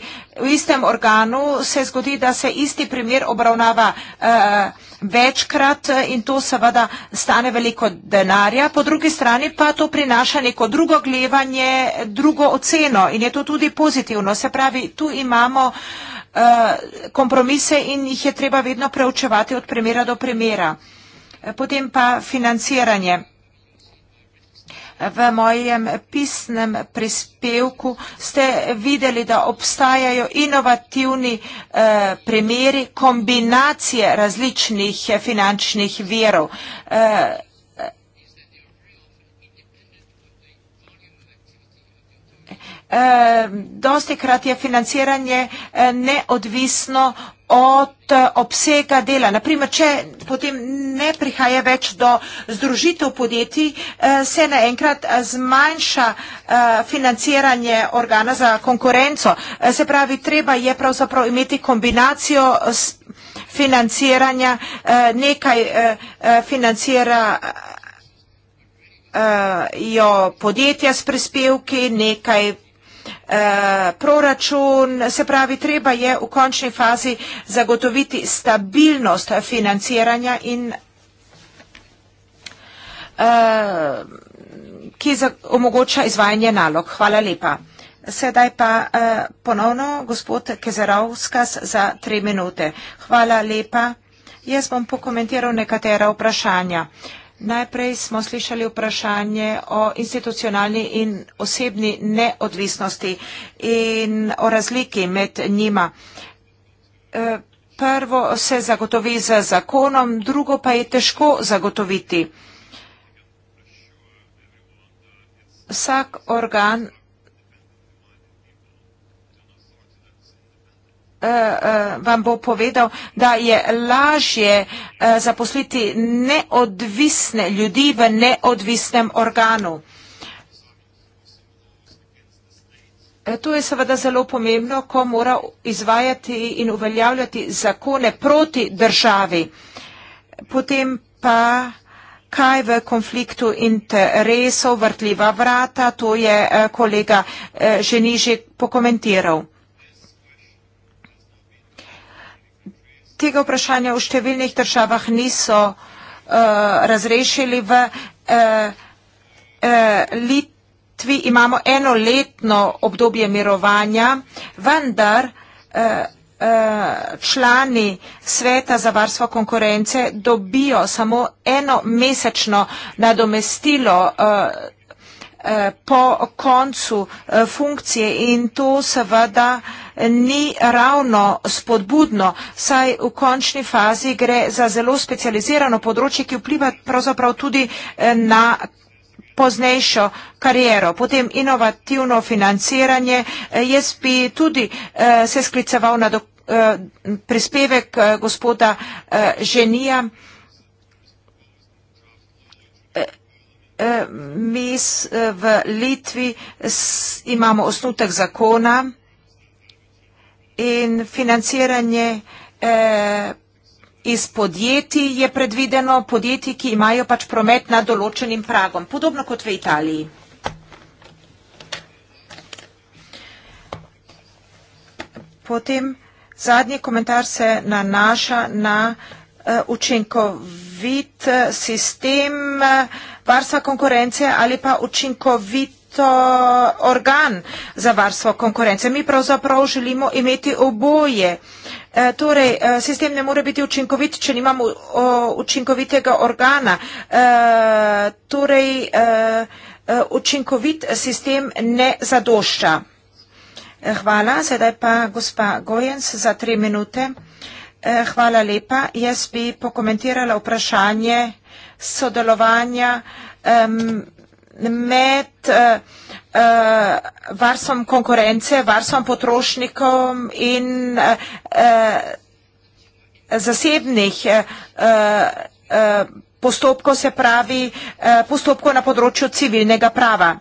v istem organu, se zgodi, da se isti primer obravnava uh, večkrat in to seveda stane veliko denarja. Po drugi strani pa to prinaša neko drugo gledanje, drugo oceno in je to tudi pozitivno. Se pravi, tu imamo uh, kompromise in jih je treba vedno preučevati od primera do primera. Potem pa financiranje v mojem pisnem prispevku ste videli, da obstajajo inovativni eh, primeri kombinacije različnih eh, finančnih verov. Eh, Eh, dosti krat je financiranje eh, neodvisno od eh, obsega dela. Naprimer, če potem ne prihaja več do združitev podjetij, se naenkrat zmanjša financiranje organa za konkurenco. Se pravi, treba je pravzaprav imeti kombinacijo financiranja, nekaj financira jo podjetja s prispevki, nekaj Eh, proračun, se pravi, treba je v končni fazi zagotoviti stabilnost financiranja in eh, ki omogoča izvajanje nalog. Hvala lepa. Sedaj pa eh, ponovno gospod Kezerovskas za tri minute. Hvala lepa. Jaz bom pokomentiral nekatera vprašanja. Najprej smo slišali vprašanje o institucionalni in osebni neodvisnosti in o razliki med njima. E, prvo se zagotovi z zakonom, drugo pa je težko zagotoviti. Vsak organ Eh, eh, vam bo povedal, da je lažje eh, zaposliti neodvisne ljudi v neodvisnem organu. To je seveda zelo pomembno, ko mora izvajati in uveljavljati zakone proti državi. Potem pa kaj v konfliktu interesov, vrtljiva vrata, to je kolega Ženiži pokomentiral. tega vprašanja v številnih državah niso uh, razrešili. V uh, uh, Litvi imamo enoletno obdobje mirovanja, vendar uh, člani sveta za varstvo konkurence dobijo samo eno mesečno nadomestilo uh, Eh, po koncu eh, funkcije in to seveda ni ravno spodbudno, saj v končni fazi gre za zelo specializirano področje, ki vpliva pravzaprav tudi eh, na poznejšo kariero. Potem inovativno financiranje, jaz bi tudi se skliceval na prispevek gospoda Ženija, mi eh, v Litvi imamo osnutek zakona in financiranje eh, iz podjetij je predvideno, podjetij, ki imajo pač promet nad določenim pragom, podobno kot v Italiji. Potem zadnji komentar se nanaša na eh, učinkovit sistem učinkovit varstva konkurence ali pa učinkovit to organ za varstvo konkurence. Mi pravzaprav želimo imeti oboje. E, torej, e, sistem ne more biti učinkovit, če nimamo o, učinkovitega organa. E, torej, e, e učinkovit sistem ne zadošča. E, hvala. Sedaj pa gospa Gojens za tri minute. E, hvala lepa. Jaz bi pokomentirala vprašanje. E, sodelovanja med eh, eh, varstvom konkurence, varstvom potrošnikov in eh, zasebnih postopkov, se pravi postopkov na področju civilnega prava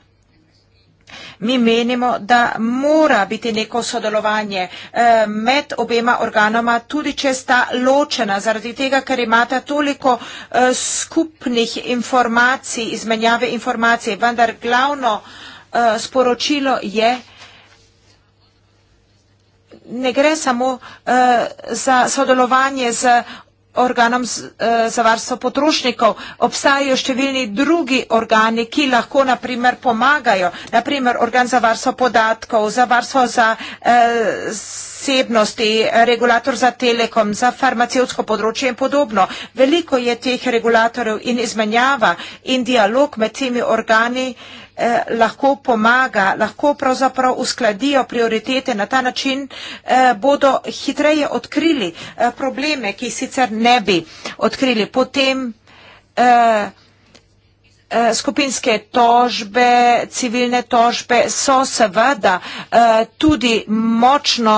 mi menimo, da mora biti neko sodelovanje eh, med obema organoma, tudi če sta ločena, zaradi tega, ker imata toliko eh, skupnih informacij, izmenjave informacij, vendar glavno eh, sporočilo je, ne gre samo za sodelovanje z organom eh, za varstvo potrošnikov. Obstajajo številni drugi organi, ki lahko naprimer pomagajo, naprimer organ za varstvo podatkov, za varstvo za osebnosti, eh, regulator za telekom, za farmacijsko področje in podobno. Veliko je teh regulatorjev in izmenjava in dialog med temi organi Eh, lahko pomaga, lahko pravzaprav uskladijo prioritete. Na ta način eh, bodo hitreje odkrili eh, probleme, ki sicer ne bi odkrili. Potem skupinske tožbe, civilne tožbe so seveda tudi močno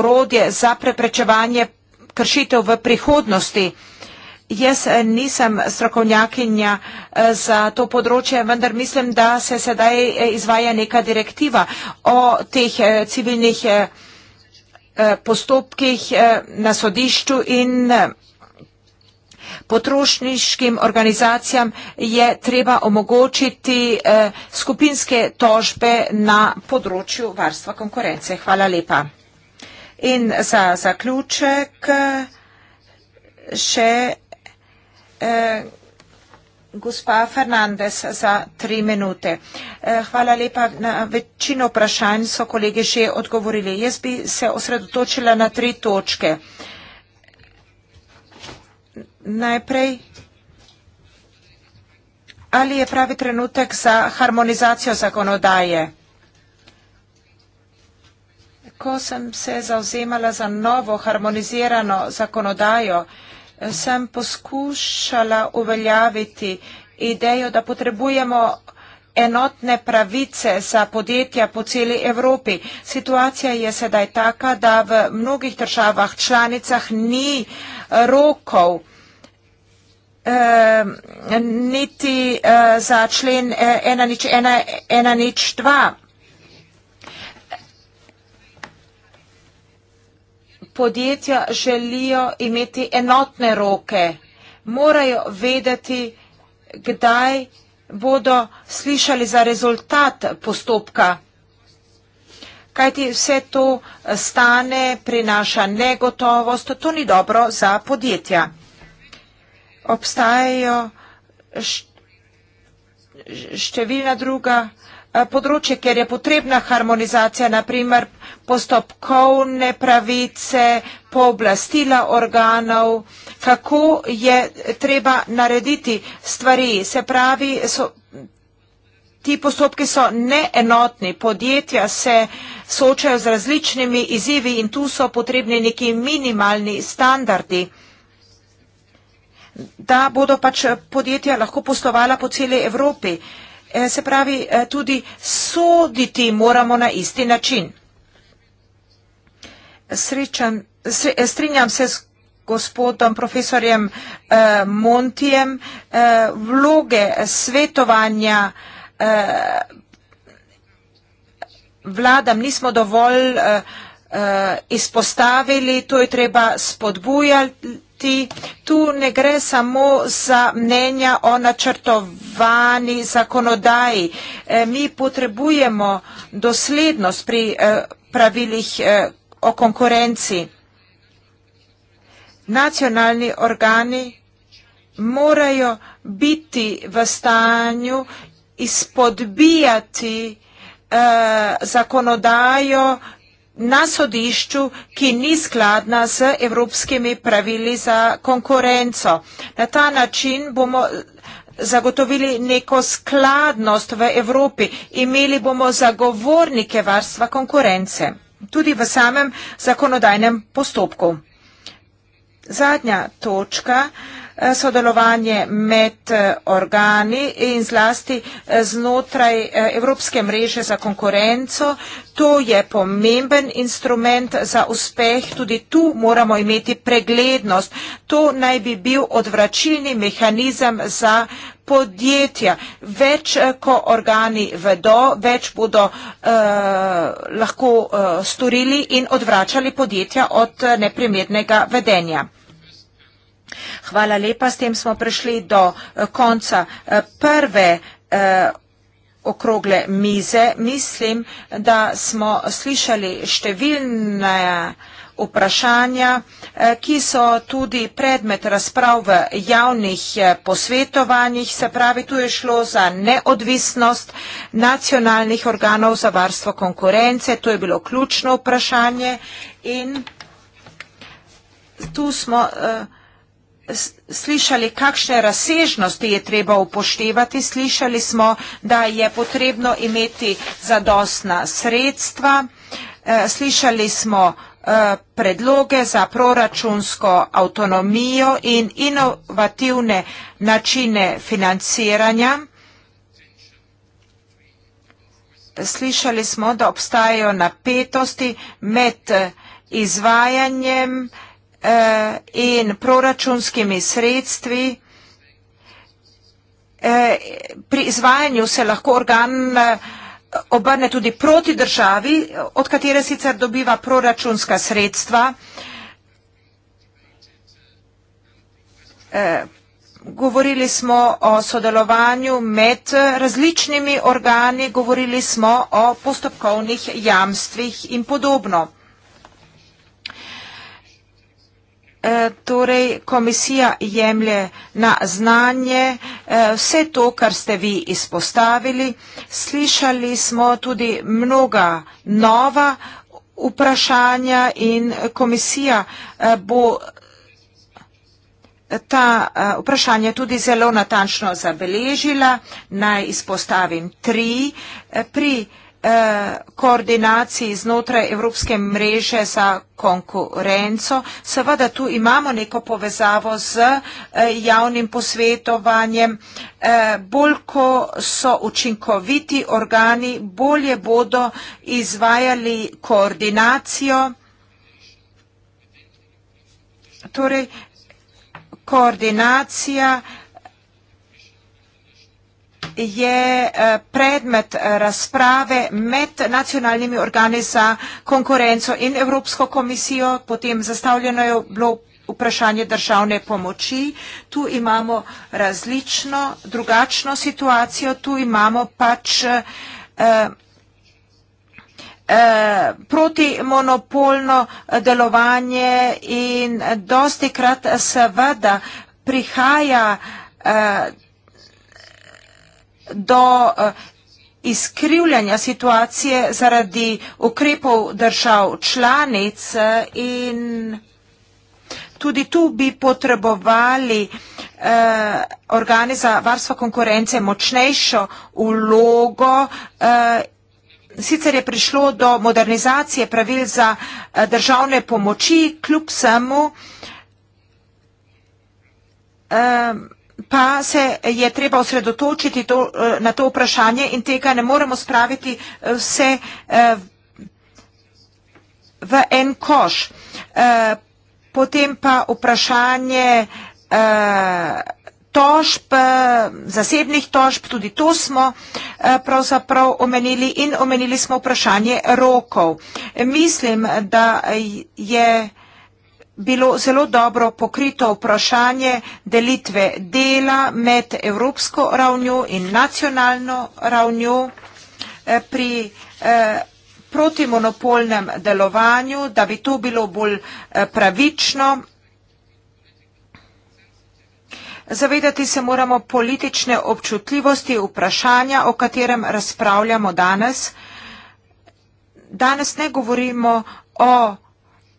orodje za preprečevanje kršitev v prihodnosti. Jaz eh, nisem strokovnjakinja eh, za to področje, vendar mislim, da se sedaj eh, izvaja neka direktiva o teh civilnih postopkih na sodišču in potrošniškim organizacijam je treba omogočiti skupinske tožbe na področju varstva konkurence. Hvala lepa. In za zaključek še nekaj. Eh, gospa Fernandez za tri minute. Eh, hvala lepa. Na večino vprašanj so kolege že odgovorili. Jaz bi se osredotočila na tri točke. Najprej, ali je pravi trenutek za harmonizacijo zakonodaje? Ko sem se zauzemala za novo harmonizirano zakonodajo, sem poskušala uveljaviti idejo, da potrebujemo enotne pravice za podjetja po celi Evropi. Situacija je sedaj taka, da v mnogih državah članicah ni eh, rokov eh, niti eh, za člen ena nič ena, ena nič dva. podjetja želijo imeti enotne roke, morajo vedeti, kdaj bodo slišali za rezultat postopka. Kajti vse to stane, prinaša negotovost, to ni dobro za podjetja. Obstajajo št, številna druga. Eh, področje, kjer je potrebna harmonizacija, naprimer postopkovne pravice, pooblastila organov, kako je treba narediti stvari. Se pravi, so, ti postopki so neenotni, podjetja se soočajo z različnimi izzivi in tu so potrebni neki minimalni standardi da bodo pač podjetja lahko poslovala po celi Evropi. Uh, Eh, se pravi, eh, tudi soditi moramo na isti način. Srečan, sre, eh, strinjam se s gospodom profesorjem eh, Montijem, eh, vloge svetovanja eh, vladam nismo dovolj eh, izpostavili, to je treba spodbujati kajti tu ne gre samo za mnenja o načrtovani zakonodaji. E, mi potrebujemo doslednost pri e, pravilih e, o konkurenci. Nacionalni organi morajo biti v stanju izpodbijati zakonodajo, na sodišču, ki ni skladna z evropskimi pravili za konkurenco. Na ta način bomo eh, zagotovili neko skladnost v Evropi. Imeli bomo zagovornike varstva konkurence, tudi v samem zakonodajnem postopku. Zadnja točka. Eh, sodelovanje med eh, organi in zlasti eh, znotraj Evropske mreže za konkurenco. To je pomemben instrument za uspeh, tudi tu moramo imeti preglednost. To naj bi bil odvračilni mehanizem za podjetja. Več, ko organi vedo, več bodo eh, lahko eh, storili in odvračali podjetja od neprimernega vedenja. Hvala lepa, s tem smo prišli do eh, konca eh, prve eh, okrogle mize. Mislim, da smo slišali številne vprašanja, ki so tudi predmet razprav v javnih posvetovanjih, se pravi, tu je šlo za neodvisnost nacionalnih organov za varstvo konkurence, to je bilo ključno vprašanje in tu smo uh, slišali, kakšne razsežnosti je treba upoštevati. Slišali smo, da je potrebno imeti zadostna sredstva. Eh, slišali smo eh, predloge za proračunsko avtonomijo in inovativne načine financiranja. Slišali smo, da obstajajo napetosti med eh, izvajanjem in Eh, in proračunskimi sredstvi. Eh, pri izvajanju se lahko organ eh, obrne tudi proti državi, od katere sicer dobiva proračunska sredstva. Govorili smo o sodelovanju med različnimi organi, govorili smo o postopkovnih jamstvih in podobno. Eh, torej komisija jemlje na znanje eh, vse to, kar ste vi izpostavili. Slišali smo tudi mnoga nova vprašanja in komisija eh, bo ta vprašanja tudi zelo natančno zabeležila. Naj izpostavim tri. Pri komisiji Eh, koordinaciji znotraj Evropske mreže za konkurenco. Seveda tu imamo neko povezavo z eh, javnim posvetovanjem. Eh, bolj, ko so učinkoviti organi, bolje bodo izvajali koordinacijo. Torej, koordinacija je eh, predmet razprave med nacionalnimi organi za konkurenco in Evropsko komisijo, potem zastavljeno je bilo vprašanje državne pomoči. Tu imamo različno, drugačno situacijo, tu imamo pač eh, eh, protimonopolno delovanje in dosti krat seveda prihaja do eh, izkrivljanja situacije zaradi ukrepov držav članic eh, in tudi tu bi potrebovali eh, organe za varstvo konkurence močnejšo ulogo. Eh, Sicer je prišlo do modernizacije pravil za eh, državne pomoči, kljub samo um, pa se je treba osredotočiti to, eh, na to vprašanje in tega ne moremo spraviti eh, vse eh, v en koš. Potem pa vprašanje tožb, zasebnih tožb, tudi to smo pravzaprav omenili in omenili smo vprašanje rokov. Mislim, da je bilo zelo dobro pokrito vprašanje delitve dela med evropsko ravnjo in nacionalno ravnjo eh, pri eh, protimonopolnem delovanju, da bi to bilo bolj eh, pravično. Zavedati se moramo politične občutljivosti vprašanja, o katerem razpravljamo danes. Danes ne govorimo o vprašanju,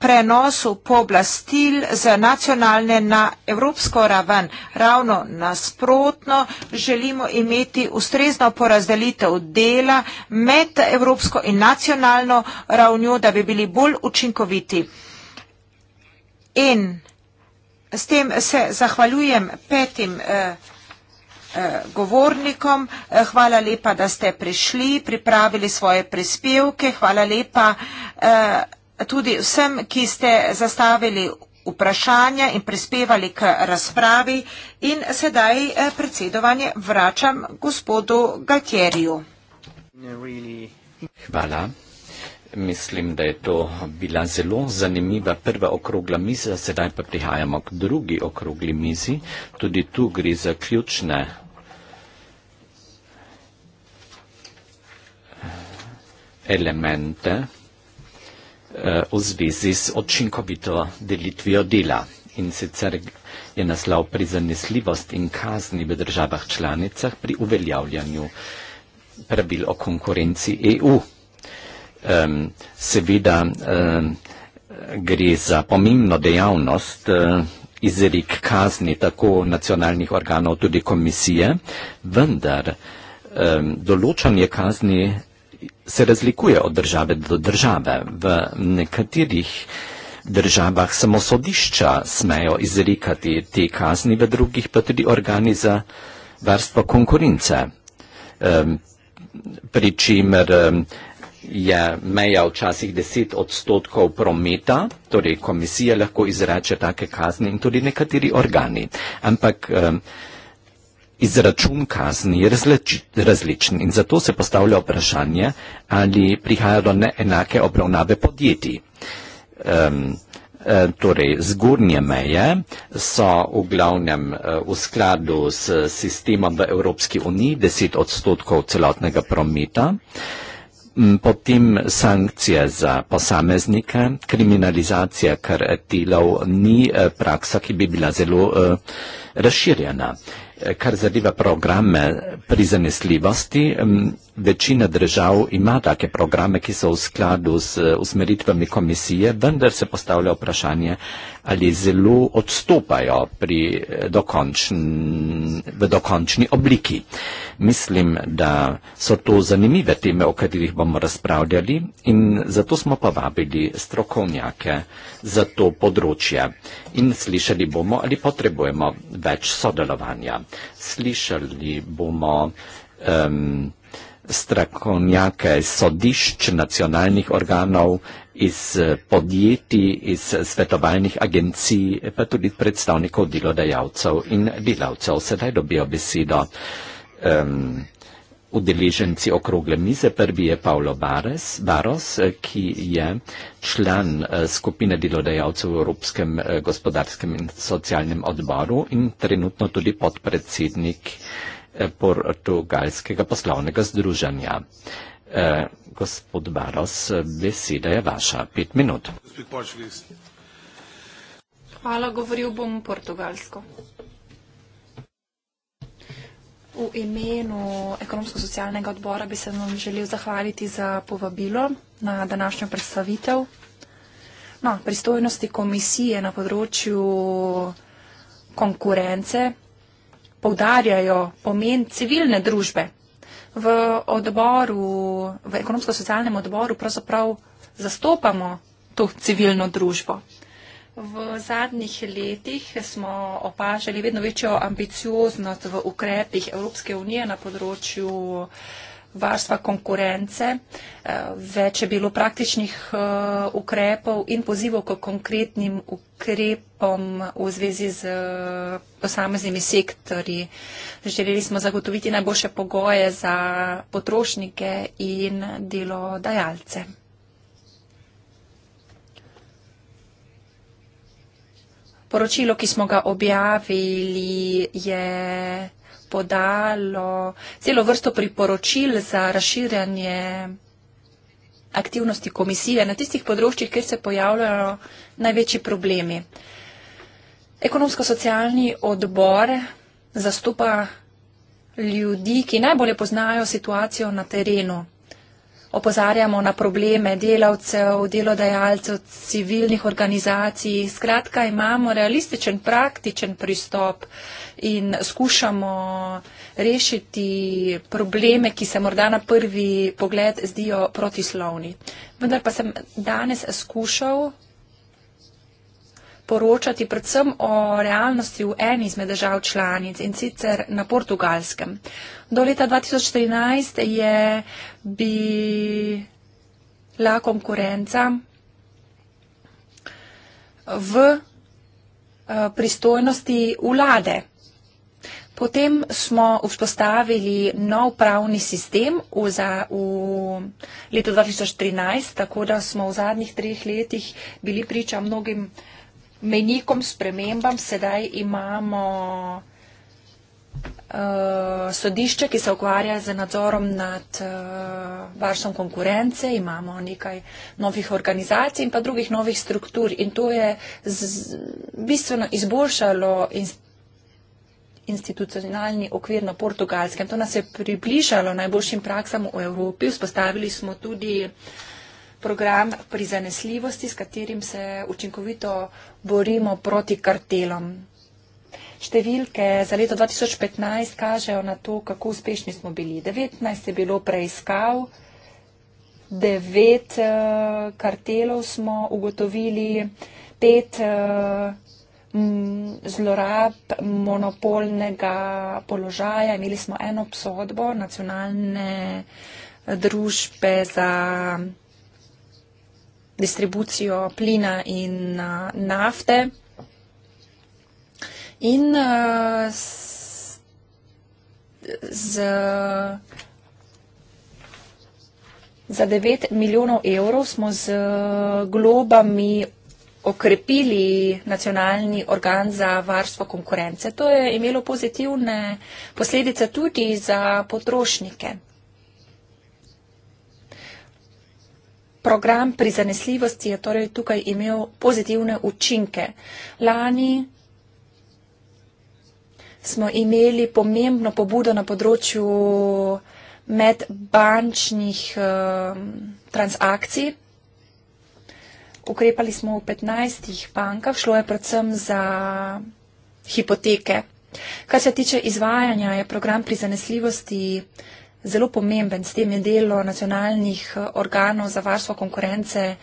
prenosu pooblastil z nacionalne na evropsko raven. Ravno nasprotno želimo imeti ustrezno porazdelitev dela med evropsko in nacionalno ravnjo, da bi bili bolj učinkoviti. In s tem se zahvaljujem petim eh, eh, govornikom. Eh, hvala lepa, da ste prišli, pripravili svoje prispevke. Hvala lepa, da ste prišli tudi vsem, ki ste zastavili vprašanja in prispevali k razpravi. In sedaj eh, predsedovanje vračam gospodu Gatjeriju.
Hvala. Mislim, da je to bila zelo zanimiva prva okrogla miza, sedaj pa prihajamo k drugi okrogli mizi. Tudi tu gre za ključne elemente Eh, v zvezi z očinkovito delitvijo dela. In sicer je naslov pri zanesljivost in kazni v državah članicah pri uveljavljanju pravil o konkurenci EU. Um, seveda um, gre za pomembno dejavnost uh, izrek kazni tako nacionalnih organov, tudi komisije, vendar um, določanje kazni se razlikuje od države do države. V nekaterih državah samo sodišča smejo izrikati te kazni, v drugih pa tudi organi za varstvo konkurence. Um, pri čimer um, je meja včasih 10 odstotkov prometa, torej komisija lahko izreče take kazni in tudi nekateri organi. Ampak um, izračun kazni je različen in zato se postavlja vprašanje, ali prihaja do neenake obravnave podjetij. Um, Torej, zgornje meje so v glavnem e, v skladu s sistemom v Evropski uniji 10 odstotkov celotnega prometa, potem sankcije za posameznike, kriminalizacija kar delov ni e, praksa, ki bi bila zelo razširjena kar zadeva programe pri zanesljivosti, večina držav ima take programe, ki so v skladu z eh, usmeritvami komisije, vendar se postavlja vprašanje, ali zelo odstopajo pri eh, dokončn, v dokončni obliki. Mislim, da so to zanimive teme, o katerih bomo razpravljali in zato smo povabili strokovnjake za to področje in slišali bomo, ali potrebujemo več sodelovanja. Slišali bomo um, strakonjake sodišč nacionalnih organov, iz eh, podjetij, iz svetovalnih agencij, pa tudi predstavnikov delodajalcev in delavcev. Sedaj dobijo besedo um, udeleženci okrogle mize. Prvi je Paolo Bares, Baros, eh, ki je član eh, skupine delodajalcev v Evropskem eh, gospodarskem in socialnem odboru in trenutno tudi podpredsednik portugalskega poslovnega združanja. Gospod Baros, beseda je vaša. Pet minut.
Hvala, govoril bom portugalsko. V imenu ekonomsko-socialnega odbora bi se vam želel zahvaliti za povabilo na današnjo predstavitev. No, pristojnosti komisije na področju konkurence povdarjajo pomen civilne družbe. V, odboru, v ekonomsko-socialnem odboru pravzaprav zastopamo to civilno družbo. V zadnjih letih smo opažali vedno večjo ambicioznost v ukrepih Evropske unije na področju eh, varstva konkurence. Eh, več je bilo praktičnih eh, ukrepov in pozivov k konkretnim ukrepom v zvezi z posameznimi sektorji. Želeli smo zagotoviti najboljše pogoje za potrošnike in delodajalce. Poročilo, ki smo ga objavili, je podalo celo vrsto priporočil za razširjanje aktivnosti komisije na tistih področjih, kjer se pojavljajo največji problemi. Ekonomsko-socialni odbor zastopa ljudi, ki najbolje poznajo situacijo na terenu opozarjamo na probleme delavcev, delodajalcev, civilnih organizacij. Skratka, imamo realističen, praktičen pristop in skušamo rešiti probleme, ki se morda na prvi pogled zdijo protislovni. Vendar pa sem danes skušal poročati predvsem o realnosti v eni izmed držav članic in sicer na portugalskem. Do leta 2013 je bila konkurenca v eh, pristojnosti vlade. Potem smo vzpostavili nov pravni sistem v, za, v letu 2013, tako da smo v zadnjih treh letih bili priča mnogim uh, menikom, spremembam, sedaj imamo uh, sodišče, ki se ukvarja z nadzorom nad uh, varstvom konkurence, imamo nekaj novih organizacij in pa drugih novih struktur in to je z, bistveno izboljšalo institucionalni okvir na portugalskem. To nas je približalo najboljšim praksam v Evropi. Vzpostavili smo tudi uh, program pri zanesljivosti, s katerim se učinkovito borimo proti kartelom. Številke za leto 2015 kažejo na to, kako uspešni smo bili. 19 je bilo preiskav, 9 eh, kartelov smo ugotovili, 5 eh, zlorab monopolnega položaja. Imeli smo eno obsodbo nacionalne družbe za distribucijo plina in uh, nafte. In uh, z, z, za 9 milijonov evrov smo z globami okrepili nacionalni organ za varstvo konkurence. To je imelo pozitivne posledice tudi za potrošnike. program prizanesljivosti je torej tukaj imel pozitivne učinke. Lani smo imeli pomembno pobudo na področju medbančnih ehm, transakcij. Ukrepali smo v 15 bankah, šlo je predvsem za hipoteke. Kar se tiče izvajanja, je program prizanesljivosti zelo pomemben, s tem je delo nacionalnih eh, organov za varstvo konkurence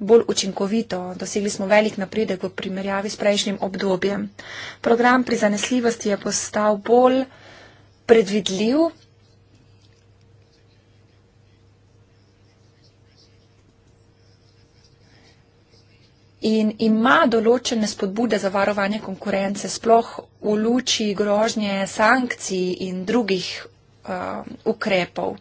bolj učinkovito. Dosegli smo velik napredek v primerjavi s prejšnjim obdobjem. Program pri zanesljivosti je postal bolj predvidljiv. In ima določene spodbude za varovanje konkurence, sploh v luči grožnje sankcij in drugih Eh, ukrepov.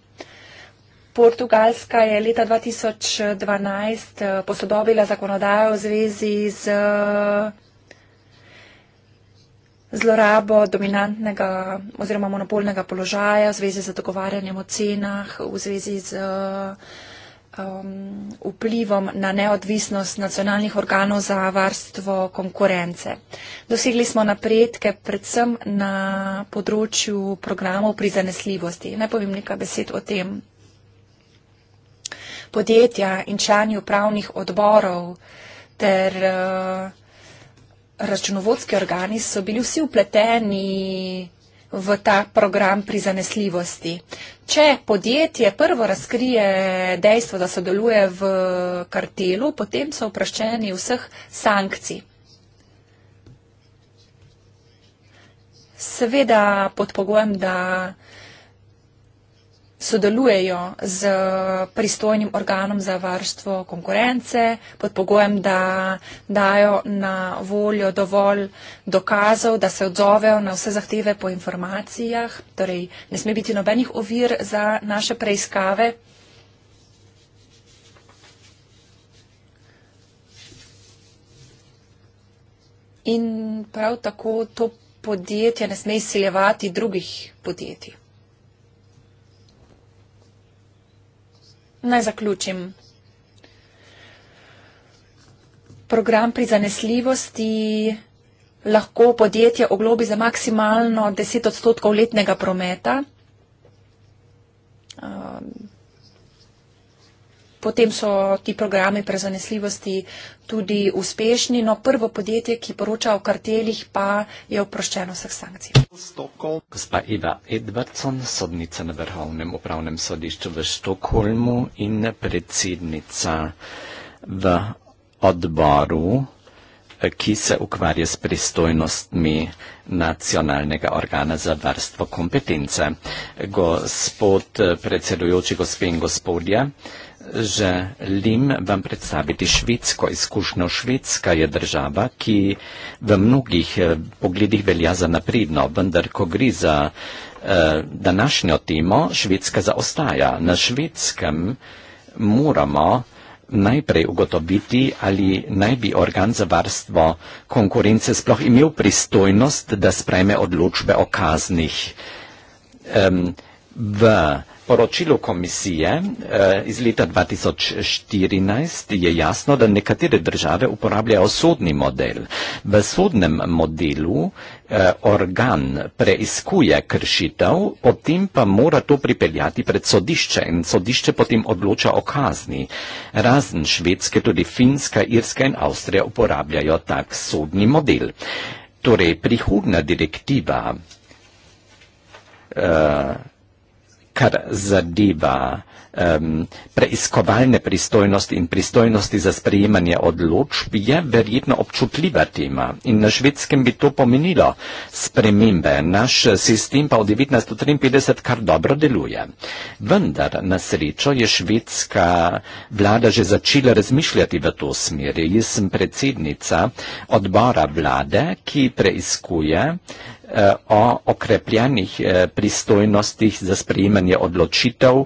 Portugalska je leta 2012 eh, posodobila zakonodajo v zvezi z eh, zlorabo dominantnega oziroma monopolnega položaja, v zvezi z dogovarjanjem o cenah, v zvezi z uh, um, vplivom na neodvisnost nacionalnih organov za varstvo konkurence. Dosegli smo napredke predvsem na področju programov pri zanesljivosti. Naj povem nekaj besed o tem. Podjetja in člani upravnih odborov ter uh, računovodski organi so bili vsi upleteni v ta program prizanesljivosti. Če podjetje prvo razkrije dejstvo, da sodeluje v kartelu, potem so upraščeni vseh sankcij. Seveda pod pogojem, da sodelujejo z pristojnim organom za varstvo konkurence pod pogojem, da dajo na voljo dovolj dokazov, da se odzovejo na vse zahteve po informacijah. Torej, ne sme biti nobenih ovir za naše preiskave. In prav tako to podjetje ne sme izsiljevati drugih podjetij. Naj zaključim. Program pri zanesljivosti lahko podjetje oglobi za maksimalno 10 odstotkov letnega prometa. potem so ti programe prezanesljivosti tudi uspešni. No, prvo podjetje, ki poroča o kartelih, pa je oproščeno vseh sankcij.
Gospa Eva Edvardson, sodnica na Vrhovnem upravnem sodišču v Štokholmu in predsednica v odboru ki se ukvarja s pristojnostmi nacionalnega organa za varstvo kompetence. Gospod predsedujoči, gospe in gospodje, želim vam predstaviti švedsko izkušnjo. Švedska je država, ki v mnogih eh, pogledih velja za napredno, vendar ko gre za eh, današnjo temo, Švedska zaostaja. Na švedskem moramo najprej ugotoviti, ali naj bi organ za varstvo konkurence sploh imel pristojnost, da sprejme odločbe o kaznih. Eh, poročilu komisije eh, iz leta 2014 je jasno, da nekatere države uporabljajo sodni model. V sodnem modelu eh, organ preiskuje kršitev, potem pa mora to pripeljati pred sodišče in sodišče potem odloča o kazni. Razen Švedske, tudi Finska, Irska in Avstrija uporabljajo tak sodni model. Torej, prihodna direktiva. Eh, kar zadeva um, preiskovalne pristojnosti in pristojnosti za sprejemanje odločb, je verjetno občutljiva tema. In na švedskem bi to pomenilo spremembe. Naš eh, sistem pa od 1953 kar dobro deluje. Vendar na srečo je švedska vlada že začela razmišljati v to smer. Jaz sem predsednica odbora vlade, ki preiskuje Eh, o okrepljenih eh, pristojnostih za sprejemanje odločitev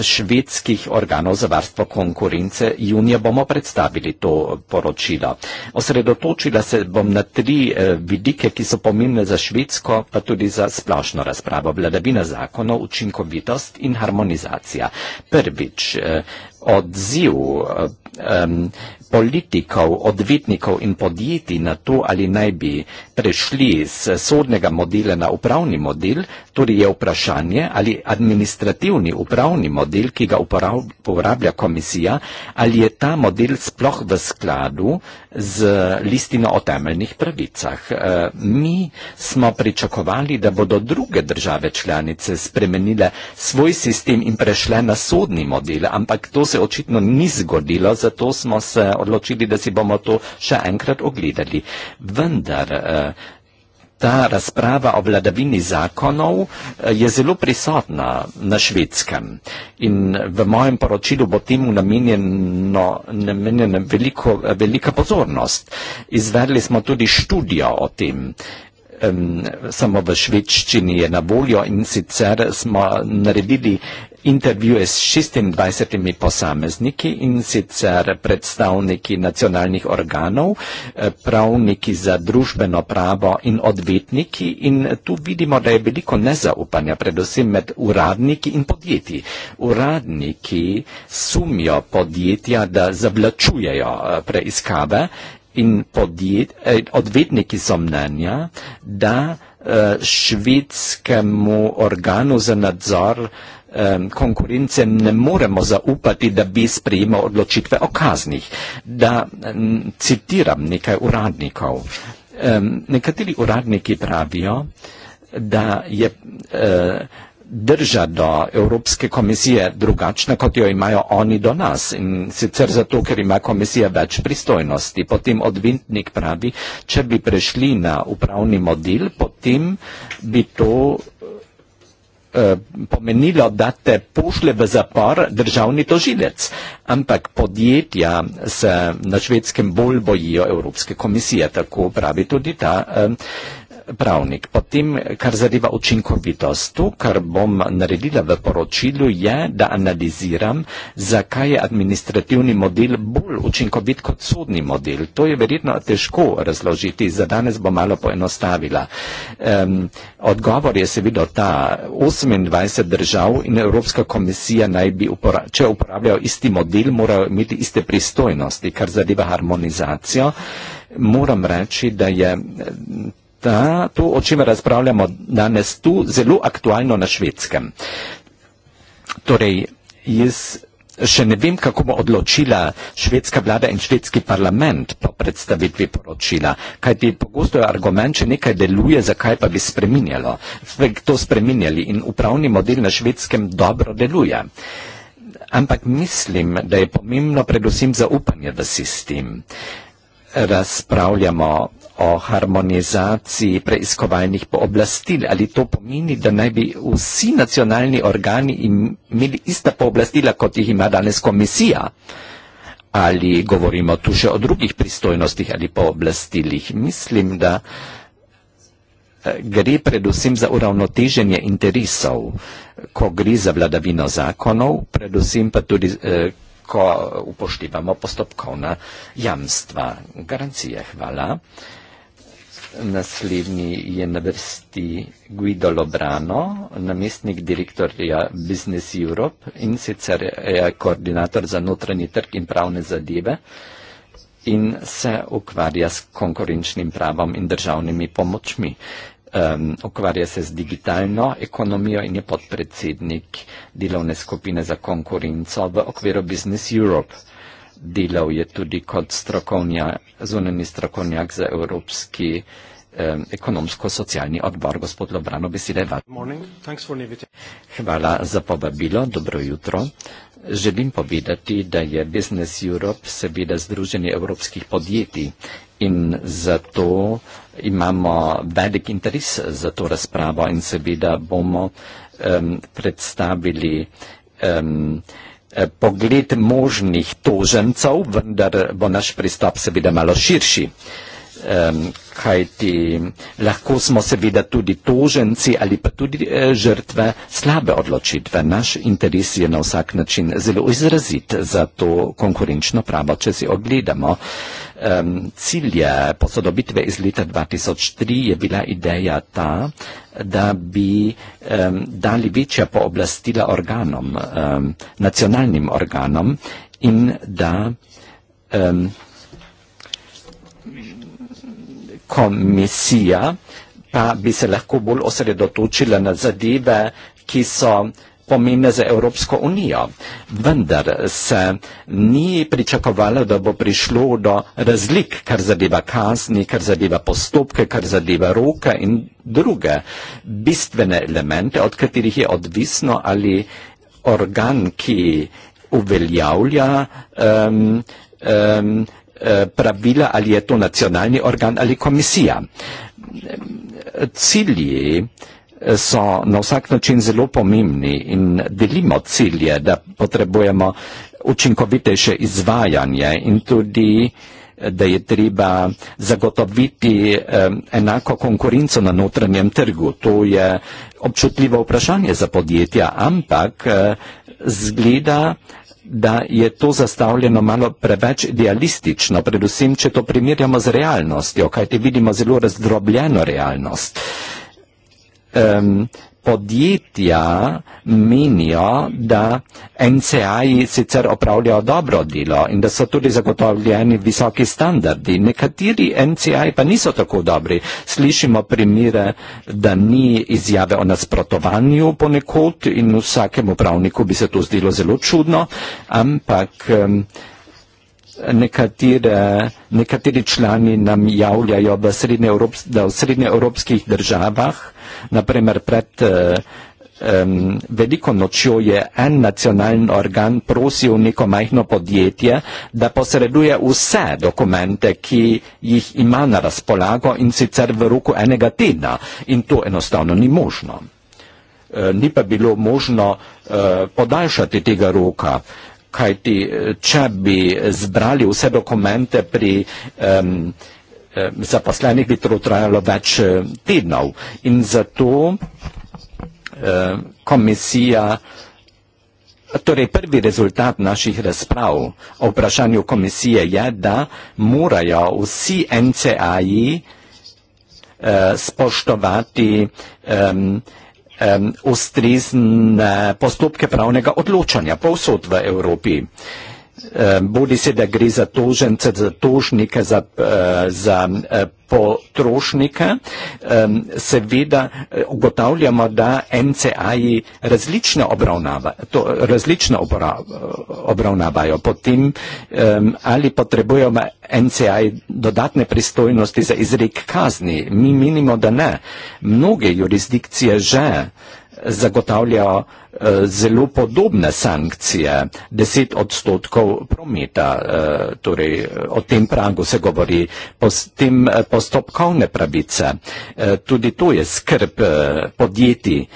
švedskih organov za varstvo konkurence. Junija bomo predstavili to poročilo. Osredotočila se bom na tri eh, vidike, ki so pomembne za švedsko, pa tudi za splošno razpravo. Vladavina zakonov, učinkovitost in harmonizacija. Prvič, odziv politikov, odvetnikov in podjetij na to, ali naj bi prešli z sodnega modela na upravni model, torej je vprašanje, ali administrativni upravni model, ki ga uporablja komisija, ali je ta model sploh v skladu z listino o temeljnih pravicah. E, mi smo pričakovali, da bodo druge države članice spremenile svoj sistem in prešle na sodni model, ampak to se očitno ni zgodilo, zato smo se odločili, da si bomo to še enkrat ogledali. Vendar e, ta razprava o vladavini zakonov eh, je zelo prisotna na švedskem in v mojem poročilu bo temu namenjeno, namenjeno veliko, eh, velika pozornost. Izvedli smo tudi študijo o tem um, samo v švedščini je na voljo in sicer smo naredili intervjuje s 26 posamezniki in sicer predstavniki nacionalnih organov, eh, pravniki za družbeno pravo in odvetniki in tu vidimo, da je veliko nezaupanja, predvsem med uradniki in podjetji. Uradniki sumijo podjetja, da zavlačujejo eh, preiskave in podjet, eh, odvetniki so mnenja, da eh, švedskemu organu za nadzor eh, konkurence ne moremo zaupati, da bi sprejemal odločitve o kaznih. Da eh, citiram nekaj uradnikov. Eh, nekateri uradniki pravijo, da je. Eh, drža do Evropske komisije drugačna, kot jo imajo oni do nas. In sicer zato, ker ima komisija več pristojnosti. Potem odvintnik pravi, če bi prešli na upravni model, potem bi to eh, pomenilo, da te pošle v zapor državni tožilec. Ampak podjetja se na švedskem bolj bojijo Evropske komisije, tako pravi tudi ta eh, pravnik. Potem, kar zadeva učinkovitost, to, kar bom naredila v poročilu, je, da analiziram, zakaj je administrativni model bolj učinkovit kot sodni model. To je verjetno težko razložiti, za danes bom malo poenostavila. Um, odgovor je seveda ta, 28 držav in Evropska komisija naj bi, upora če uporabljajo isti model, morajo imeti iste pristojnosti, kar zadeva harmonizacijo. Moram reči, da je ta, to, o čem razpravljamo danes tu, zelo aktualno na švedskem. Torej, jaz še ne vem, kako bo odločila švedska vlada in švedski parlament po predstavitvi poročila, kajti pogosto je argument, če nekaj deluje, zakaj pa bi spreminjalo, to spreminjali in upravni model na švedskem dobro deluje. Ampak mislim, da je pomembno predvsem zaupanje v sistem. Razpravljamo o harmonizaciji preiskovalnih pooblastil. Ali to pomeni, da naj bi vsi nacionalni organi imeli ista pooblastila, kot jih ima danes komisija? Ali govorimo tu še o drugih pristojnostih ali pooblastilih? Mislim, da eh, gre predvsem za uravnoteženje interesov, ko gre za vladavino zakonov, predvsem pa tudi, eh, ko upoštevamo postopkovna jamstva. Garancije, hvala. Naslednji je na vrsti Guido Lobrano, namestnik direktorja Business Europe in sicer je eh, koordinator za notranji trg in pravne zadeve in se ukvarja s konkurenčnim pravom in državnimi pomočmi. Um, ukvarja se z digitalno ekonomijo in je podpredsednik delovne skupine za konkurenco v okviru Business Europe delal je tudi kot strokovnja, zunani strokovnjak za Evropski eh, ekonomsko-socialni odbor, gospod Lobrano Besileva. Hvala za povabilo, dobro jutro. Želim povedati, da je Business Europe seveda združenje evropskih podjetij in zato imamo velik interes za to razpravo in seveda bomo eh, predstavili eh, Eh, pogled možnih tožencev, vendar bo naš pristop seveda malo širši. Um, kajti lahko smo seveda tudi toženci ali pa tudi e, žrtve slabe odločitve. Naš interes je na vsak način zelo izrazit za to konkurenčno pravo, če si ogledamo um, cilje posodobitve iz leta 2003 je bila ideja ta, da bi um, dali večja pooblastila organom, um, nacionalnim organom in da um, komisija pa bi se lahko bolj osredotočila na zadeve, ki so pomembne za Evropsko unijo. Vendar se ni pričakovalo, da bo prišlo do razlik, kar zadeva kazni, kar zadeva postopke, kar zadeva roke in druge bistvene elemente, od katerih je odvisno ali organ, ki uveljavlja um, um, pravila, ali je to nacionalni organ ali komisija. Cilji so na vsak način zelo pomembni in delimo cilje, da potrebujemo učinkovitejše izvajanje in tudi, da je treba zagotoviti enako konkurenco na notranjem trgu. To je občutljivo vprašanje za podjetja, ampak eh, zgleda, da je to zastavljeno malo preveč idealistično, predvsem, če to primerjamo z realnostjo, kajti vidimo zelo razdrobljeno realnost um, podjetja menijo, da NCA-ji sicer opravljajo dobro delo in da so tudi zagotovljeni visoki standardi. Nekateri NCA-ji pa niso tako dobri. Slišimo primere, da ni izjave o nasprotovanju ponekod in vsakemu pravniku bi se to zdelo zelo čudno, ampak um, nekatere, nekateri člani nam javljajo, da, srednje Evrop, da v srednjeevropskih državah, naprimer pred um, veliko nočjo je en nacionalen organ prosil neko majhno podjetje, da posreduje vse dokumente, ki jih ima na razpolago in sicer v roku enega tedna. In to enostavno ni možno. Eh, ni pa bilo možno uh, podaljšati tega roka. Uh, kaj ti, če bi zbrali vse dokumente pri um, zaposlenih, bi to trajalo več eh, tednov. In zato um, komisija, torej prvi rezultat naših razprav o vprašanju komisije je, da morajo vsi NCAI uh, eh, spoštovati um, Um, ustrezne postopke pravnega odločanja povsod v Evropi. Eh, bodi se, da gre za toženca, za tožnika, za, eh, za eh, potrošnika, seveda ugotavljamo, da MCA-ji različno, obravnava, to, različno obra, obravnavajo. Potem, ali potrebujemo MCA-ji dodatne pristojnosti za izrek kazni? Mi menimo, da ne. Mnoge jurisdikcije že zagotavlja eh, zelo podobne sankcije, 10 odstotkov prometa, eh, torej eh, o tem pragu se govori, potem postopkovne pravice, tudi to je skrb podjetij,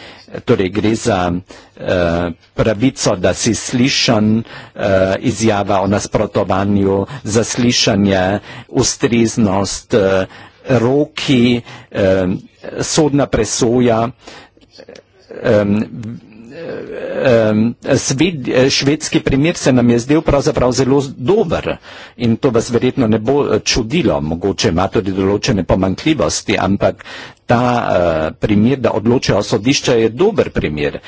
torej gre za pravico, da si slišan izjava o nasprotovanju, zaslišanje, ustreznost, roki, sodna presoja, um, um, svid, švedski primer se nam je zdel pravzaprav zelo dober in to vas verjetno ne bo eh, čudilo, mogoče ima tudi določene pomankljivosti, ampak ta uh, primer, da odločajo sodišča, je dober primer.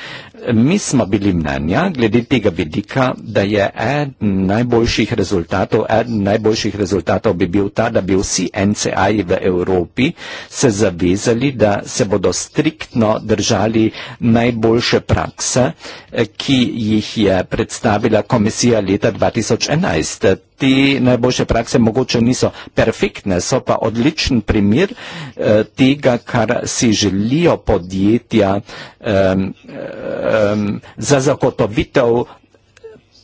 Mi smo bili mnenja glede tega vidika, da je eden najboljših rezultatov, eden najboljših rezultatov bi bil ta, da bi vsi NCI v Evropi se zavezali, da se bodo striktno držali najboljše prakse, eh, ki jih je predstavila komisija leta 2011 te najboljše prakse mogoče niso perfektne, so pa odličen primer eh, tega, kar si želijo podjetja um, um, za zagotovitev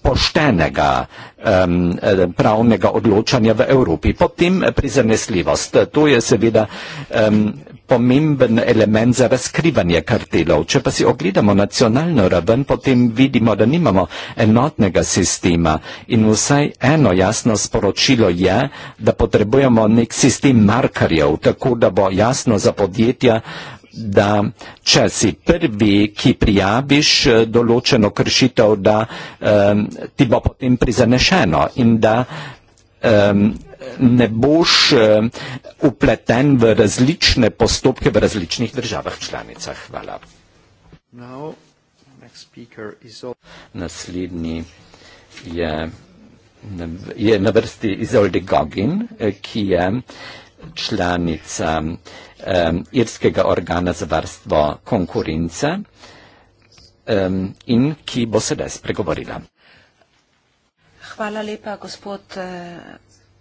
poštenega um, pravnega odločanja v Evropi. Potem prizanesljivost. To je seveda um, pomemben element za razkrivanje kartelov. Če pa si ogledamo nacionalno raven, potem vidimo, da nimamo enotnega sistema in vsaj eno jasno sporočilo je, da potrebujemo nek sistem markarjev, tako da bo jasno za podjetja, da če si prvi, ki prijaviš eh, določeno kršitev, da um, ti bo potem prizanešeno in da um, ne boš eh, upleten v različne postopke v različnih državah članicah. Hvala. Naslednji je je na vrsti Izolde Gogin, eh, ki je članica eh, irskega organa za varstvo konkurence in ki bo sedaj spregovorila.
Hvala lepa, gospod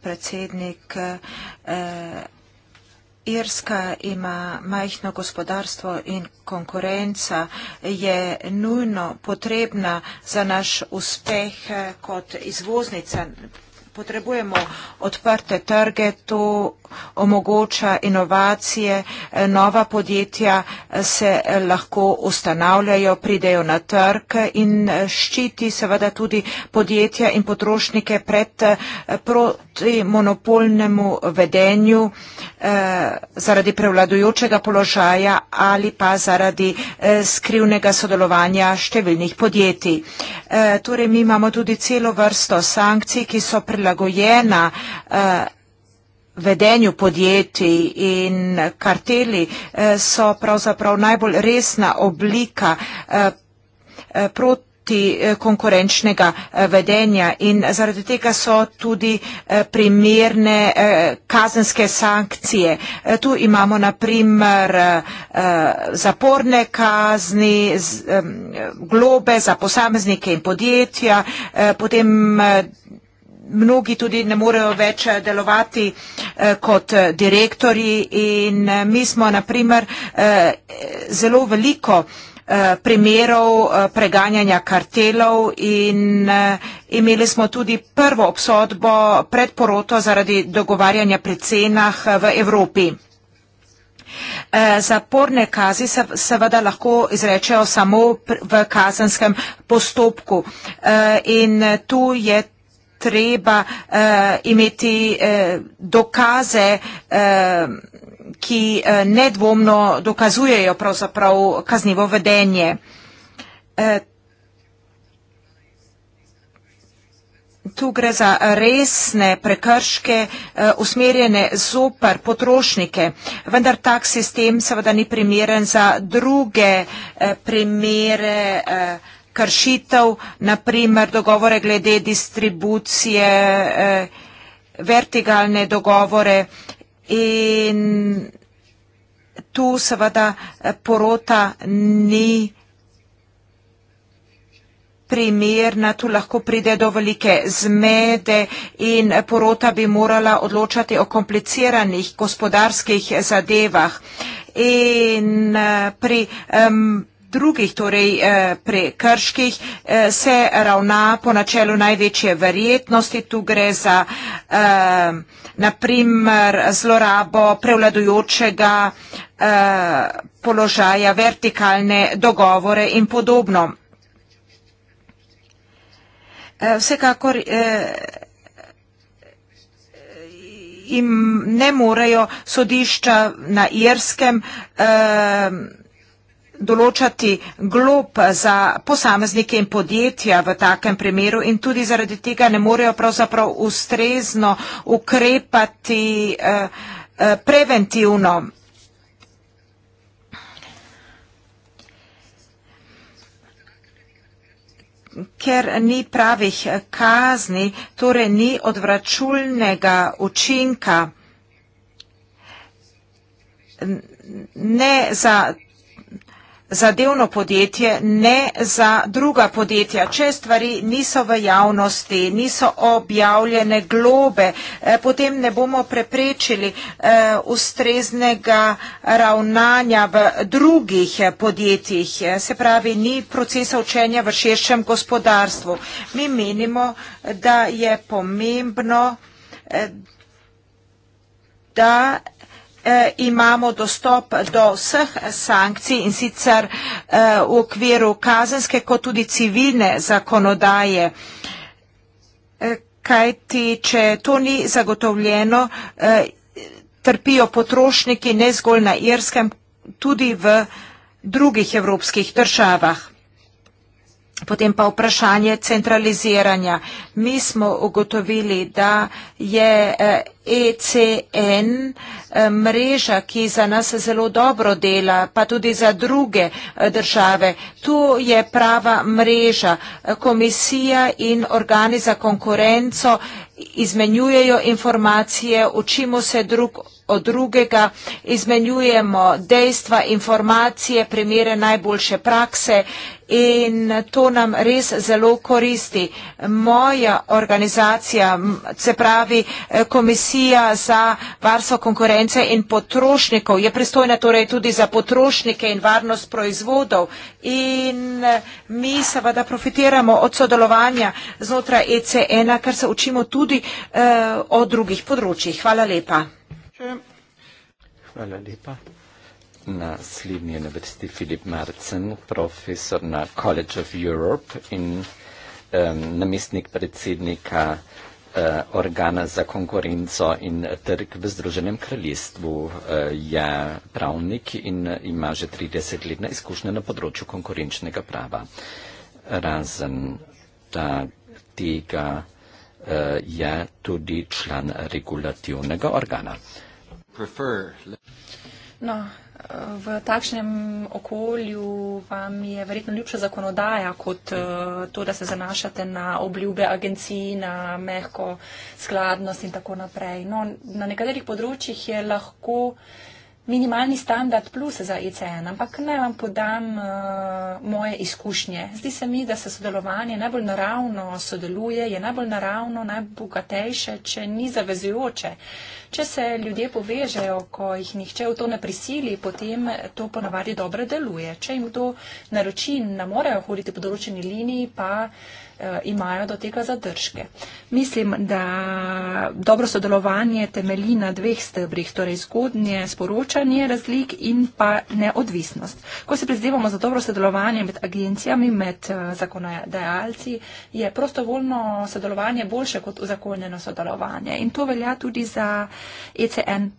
predsednik. Eh, Irska ima majhno gospodarstvo in konkurenca je nujno potrebna za naš uspeh eh, kot izvoznica. Potrebujemo odprte trge, to omogoča inovacije, eh, nova podjetja eh, se eh, lahko ustanavljajo, pridejo na trg in ščiti seveda tudi podjetja in potrošnike pred proti monopolnemu vedenju zaradi prevladujočega položaja ali pa zaradi skrivnega sodelovanja številnih podjetij. Torej, mi imamo tudi celo vrsto sankcij, ki so prilagojena vedenju podjetij in karteli eh, so pravzaprav najbolj resna oblika eh, eh, proti konkurenčnega vedenja in zaradi tega so tudi primerne kazenske sankcije. Tu imamo na primer zaporne kazni, globe za posameznike in podjetja, potem mnogi tudi ne morejo več eh, delovati eh, kot eh, direktori in mi smo naprimer zelo veliko primerov preganjanja kartelov in imeli smo tudi prvo obsodbo pred poroto zaradi dogovarjanja pri cenah v Evropi. Zaporne kazi se seveda lahko izrečejo samo v kazenskem postopku in tu je treba uh, imeti uh, dokaze, uh, ki uh, nedvomno dokazujejo pravzaprav kaznivo vedenje. Uh, Tu gre za resne prekrške uh, usmerjene zoper potrošnike, vendar tak sistem seveda ni primeren za druge uh, primere. Uh, kršitev, naprimer dogovore glede distribucije, eh, vertikalne dogovore in tu seveda eh, porota ni primerna, tu lahko pride do velike zmede in porota bi morala odločati o kompliciranih gospodarskih zadevah in eh, pri um, drugih torej, eh, prekrških eh, se ravna po načelu največje verjetnosti. Tu gre za eh, naprimer zlorabo prevladujočega položaja, vertikalne dogovore in podobno. Vsekakor eh, ne morejo sodišča na irskem eh, določati glob za posameznike in podjetja v takem primeru in tudi zaradi tega ne morejo pravzaprav ustrezno ukrepati eh, eh, preventivno. Ker ni pravih kazni, torej ni odvračulnega učinka ne za tudi za delno podjetje, ne za druga podjetja. Če stvari niso v javnosti, niso objavljene globe, eh, potem ne bomo preprečili eh, ustreznega ravnanja v drugih eh, podjetjih. Se pravi, ni procesa učenja v širšem gospodarstvu. Mi menimo, da je pomembno, da Eh, imamo dostop do vseh sankcij in sicer eh, v okviru kazenske kot tudi civilne zakonodaje. Eh, kajti, če to ni zagotovljeno, trpijo potrošniki ne zgolj na Irskem, tudi v drugih evropskih državah. Potem pa vprašanje centraliziranja. Mi smo ugotovili, da je ECN eh, e eh, mreža, ki za nas zelo dobro dela, pa tudi za druge eh, države. Tu je prava mreža. Komisija in organi za konkurenco izmenjujejo informacije, učimo se drug od drugega, izmenjujemo dejstva, informacije, primere najboljše prakse in to nam res zelo koristi. Moja organizacija, se pravi eh, Komisija za varstvo konkurence in potrošnikov, je pristojna torej tudi za potrošnike in varnost proizvodov in eh, mi seveda profitiramo od sodelovanja znotraj ECN-a, ker se učimo tudi uh, o drugih področjih. Hvala lepa.
Hvala lepa. Naslednji je na vrsti Filip Marcen, profesor na College of Europe in um, namestnik predsednika uh, organa za konkurenco in trg v Združenem kraljestvu. Uh, je pravnik in ima že 30-letna izkušnja na področju konkurenčnega prava. Razen ta, tega uh, je tudi član regulativnega organa. Prefer.
No, v takšnem okolju vam je verjetno ljubša zakonodaja kot eh, to, da se zanašate na obljube agencij, na mehko skladnost in tako naprej. No, na nekaterih področjih je lahko minimalni standard plus za ECN, ampak naj vam podam uh, moje izkušnje. Zdi se mi, da se sodelovanje najbolj naravno sodeluje, je najbolj naravno, najbogatejše, če ni zavezujoče. Če se ljudje povežejo, ko jih nihče v to ne prisili, potem to ponavadi dobro deluje. Če jim to naroči in ne morejo hoditi po določeni liniji, pa. Uh, Eh, imajo do tega zadržke. Mislim, da dobro sodelovanje temelji na dveh stebrih, torej zgodnje sporočanje razlik in pa neodvisnost. Ko se prizadevamo za dobro sodelovanje med agencijami, med eh, zakonodajalci, je prostovoljno sodelovanje boljše kot uzakonjeno sodelovanje. In to velja tudi za ECN.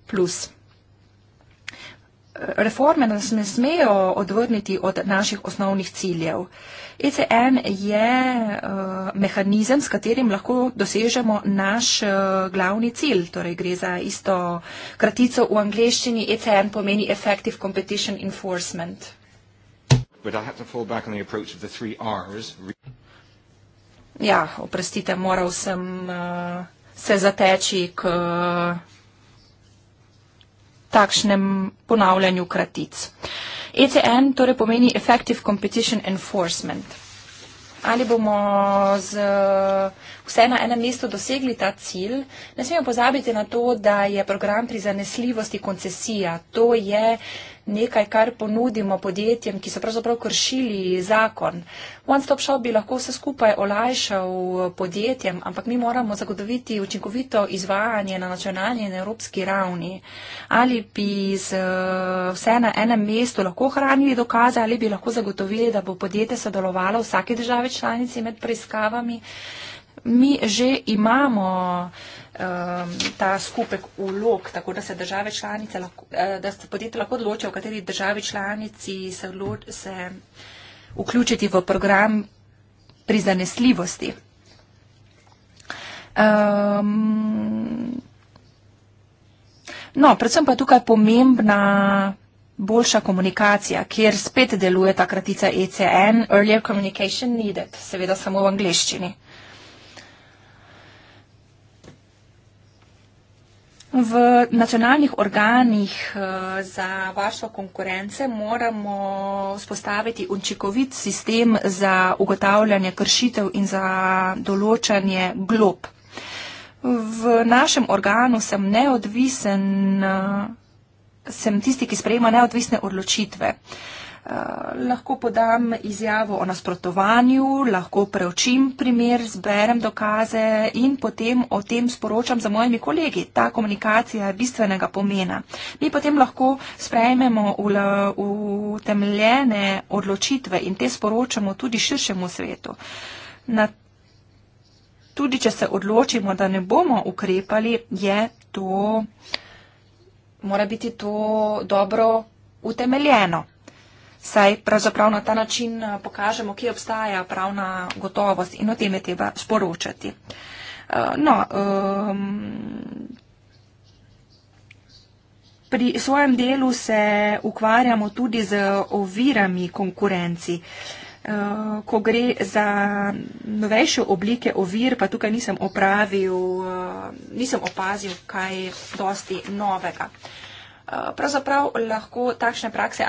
Reforme nas ne smejo odvrniti od naših osnovnih ciljev. ECN je uh, mehanizem, s katerim lahko dosežemo naš uh, glavni cilj. Torej, gre za isto kratico v angleščini. ECN pomeni Effective Competition Enforcement. Ja, oprostite, moral sem uh, se zateči k uh, takšnem ponavljanju kratic. Uh, ECN torej pomeni Effective Competition Enforcement. Ali bomo z, vse na enem mestu dosegli ta cilj? Ne smemo pozabiti na to, da je program pri zanesljivosti koncesija. To je uh, nekaj, kar ponudimo podjetjem, ki so pravzaprav kršili zakon. One Stop Shop bi lahko vse skupaj olajšal podjetjem, ampak mi moramo zagotoviti učinkovito izvajanje na nacionalni in evropski ravni. Ali bi z, eh, vse na enem mestu lahko hranili dokaze, ali bi lahko zagotovili, da bo podjetje sodelovalo v vsaki državi članici med preiskavami. Mi že imamo uh, Um, ta skupek vlog, tako da se države članice, eh, da se podjetje lahko odloča, v kateri državi članici se, se vključiti v program pri zanesljivosti. Um, no, predvsem pa je tukaj pomembna boljša komunikacija, kjer spet deluje ta kratica ECN, Earlier Communication Needed, seveda samo v angleščini. V nacionalnih organih eh, za vašo konkurence moramo spostaviti učinkovit sistem za ugotavljanje kršitev in za določanje glob. V našem organu sem neodvisen, eh, sem tisti, ki sprejema neodvisne odločitve. Eh, lahko podam izjavo o nasprotovanju, lahko preučim primer, zberem dokaze in potem o tem sporočam za mojimi kolegi. Ta komunikacija je bistvenega pomena. Mi potem lahko sprejmemo utemljene odločitve in te sporočamo tudi širšemu svetu. Na, tudi, če se odločimo, da ne bomo ukrepali, je to. Mora biti to dobro utemeljeno saj pravzaprav na ta način eh, pokažemo, kje obstaja pravna gotovost in o tem je treba sporočati. Eh, no, um, pri svojem delu se ukvarjamo tudi z ovirami konkurenci. Eh, ko gre za novejše oblike ovir, pa tukaj nisem, opravil, nisem opazil kaj dosti novega. Uh, Eh, pravzaprav lahko takšne prakse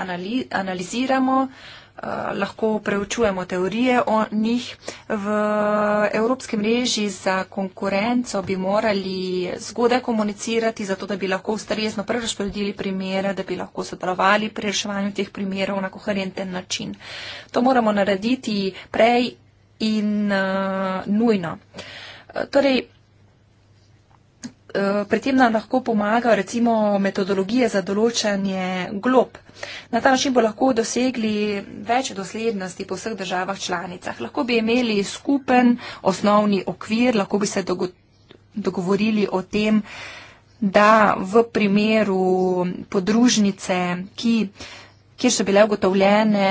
analiziramo, eh, lahko preučujemo teorije o njih. V Evropski mreži za konkurenco bi morali zgodaj komunicirati, zato da bi lahko ustrezno prerašpodelili primere, da bi lahko sodelovali pri reševanju teh primerov na koherenten način. To moramo narediti prej in uh, nujno. Torej, Eh, pri tem nam lahko pomagajo recimo metodologije za določanje glob. Na ta način bo lahko dosegli več doslednosti po vseh državah članicah. Lahko bi imeli skupen osnovni okvir, lahko bi se dogo dogovorili o tem, da v primeru podružnice, ki, kjer so bile ugotovljene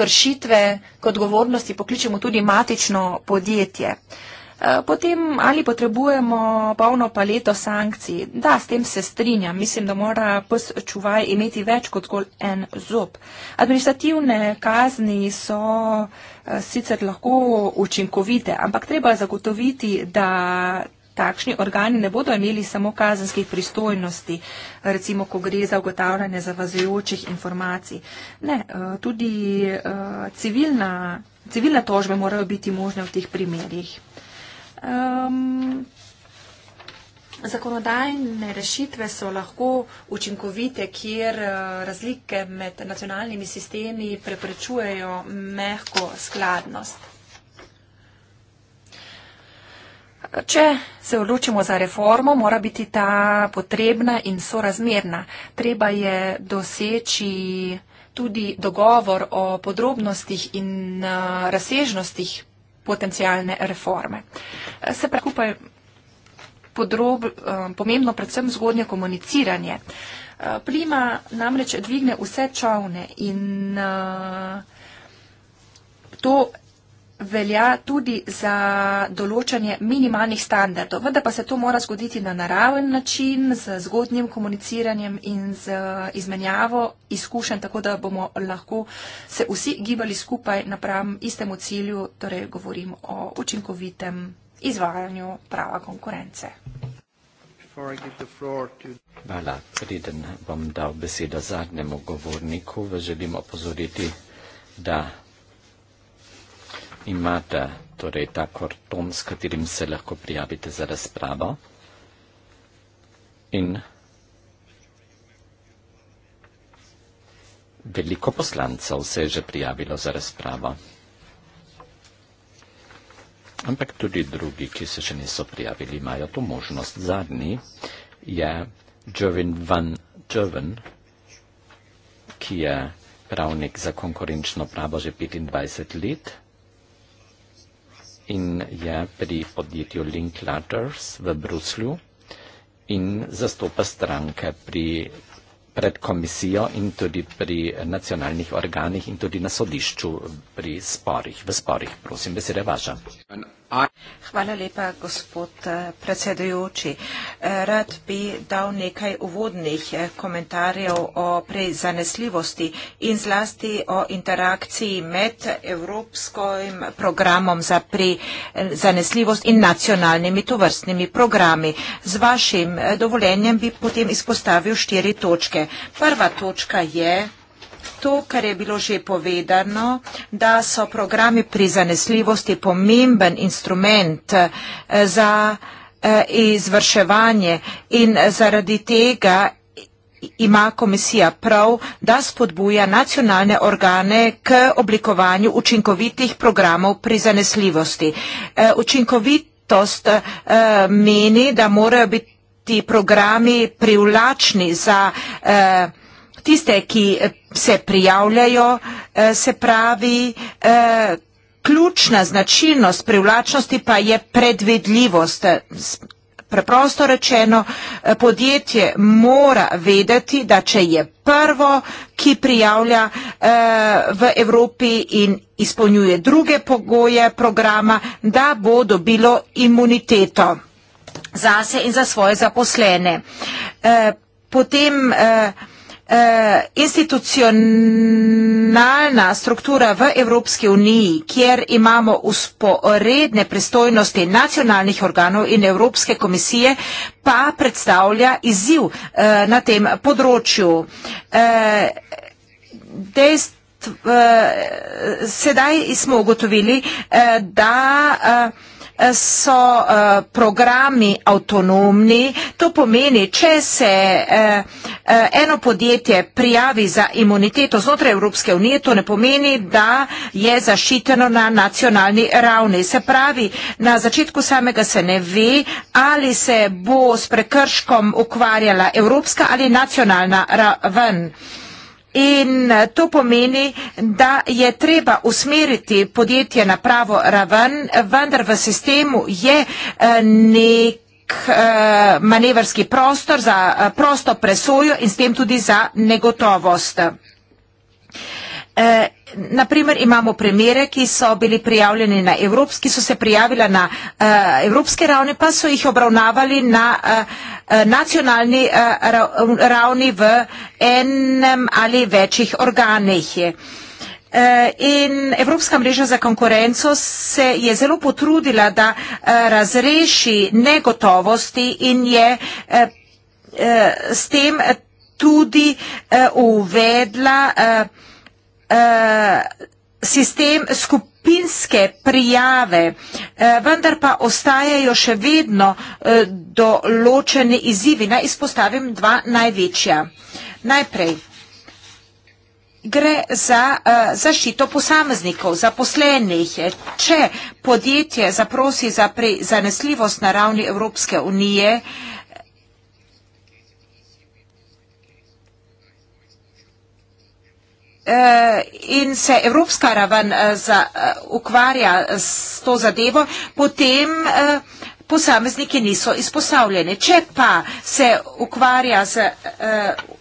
kršitve, kot govornosti pokličemo tudi matično podjetje. Uh, Eh, potem ali potrebujemo polno paleto sankcij? Da, s tem se strinjam. Mislim, da mora pes čuvaj imeti več kot zgolj en zob. Administrativne kazni so eh, sicer lahko učinkovite, ampak treba zagotoviti, da. Takšni organi ne bodo imeli samo kazenskih pristojnosti, recimo, ko gre za ugotavljanje zavazujočih informacij. Ne, eh, tudi civilna, civilne tožbe morajo biti možne v teh primerjih. Um, zakonodajne rešitve so lahko učinkovite, kjer eh, razlike med nacionalnimi sistemi preprečujejo mehko skladnost. Če se odločimo za reformo, mora biti ta potrebna in sorazmerna. Treba je doseči tudi dogovor o podrobnostih in eh, razsežnostih potencijalne reforme. Se pravi, skupaj podrob, eh, pomembno predvsem zgodnje komuniciranje. Eh, Plima namreč dvigne vse čovne in eh, to velja tudi za določanje minimalnih standardov. Vendar pa se to mora zgoditi na naraven način, z zgodnjim komuniciranjem in z izmenjavo izkušenj, tako da bomo lahko se vsi gibali skupaj napram istemu cilju, torej govorim o učinkovitem izvajanju prava konkurence.
Hvala. Preden vam dal besedo zadnjemu govorniku, vas želim opozoriti, da imate torej ta kordon, s katerim se lahko prijavite za razpravo. In veliko poslancev se je že prijavilo za razpravo. Ampak tudi drugi, ki se še niso prijavili, imajo to možnost. Zadnji je Jovin Van Joven, ki je pravnik za konkurenčno pravo že 25 let in je pri podjetju Link Letters v Bruslju in zastopa stranke pri, pred komisijo in tudi pri nacionalnih organih in tudi na sodišču pri sporih, v sporih. Prosim, besede vaša.
Hvala lepa, gospod eh, predsedujoči. Eh, rad bi dal nekaj uvodnih eh, komentarjev o prezanesljivosti in zlasti o interakciji med evropskim programom za prezanesljivost in nacionalnimi tovrstnimi programi. Z vašim dovoljenjem bi potem izpostavil štiri točke. Prva točka je to, kar je bilo že povedano, da so programi prizanesljivosti pomemben instrument eh, za eh, izvrševanje in zaradi tega ima komisija prav, da spodbuja nacionalne organe k oblikovanju učinkovitih programov prizanesljivosti. Eh, učinkovitost meni, da morajo biti programi privlačni za tiste, ki eh, se prijavljajo, eh, se pravi, eh, ključna značilnost privlačnosti pa je predvedljivost. Preprosto rečeno, podjetje mora vedeti, da če je prvo, ki prijavlja v Evropi in izpolnjuje druge pogoje programa, da bo dobilo imuniteto zase in za svoje zaposlene. Potem Eh, institucionalna struktura v Evropski uniji, kjer imamo usporedne pristojnosti nacionalnih organov in Evropske komisije, pa predstavlja izziv eh, na tem področju. Eh, sedaj smo ugotovili, da so programi avtonomni. To pomeni, če se eh, Eh, eno podjetje prijavi za imuniteto znotraj Evropske unije, to ne pomeni, da je zaščiteno na nacionalni ravni. Se pravi, na začetku samega se ne ve, ali se bo s prekrškom ukvarjala evropska ali nacionalna raven. In eh, to pomeni, da je treba usmeriti podjetje na pravo raven, vendar v sistemu je eh, nekaj velik eh, manevrski prostor za eh, prosto presojo in s tem tudi za negotovost. Eh, Naprimer imamo primere, ki so bili prijavljeni na evropski, so se prijavila na evropske ravni, pa so jih obravnavali na nacionalni ravni v enem ali večjih organih. Eh, in Evropska mreža za konkurenco se je zelo potrudila, da eh, razreši negotovosti in je eh, s tem tudi uvedla sistem skupinske prijave, vendar pa ostajajo še vedno določeni izzivi. Naj izpostavim dva največja. Najprej gre za uh, zaščito posameznikov, zaposlenih. Če podjetje zaprosi za zanesljivost na ravni Evropske unije, eh, in se Evropska raven eh, za, uh, ukvarja s to zadevo, potem uh, posamezniki niso izpostavljeni. Če pa se ukvarja z uh,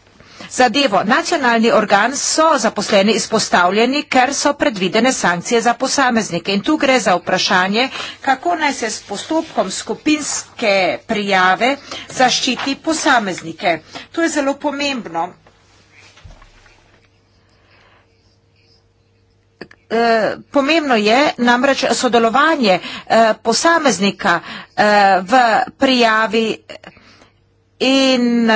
zadevo. Nacionalni organ so zaposleni izpostavljeni, ker so predvidene sankcije za posameznike. In tu gre za vprašanje, kako naj se s postopkom skupinske prijave zaščiti posameznike. To je zelo pomembno. Eh, pomembno je namreč sodelovanje eh, posameznika eh, v prijavi in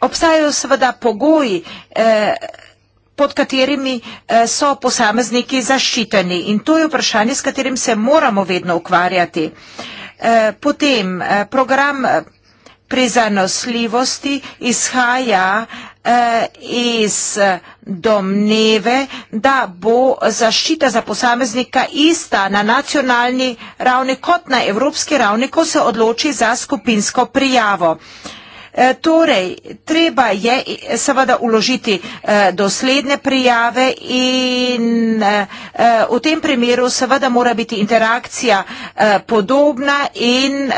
obstajajo seveda pogoji, eh, pod katerimi eh, so posamezniki zaščiteni in to je vprašanje, s katerim se moramo vedno ukvarjati. Eh, potem program prizanosljivosti izhaja iz domneve, da bo zaščita za posameznika ista na nacionalni ravni kot na evropski ravni, ko se odloči za skupinsko prijavo. E, torej, treba je seveda uložiti e, dosledne prijave in e, v tem primeru seveda mora biti interakcija podobna in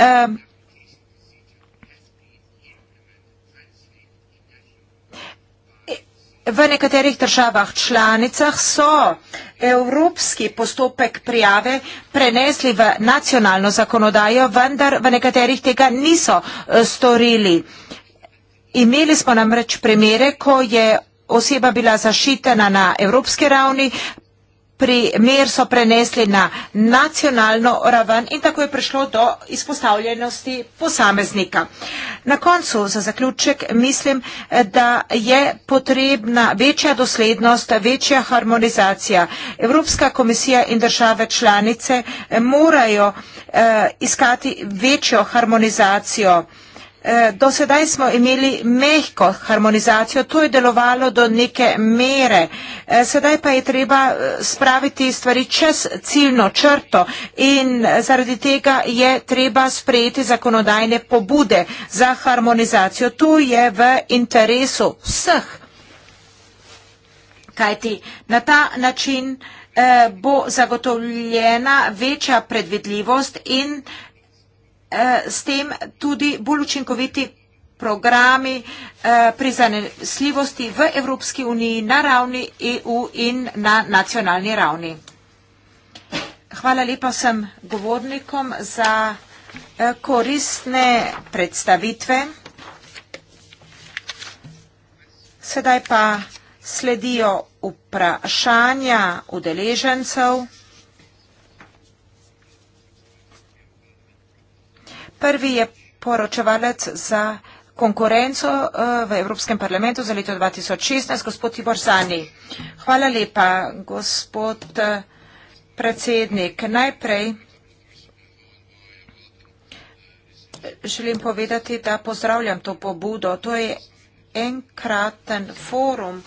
V nekaterih državah članicah so evropski postopek prijave prenesli v nacionalno zakonodajo, vendar v nekaterih tega niso storili. Imeli smo namreč primere, ko je oseba bila zašitena na evropski ravni, primer so prenesli na nacionalno raven in tako je prišlo do izpostavljenosti posameznika. Na koncu, za zaključek, mislim, da je potrebna večja doslednost, večja harmonizacija. Evropska komisija in države članice morajo eh, iskati večjo harmonizacijo. Eh, do sedaj smo imeli mehko harmonizacijo, to je delovalo do neke mere. Eh, sedaj pa je treba eh, spraviti stvari čez ciljno črto in zaradi tega je treba sprejeti zakonodajne pobude za harmonizacijo. To je v interesu vseh, kajti na ta način bo zagotovljena večja predvidljivost in Eh, s tem tudi bolj učinkoviti programi eh, pri zanesljivosti v Evropski uniji na ravni EU in na nacionalni ravni. Hvala lepa vsem govornikom za eh, koristne predstavitve. Sedaj pa sledijo vprašanja udeležencev. Prvi je poročevalec za konkurenco eh, v Evropskem parlamentu za leto 2016, gospod Tibor Zani. Hvala lepa, gospod eh, predsednik. Najprej eh, želim povedati, da pozdravljam to pobudo. To je enkraten forum,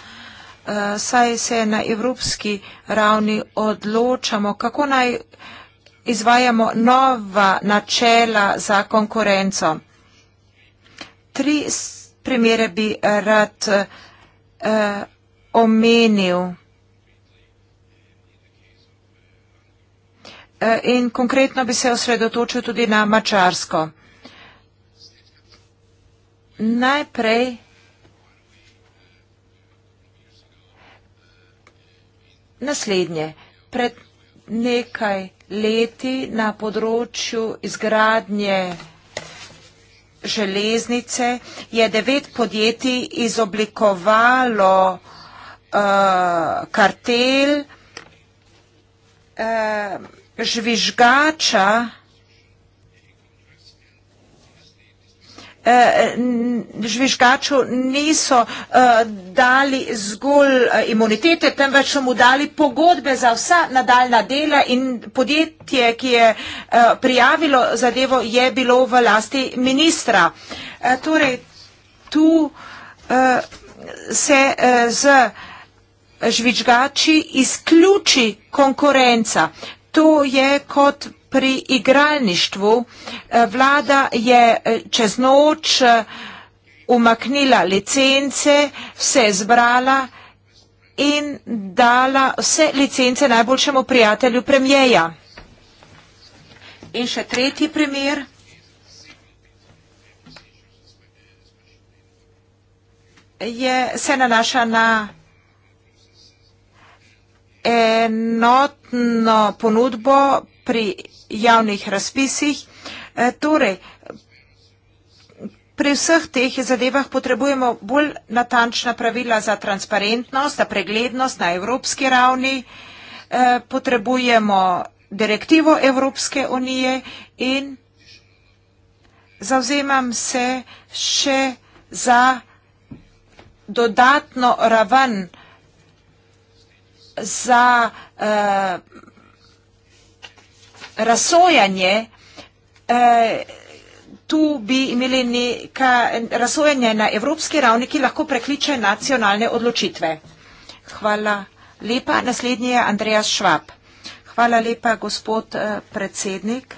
saj se na evropski ravni odločamo, kako naj odločamo izvajamo nova načela za konkurenco. Tri primere bi rad uh, omenil. Uh, in konkretno bi se osredotočil tudi na Mačarsko. Najprej naslednje. Pred nekaj leti na področju izgradnje železnice je devet podjetij izoblikovalo uh, kartel uh, žvižgača, Eh, žvižgačev niso eh, dali zgolj eh, imunitete, temveč so mu dali pogodbe za vsa nadaljna dela in podjetje, ki je prijavilo zadevo, je bilo v lasti ministra. Torej, tu se z žvižgači izključi konkurenca. To je kot pri igralništvu. Eh, Vlada je eh, čez noč eh, umaknila licence, vse zbrala in dala vse licence najboljšemu prijatelju premjeja. In še tretji primer. Je, se nanaša na enotno ponudbo pri javnih razpisih. E, torej, pri vseh teh zadevah potrebujemo bolj natančna pravila za transparentnost, za preglednost na evropski ravni, e, potrebujemo direktivo Evropske unije in zauzemam se še za dodatno raven za uh, razsojanje, eh, tu bi imeli neka razsojanje na evropski ravni, ki lahko prekliče nacionalne odločitve. Hvala lepa. Naslednji je Andreas Švab. Hvala lepa, gospod eh, predsednik.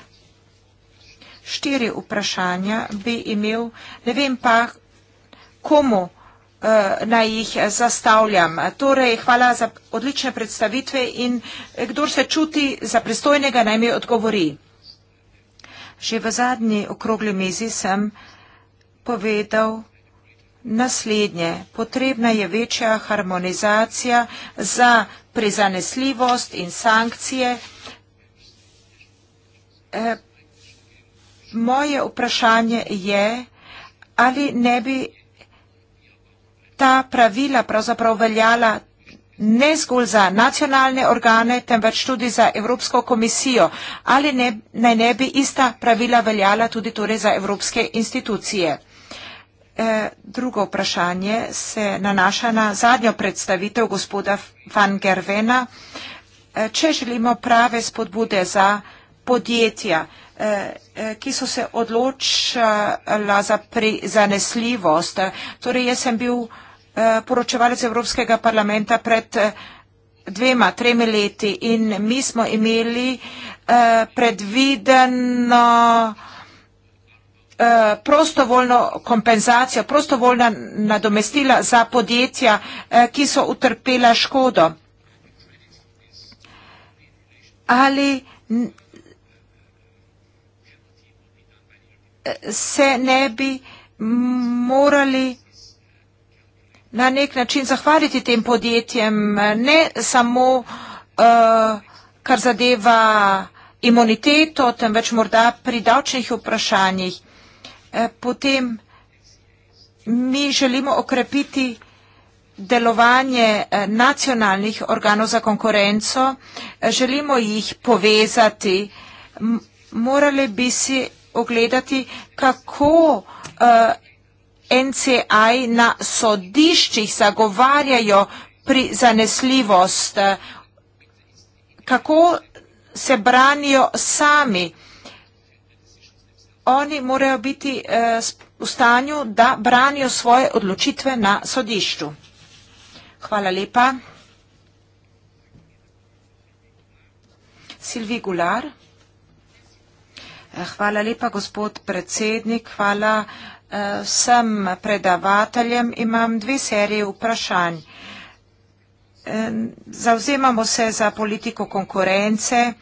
Štiri vprašanja bi imel, ne vem pa, komu vprašanje. Eh, naj jih zastavljam. Torej, hvala za odlične predstavitve in eh, kdor se čuti za pristojnega, naj mi odgovori. Že v zadnji okrogli mizi sem povedal naslednje. Potrebna je večja harmonizacija za prizanesljivost in sankcije. Eh, moje vprašanje je, ali ne bi ta pravila pravzaprav veljala ne zgolj za nacionalne organe, temveč tudi za Evropsko komisijo. Ali ne, naj ne bi ista pravila veljala tudi torej za evropske institucije? E, drugo vprašanje se nanaša na zadnjo predstavitev gospoda Van Gervena. E, če želimo prave spodbude za podjetja, e, e, ki so se odločila za prizanesljivost, torej jaz sem bil Eh, poročevalec Evropskega parlamenta pred eh, dvema, tremi leti in mi smo imeli eh, predvideno prostovoljno kompenzacijo, prostovoljna nadomestila za podjetja, ki so utrpela škodo. Ali se ne bi morali vsega na nek način zahvaliti tem podjetjem, ne samo eh, kar zadeva imuniteto, temveč morda pri davčnih vprašanjih. Eh, potem mi želimo okrepiti delovanje eh, nacionalnih organov za konkurenco, želimo jih povezati, morali bi si ogledati, kako NCI na sodiščih zagovarjajo pri zanesljivost, kako se branijo sami. Oni morajo biti eh, v stanju, da branijo svoje odločitve na sodišču. Hvala lepa. Silvi Gular. Eh, hvala lepa, gospod predsednik. Hvala lepa. Sem predavateljem, imam dve serije vprašanj. Zauzemamo se za politiko konkurence.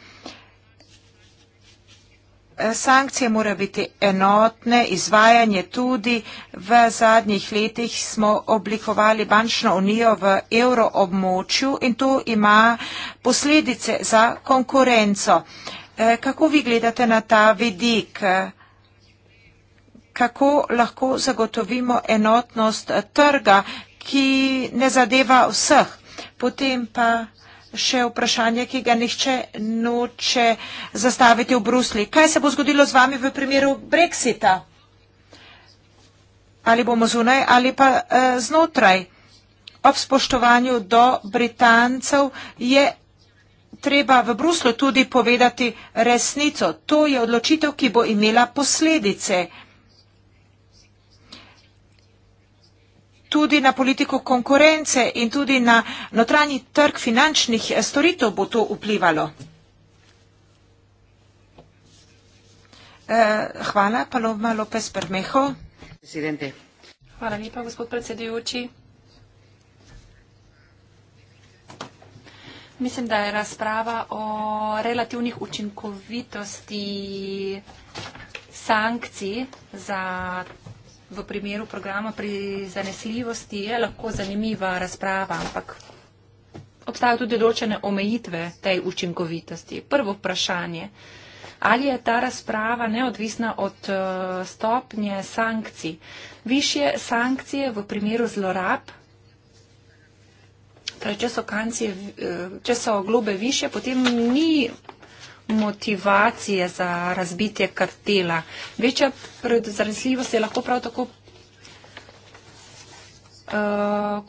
Sankcije morajo biti enotne, izvajanje tudi. V zadnjih letih smo oblikovali bančno unijo v evroobmočju in to ima posledice za konkurenco. E, kako vi gledate na ta vidik? kako lahko zagotovimo enotnost trga, ki ne zadeva vseh. Potem pa še vprašanje, ki ga nihče noče zastaviti v Brusli. Kaj se bo zgodilo z vami v primeru Brexita? Ali bomo zunaj ali pa uh, znotraj? Ob spoštovanju do Britancev je treba v Bruslu tudi povedati resnico. To je odločitev, ki bo imela posledice. tudi na politiko konkurence in tudi na notranji trg finančnih eh, storitev bo to vplivalo. Eh, hvala, Paloma Lopez Bermejo.
Hvala lepa, gospod predsedujoči. Mislim, da je razprava o relativnih učinkovitosti sankcij za v primeru programa pri zanesljivosti je lahko zanimiva razprava, ampak obstajajo tudi določene omejitve tej učinkovitosti. Prvo vprašanje, ali je ta razprava neodvisna od eh, stopnje sankcij? Više sankcije v primeru zlorab, torej če so, kancije, eh, če so globe više, potem ni motivacije za razbitje kartela. Večja predzrasljivost je lahko prav tako uh,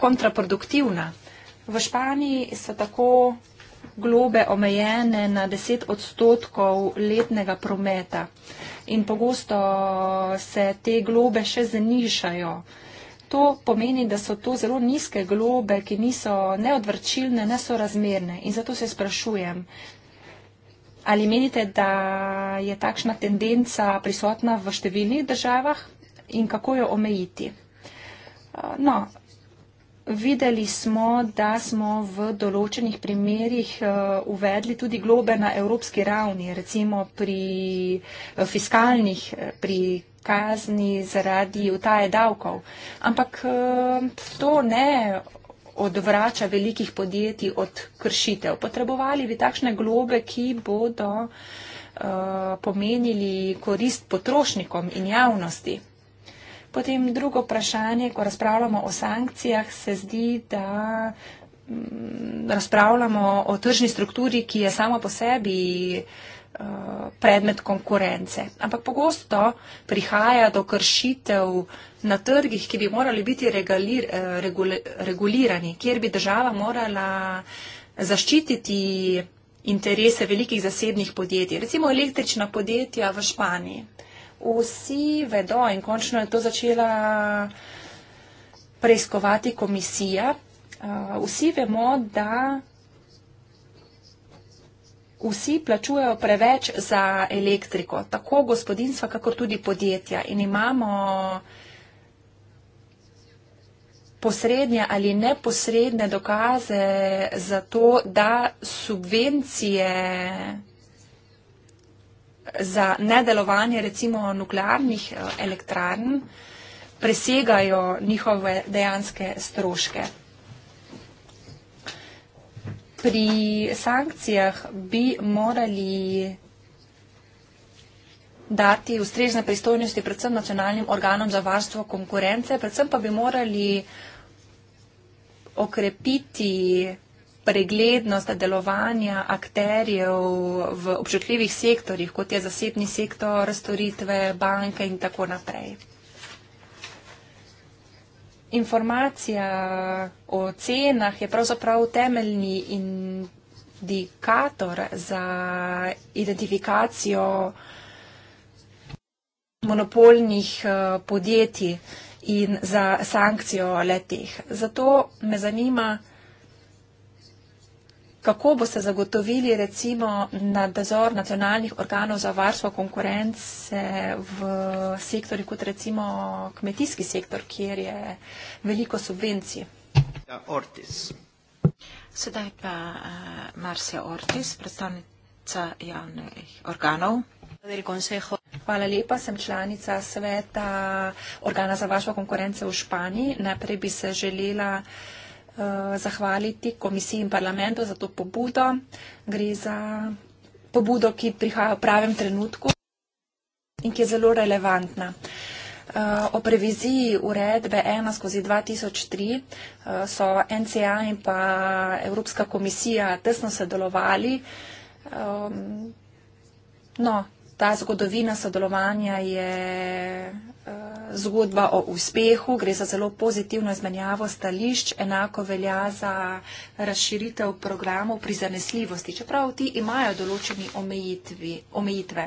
kontraproduktivna. V Španiji so tako globe omejene na 10 odstotkov letnega prometa in pogosto se te globe še znišajo. To pomeni, da so to zelo nizke globe, ki niso neodvrčilne, nesorazmerne in zato se sprašujem, Ali menite, da je takšna tendenca prisotna v številnih državah in kako jo omejiti? Eh, no, videli smo, da smo v določenih primerjih eh, uvedli tudi globe na evropski ravni, recimo pri eh, fiskalnih, pri kazni zaradi utaje davkov. Ampak to ne odvrača velikih podjetij od kršitev. Potrebovali bi takšne globe, ki bodo uh, pomenili korist potrošnikom in javnosti. Potem drugo vprašanje, ko razpravljamo o sankcijah, se zdi, da mm, razpravljamo o tržni strukturi, ki je sama po sebi uh, Eh, predmet konkurence. Ampak pogosto prihaja do kršitev na trgih, ki bi morali biti regalir, eh, regule, regulirani, kjer bi država morala zaščititi interese velikih zasebnih podjetij, recimo električna podjetja v Španiji. Vsi vedo in končno je to začela preiskovati komisija. Eh, vsi vemo, da vsi plačujejo preveč za elektriko, tako gospodinstva, kakor tudi podjetja. In imamo posrednje ali neposredne dokaze za to, da subvencije za nedelovanje recimo nuklearnih eh, elektrarn presegajo njihove dejanske stroške pri sankcijah bi morali dati ustrezne pristojnosti predvsem nacionalnim organom za varstvo konkurence, predvsem pa bi morali okrepiti preglednost delovanja akterjev v občutljivih sektorjih, kot je zasebni sektor, storitve, banke in tako naprej informacija o cenah je pravzaprav temeljni indikator za identifikacijo monopolnih eh, podjetij in za sankcijo leteh. Zato me zanima, kako boste zagotovili recimo nadzor nacionalnih organov za varstvo konkurence v sektorju kot recimo kmetijski sektor, kjer je veliko subvencij.
Ja, Ortiz.
Sedaj pa uh, Marcia Ortiz, predstavnica javnih organov. Hvala lepa, sem članica sveta organa za vašo konkurence v Španiji. Najprej bi se želela uh, Eh, zahvaliti komisiji in parlamentu za to pobudo. Gre za pobudo, ki prihaja v pravem trenutku in ki je zelo relevantna. Eh, o previziji uredbe 1 skozi 2003 eh, so NCA in pa Evropska komisija tesno sodelovali. Ehm, no, ta zgodovina sodelovanja je eh, zgodba o uspehu, gre za zelo pozitivno izmenjavo stališč, enako velja za razširitev programov pri zanesljivosti, čeprav ti imajo določeni omejitvi, omejitve.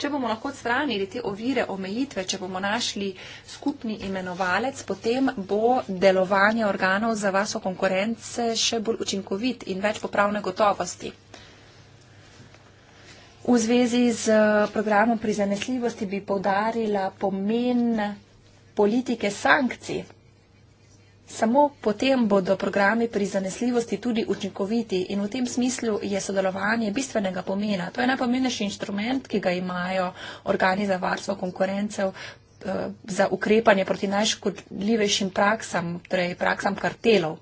Če bomo lahko odstranili te ovire, omejitve, če bomo našli skupni imenovalec, potem bo delovanje organov za vas o konkurence še bolj učinkovit in več popravne gotovosti. V zvezi z eh, programom prizanesljivosti bi povdarila pomen politike sankcij. Samo potem bodo programi prizanesljivosti tudi učinkoviti in v tem smislu je sodelovanje bistvenega pomena. To je najpomembnejši inštrument, ki ga imajo organi za varstvo konkurencev eh, za ukrepanje proti najškodljivejšim praksam, torej praksam kartelov.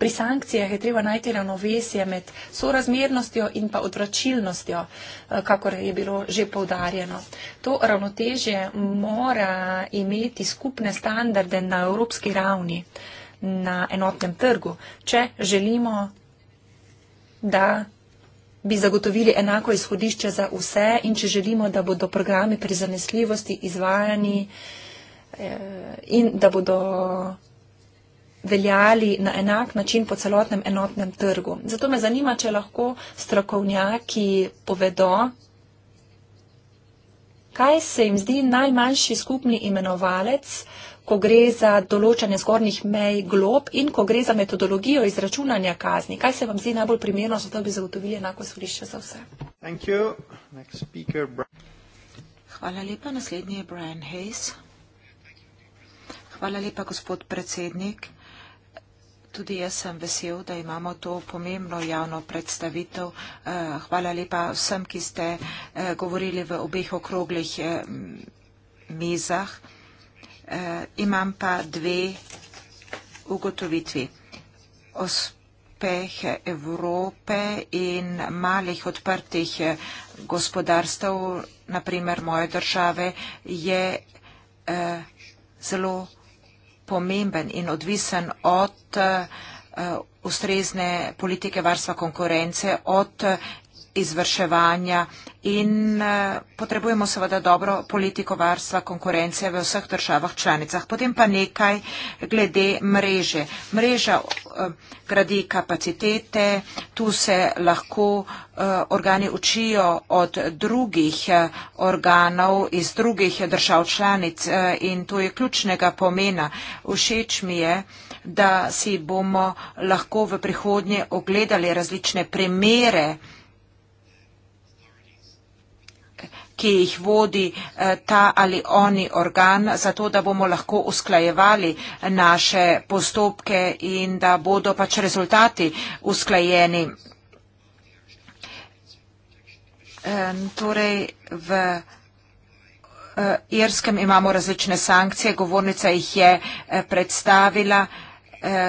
Pri sankcijah je treba najti ravnovesje med sorazmernostjo in pa odvračilnostjo, eh, kakor je bilo že povdarjeno. To ravnotežje mora imeti skupne standarde na evropski ravni, na enotnem trgu, če želimo, da bi zagotovili enako izhodišče za vse in če želimo, da bodo programi pri zanesljivosti izvajani eh, in da bodo veljali na enak način po celotnem enotnem trgu. Zato me zanima, če lahko strokovnjaki povedo, kaj se jim zdi najmanjši skupni imenovalec, ko gre za določanje zgornjih mej glob in ko gre za metodologijo izračunanja kazni. Kaj se vam zdi najbolj primerno, zato bi zagotovili enako sodišče za vse? Hvala
lepa. Naslednji je Brian Hayes. Hvala lepa, gospod predsednik. Tudi jaz sem vesel, da imamo to pomembno javno predstavitev. Eh, hvala lepa vsem, ki ste eh, govorili v obeh okroglih eh, mizah. Imam pa dve ugotovitvi. Ospeh Evrope in malih odprtih gospodarstv, naprimer moje države, je zelo pomemben in odvisen od eh, ustrezne politike varstva konkurence, od izvrševanja in eh, potrebujemo seveda dobro politiko varstva konkurencije v vseh državah članicah. Potem pa nekaj glede mreže. Mreža eh, gradi kapacitete, tu se lahko eh, organi učijo od drugih organov iz drugih držav članic in to je ključnega pomena. Všeč mi je, da si bomo lahko v prihodnje ogledali različne primere ki jih vodi eh, ta ali oni organ, zato da bomo lahko usklajevali eh, naše postopke in da bodo pač rezultati usklajeni. Torej, v eh, Irskem imamo različne sankcije, govornica jih je predstavila.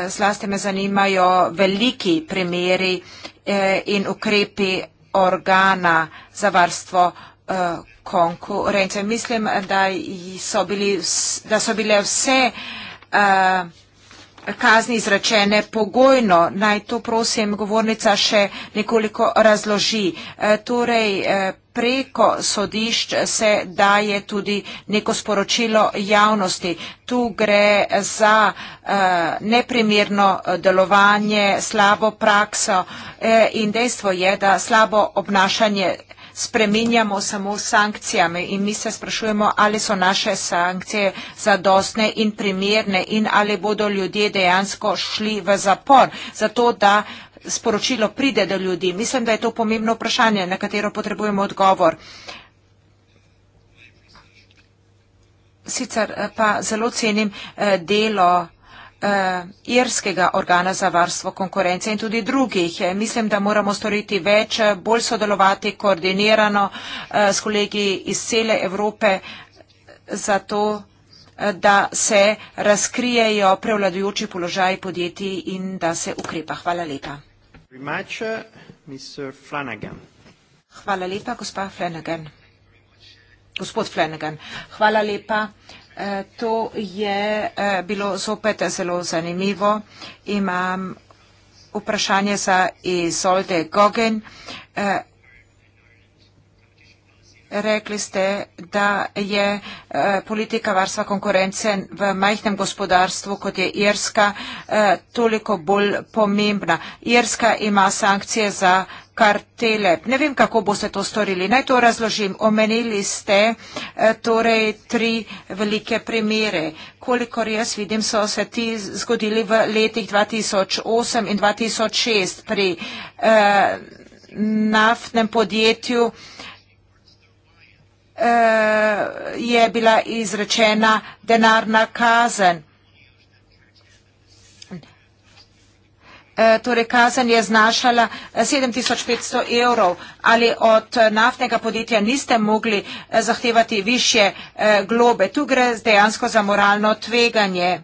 Zlasti me zanimajo veliki primeri in ukrepi organa za varstvo Eh, konkurence. Mislim, da so, bili, da so bile vse uh, kazni izračene pogojno. Naj to prosim govornica še nekoliko razloži. Uh, torej, uh, Preko sodišč se daje tudi neko sporočilo javnosti. Tu gre za uh, neprimerno delovanje, slabo prakso uh, in dejstvo je, da slabo obnašanje spreminjamo samo s sankcijami in mi se sprašujemo, ali so naše sankcije zadostne in primerne in ali bodo ljudje dejansko šli v zapor, zato da sporočilo pride do ljudi. Mislim, da je to pomembno vprašanje, na katero potrebujemo odgovor. Sicer eh, pa zelo cenim eh, delo uh, irskega organa za varstvo konkurence in tudi drugih. Eh, mislim, da moramo storiti več, eh, bolj sodelovati koordinirano uh, s kolegi iz cele Evrope za to, da se razkrijejo prevladujoči položaj podjetij in da se ukrepa. Hvala lepa.
Much, uh,
Hvala lepa, gospod Flanagan. Gospod Flanagan. Hvala lepa. To je eh, bilo zopet zelo zanimivo. Imam vprašanje za Isolde Gogen. Eh, rekli ste, da je eh, politika varstva konkurence v majhnem gospodarstvu, kot je Irska, eh, toliko bolj pomembna. Irska ima sankcije za kartele. Ne vem, kako boste to storili. Naj to razložim. Omenili ste eh, torej tri velike primere. Kolikor jaz vidim, so se ti zgodili v letih 2008 in 2006 pri eh, naftnem podjetju eh, Eh, je bila izrečena denarna kazen. Eh, torej kazen je znašala 7500 eh, evrov ali od naftnega podjetja niste mogli zahtevati više globe. Tu gre dejansko za moralno tveganje.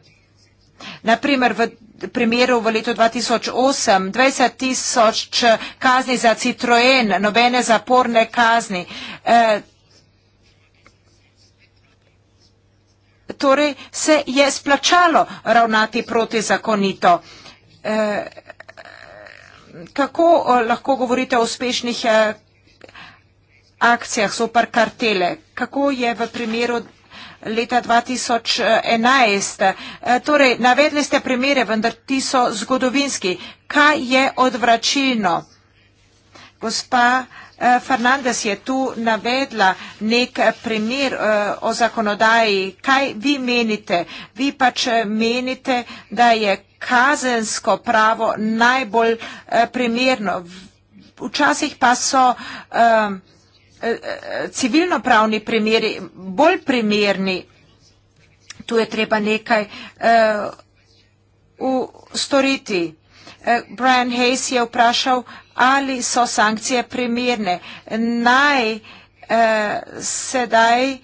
Naprimer v primeru v letu 2008 20 tisoč kazni za Citroen, nobene zaporne kazni. torej se je splačalo ravnati protizakonito. Eh, kako eh, lahko govorite o uspešnih eh, akcijah zopr kartele? Kako je v primeru leta 2011? Torej, navedli ste primere, vendar ti so zgodovinski. Kaj je odvračilno? Gospa Eh, Fernandez je tu navedla nek primer eh, o zakonodaji. Kaj vi menite? Vi pač eh, menite, da je kazensko pravo najbolj primerno. Včasih pa so civilno pravni primeri bolj primerni. Tu je treba nekaj ustoriti. Brian Hayes je vprašal, ali so sankcije primirne. Naj eh, sedaj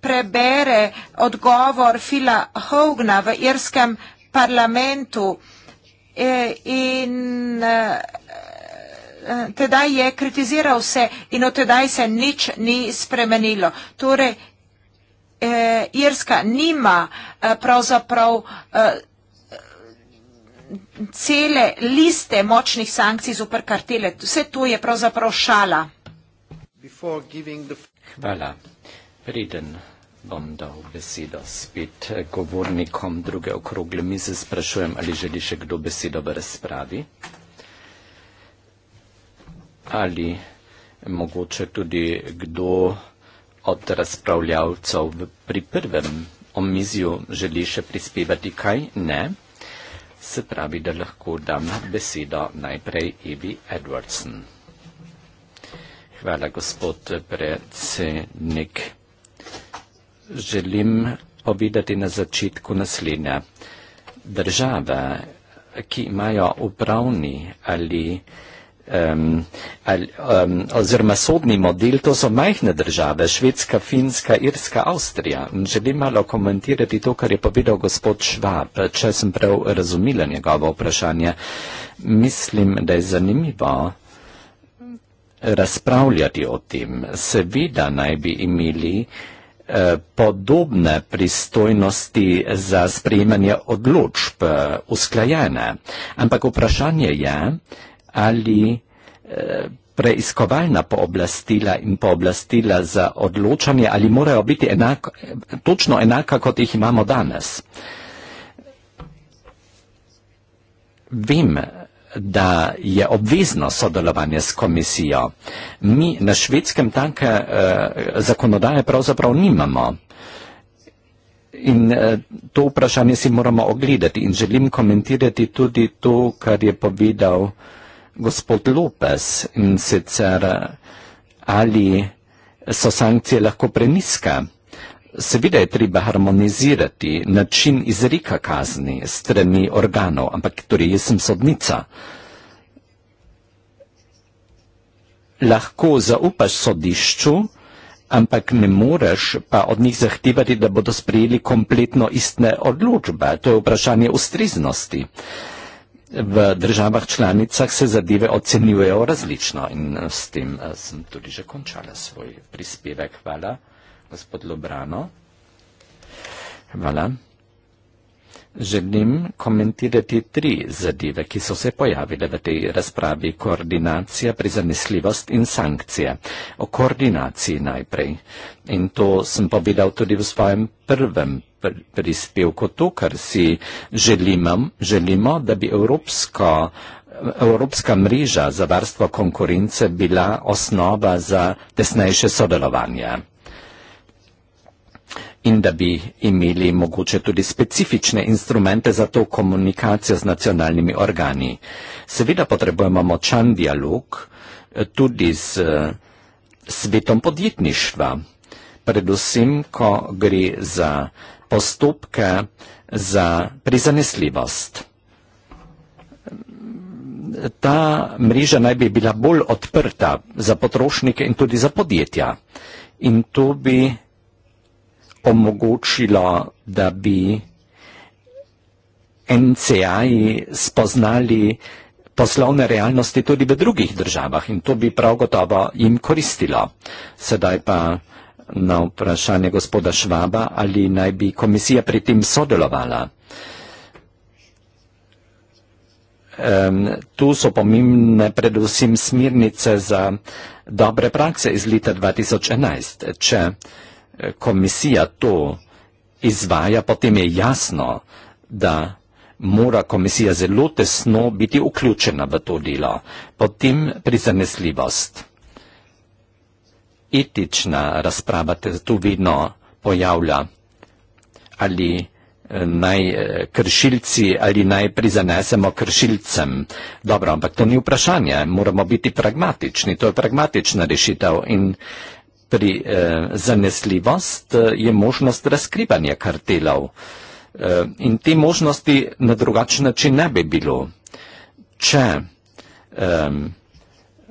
prebere odgovor Fila Hogna v irskem parlamentu eh, in eh, tedaj je kritiziral se in od tedaj se nič ni spremenilo. Torej, eh, Irska nima eh, pravzaprav eh, cele liste močnih sankcij z opr kartele. Vse to je pravzaprav šala.
Hvala. Preden bom dal besedo spet govornikom druge okrogle mize, sprašujem, ali želi še kdo besedo v razpravi. Ali mogoče tudi kdo od razpravljavcev pri prvem omizju želi še prispevati kaj? Ne se pravi, da lahko dam besedo najprej Evi Edwardson. Hvala, gospod predsednik. Želim povedati na začetku naslednje. Države, ki imajo upravni ali um, ali, um, oziroma sodni model, to so majhne države, Švedska, Finska, Irska, Avstrija. Želim malo komentirati to, kar je povedal gospod Švab, eh, če sem prav razumela njegovo vprašanje. Mislim, da je zanimivo razpravljati o tem. Seveda naj bi imeli eh, podobne pristojnosti za sprejemanje odločb eh, usklajene. Ampak vprašanje je, ali eh, preiskovalna pooblastila in pooblastila za odločanje ali morajo biti enako, točno enaka, kot jih imamo danes. Vem, da je obvezno sodelovanje s komisijo. Mi na švedskem take uh, zakonodaje pravzaprav nimamo. In uh, to vprašanje si moramo ogledati in želim komentirati tudi to, kar je povedal uh, gospod Lopes in sicer ali so sankcije lahko preniske. Seveda je treba harmonizirati način izreka kazni strani organov, ampak torej jaz sem sodnica. Lahko zaupaš sodišču, ampak ne moreš pa od njih zahtevati, da bodo sprejeli kompletno istne odločbe. To je vprašanje ustreznosti. Uh, v državah članicah se zadeve ocenjujejo različno in eh, s tem eh, sem tudi že končala svoj prispevek. Hvala, gospod Lobrano. Hvala. Želim komentirati tri zadeve, ki so se pojavile v tej razpravi. Koordinacija, prizanesljivost in sankcije. O koordinaciji najprej. In to sem povedal tudi v svojem prvem prispevku, to, kar si želimo, želimo da bi evropsko, evropska mreža za varstvo konkurence bila osnova za tesnejše sodelovanje in da bi imeli mogoče tudi specifične instrumente za to komunikacijo z nacionalnimi organi. Seveda potrebujemo močan dialog eh, tudi z eh, svetom podjetništva, predvsem, ko gre za postopke za prizanesljivost. Ta mreža naj bi bila bolj odprta za potrošnike in tudi za podjetja. In to bi omogočilo, da bi NCA-ji spoznali poslovne realnosti tudi v drugih državah in to bi prav gotovo jim koristilo. Sedaj pa na vprašanje gospoda Švaba, ali naj bi komisija pri tem sodelovala. Um, tu so pomembne predvsem smirnice za dobre prakse iz leta 2011. Če eh, komisija to izvaja, potem je jasno, da mora komisija zelo tesno biti vključena v to delo. Potem prizanesljivost etična razprava tu vedno pojavlja. Ali eh, naj eh, kršilci ali naj prizanesemo kršilcem. Dobro, ampak to ni vprašanje. Moramo biti pragmatični. To je pragmatična rešitev in pri eh, zanesljivost eh, je možnost razkrivanja kartelov. Eh, in te možnosti na drugačen način ne bi bilo. Če eh,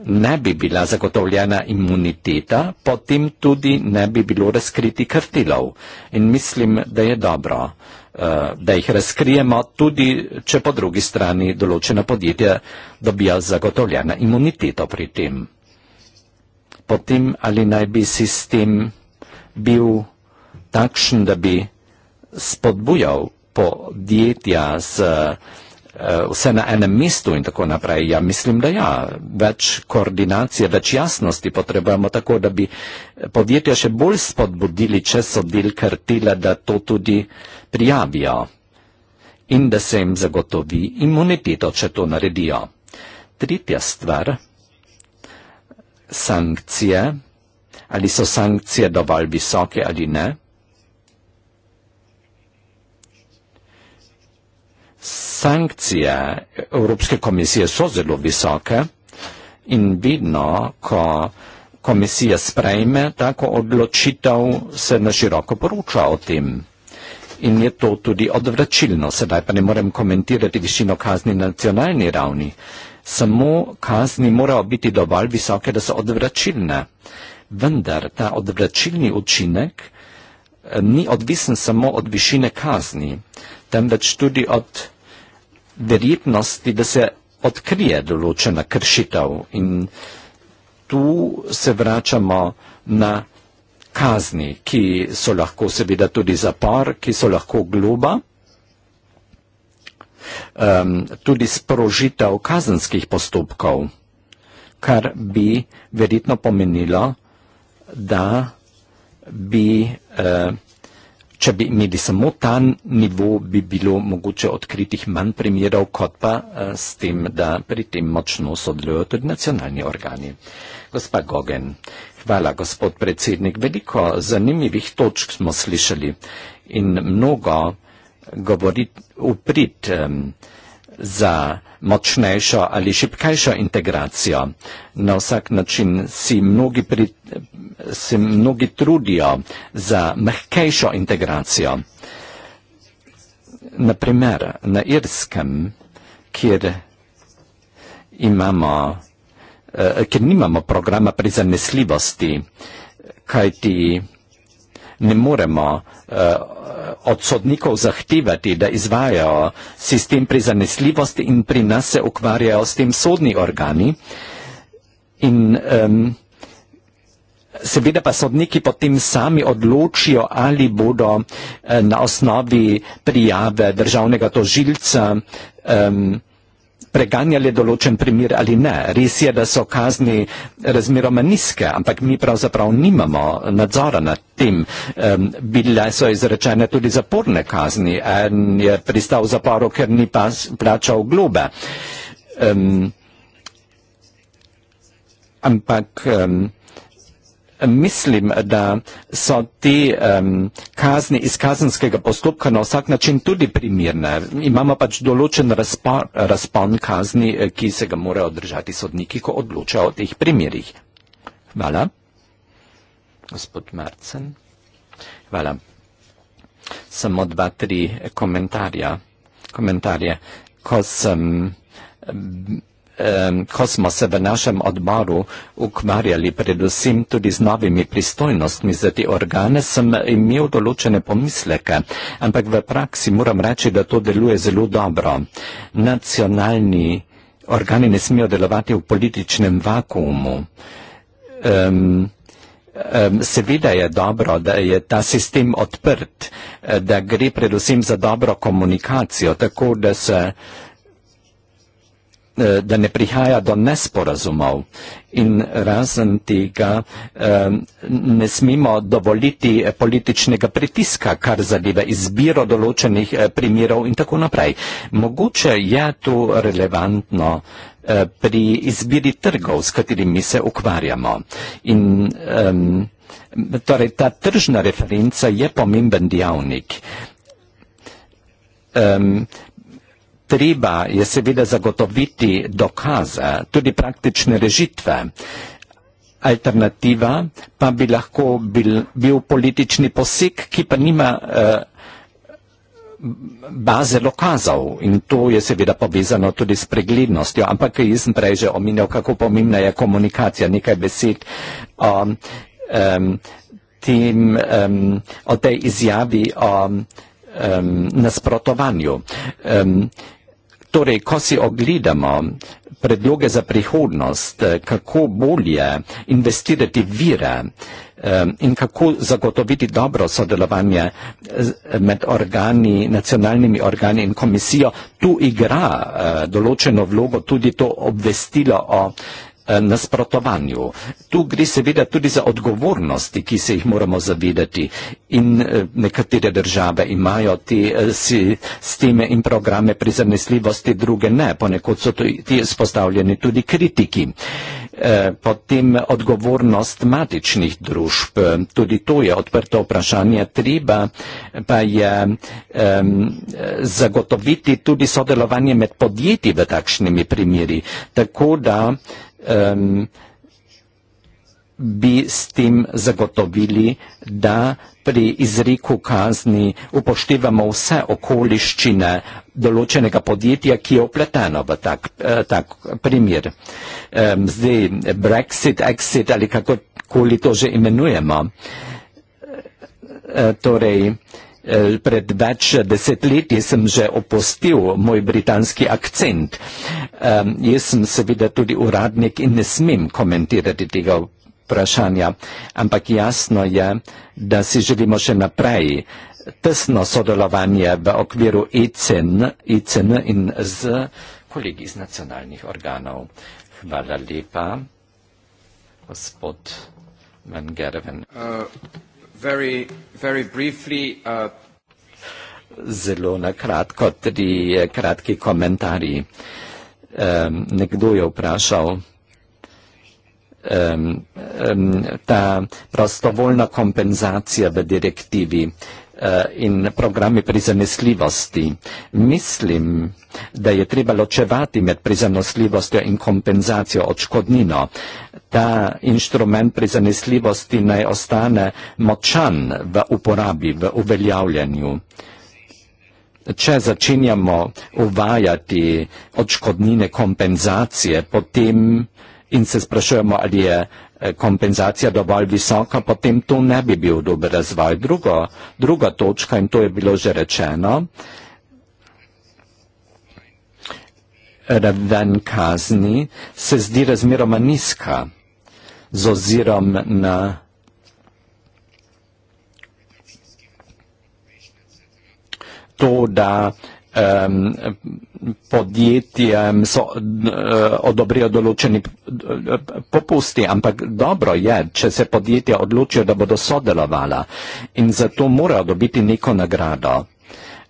ne bi bila zagotovljena imuniteta, potem tudi ne bi bilo razkriti krtilov. In mislim, da je dobro, eh, da jih razkrijemo, tudi če po drugi strani določena podjetja dobija zagotovljena imuniteto pri tem. Potem ali naj bi sistem bil takšen, da bi spodbujal podjetja z uh, Eh, vse na enem mestu in tako naprej. Ja, mislim, da ja, več koordinacije, več jasnosti potrebujemo tako, da bi podjetja še bolj spodbudili, če so del kartela, da to tudi prijavijo in da se jim zagotovi imuniteto, če to naredijo. Tretja stvar, sankcije, ali so sankcije dovolj visoke ali ne. sankcija Evropske komisije so zelo visoke in vidno, ko komisija sprejme tako odločitev, se na široko poruča o tem. In je to tudi odvračilno. Sedaj pa ne morem komentirati višino kazni na nacionalni ravni. Samo kazni morajo biti dovolj visoke, da so odvračilne. Vendar ta odvračilni učinek eh, ni odvisen samo od višine kazni, temveč tudi od verjetnosti, da se odkrije določena kršitev in tu se vračamo na kazni, ki so lahko seveda tudi zapor, ki so lahko globa, um, tudi sprožitev kazenskih postopkov, kar bi verjetno pomenilo, da bi uh, Če bi imeli samo ta nivo, bi bilo mogoče odkritih manj primerov, kot pa eh, s tem, da pri tem močno sodelujo tudi nacionalni organi. Gospa Gogen, hvala, gospod predsednik. Veliko zanimivih točk smo slišali in mnogo govoriti uprit. Um, za močnejšo ali šipkejšo integracijo. Na vsak način si mnogi, pri, si mnogi trudijo za mehkejšo integracijo. Naprimer, na Irskem, kjer, imamo, eh, kjer nimamo programa pri zanesljivosti, kajti ne moremo uh, od sodnikov zahtevati, da izvajajo sistem prizanesljivosti in pri nas se ukvarjajo s tem sodni organi. In, um, Seveda pa sodniki potem sami odločijo, ali bodo eh, na osnovi prijave državnega tožilca um, preganjali določen primir ali ne. Res je, da so kazni razmeroma nizke, ampak mi pravzaprav nimamo nadzora nad tem. Um, bile so izrečene tudi zaporne kazni. En je pristal v zaporu, ker ni pas, plačal globe. Um, ampak. Um, mislim, da so te um, kazni iz kazenskega postopka na vsak način tudi primirne. Imamo pač določen razpon, razpon kazni, eh, ki se ga morajo držati sodniki, ko odločajo o teh primerjih. Hvala. Gospod Marcen. Hvala. Samo dva, tri komentarja. komentarje. Ko sem. Um, kosmose v našem odboru ukvarjali predvsem tudi z novimi pristojnostmi za te organe, sem imel določene pomisleke, ampak v praksi moram reči, da to deluje zelo dobro. Nacionalni organi ne smijo delovati v političnem vakumu. Um, Seveda je dobro, da je ta sistem odprt, da gre predvsem za dobro komunikacijo, tako da se uh, Eh, da ne prihaja do nesporazumov in razen tega eh, ne smemo dovoliti eh, političnega pritiska, kar zadeva izbiro določenih primerov in tako naprej. Mogoče je to relevantno pri izbiri trgov, s katerimi se ukvarjamo. In, torej, ta tržna referenca je pomemben dejavnik treba je seveda zagotoviti dokaze, tudi praktične rešitve. Alternativa pa bi lahko bil, bil politični poseg, ki pa nima eh, baze dokazov in to je seveda povezano tudi s preglednostjo, ampak jaz sem prej že omenil, kako pomembna je komunikacija, nekaj besed o, um, tem, um, o tej izjavi o um, nasprotovanju. Um, Torej, ko si ogledamo predloge za prihodnost, eh, kako bolje investirati vire eh, in kako zagotoviti dobro sodelovanje eh, med organi, nacionalnimi organi in komisijo, tu igra določeno vlogo tudi to obvestilo o Eh, nasprotovanju. Tu gre seveda tudi za odgovornosti, ki se jih moramo zavedati in eh, nekatere države imajo te eh, sisteme in programe pri zanesljivosti, druge ne, ponekod so ti spostavljeni tudi kritiki. Potem odgovornost matičnih družb, tudi to je odprto vprašanje, treba pa je um, zagotoviti tudi sodelovanje med podjetji v takšnimi primeri, tako da bi s tem zagotovili, da pri izreku kazni upoštevamo vse okoliščine določenega podjetja, ki je opleteno v tak, eh, tak primer. Zdaj Brexit, exit ali kakorkoli to že imenujemo. Eh, torej, Eh, pred več desetletji sem že opustil moj britanski akcent. Um, jaz sem seveda tudi uradnik in ne smem komentirati tega vprašanja, ampak jasno je, da si želimo še naprej tesno sodelovanje v okviru ECN, ECN in z kolegi iz nacionalnih organov. Hvala lepa, gospod Mengerven. Uh. Eh, very, very briefly, uh... Zelo na kratko, tri eh, kratki komentarji. Um, nekdo je vprašal, um, um, ta prostovoljna kompenzacija v direktivi eh, in programi prizanesljivosti. Mislim, da je treba ločevati med prizanesljivostjo in kompenzacijo odškodnino. Uh, ta inštrument prizanesljivosti naj ostane močan v uporabi, v uveljavljanju. Če začenjamo uvajati očkodnine kompenzacije potem in se sprašujemo, ali je eh, kompenzacija dovolj visoka, potem to ne bi bil dober razvoj. Drugo, druga točka, in to je bilo že rečeno, raven kazni se zdi razmeroma nizka z ozirom na to, da um, podjetjem so uh, odobrijo določeni eh, popusti, ampak dobro je, če se podjetja odločijo, da bodo sodelovala in zato morajo dobiti neko nagrado.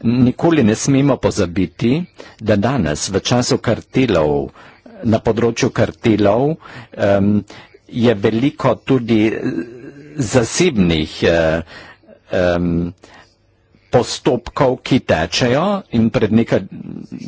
Nikoli ne smemo pozabiti, da danes v času kartelov, na področju kartelov, um, je veliko tudi eh, zasebnih um, postopkov, ki tečejo in pred nekaj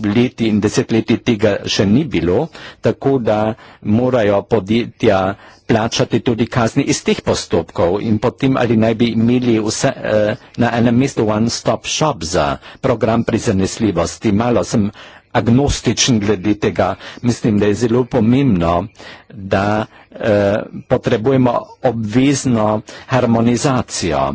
leti in desetletji tega še ni bilo, tako da morajo podjetja plačati tudi kazni iz teh postopkov in potem ali naj bi imeli vse, uh, na enem mestu one-stop-shop za program prizanesljivosti. Malo sem uh, agnostičen glede tega. Mislim, da je zelo pomembno, da eh, potrebujemo obvezno harmonizacijo.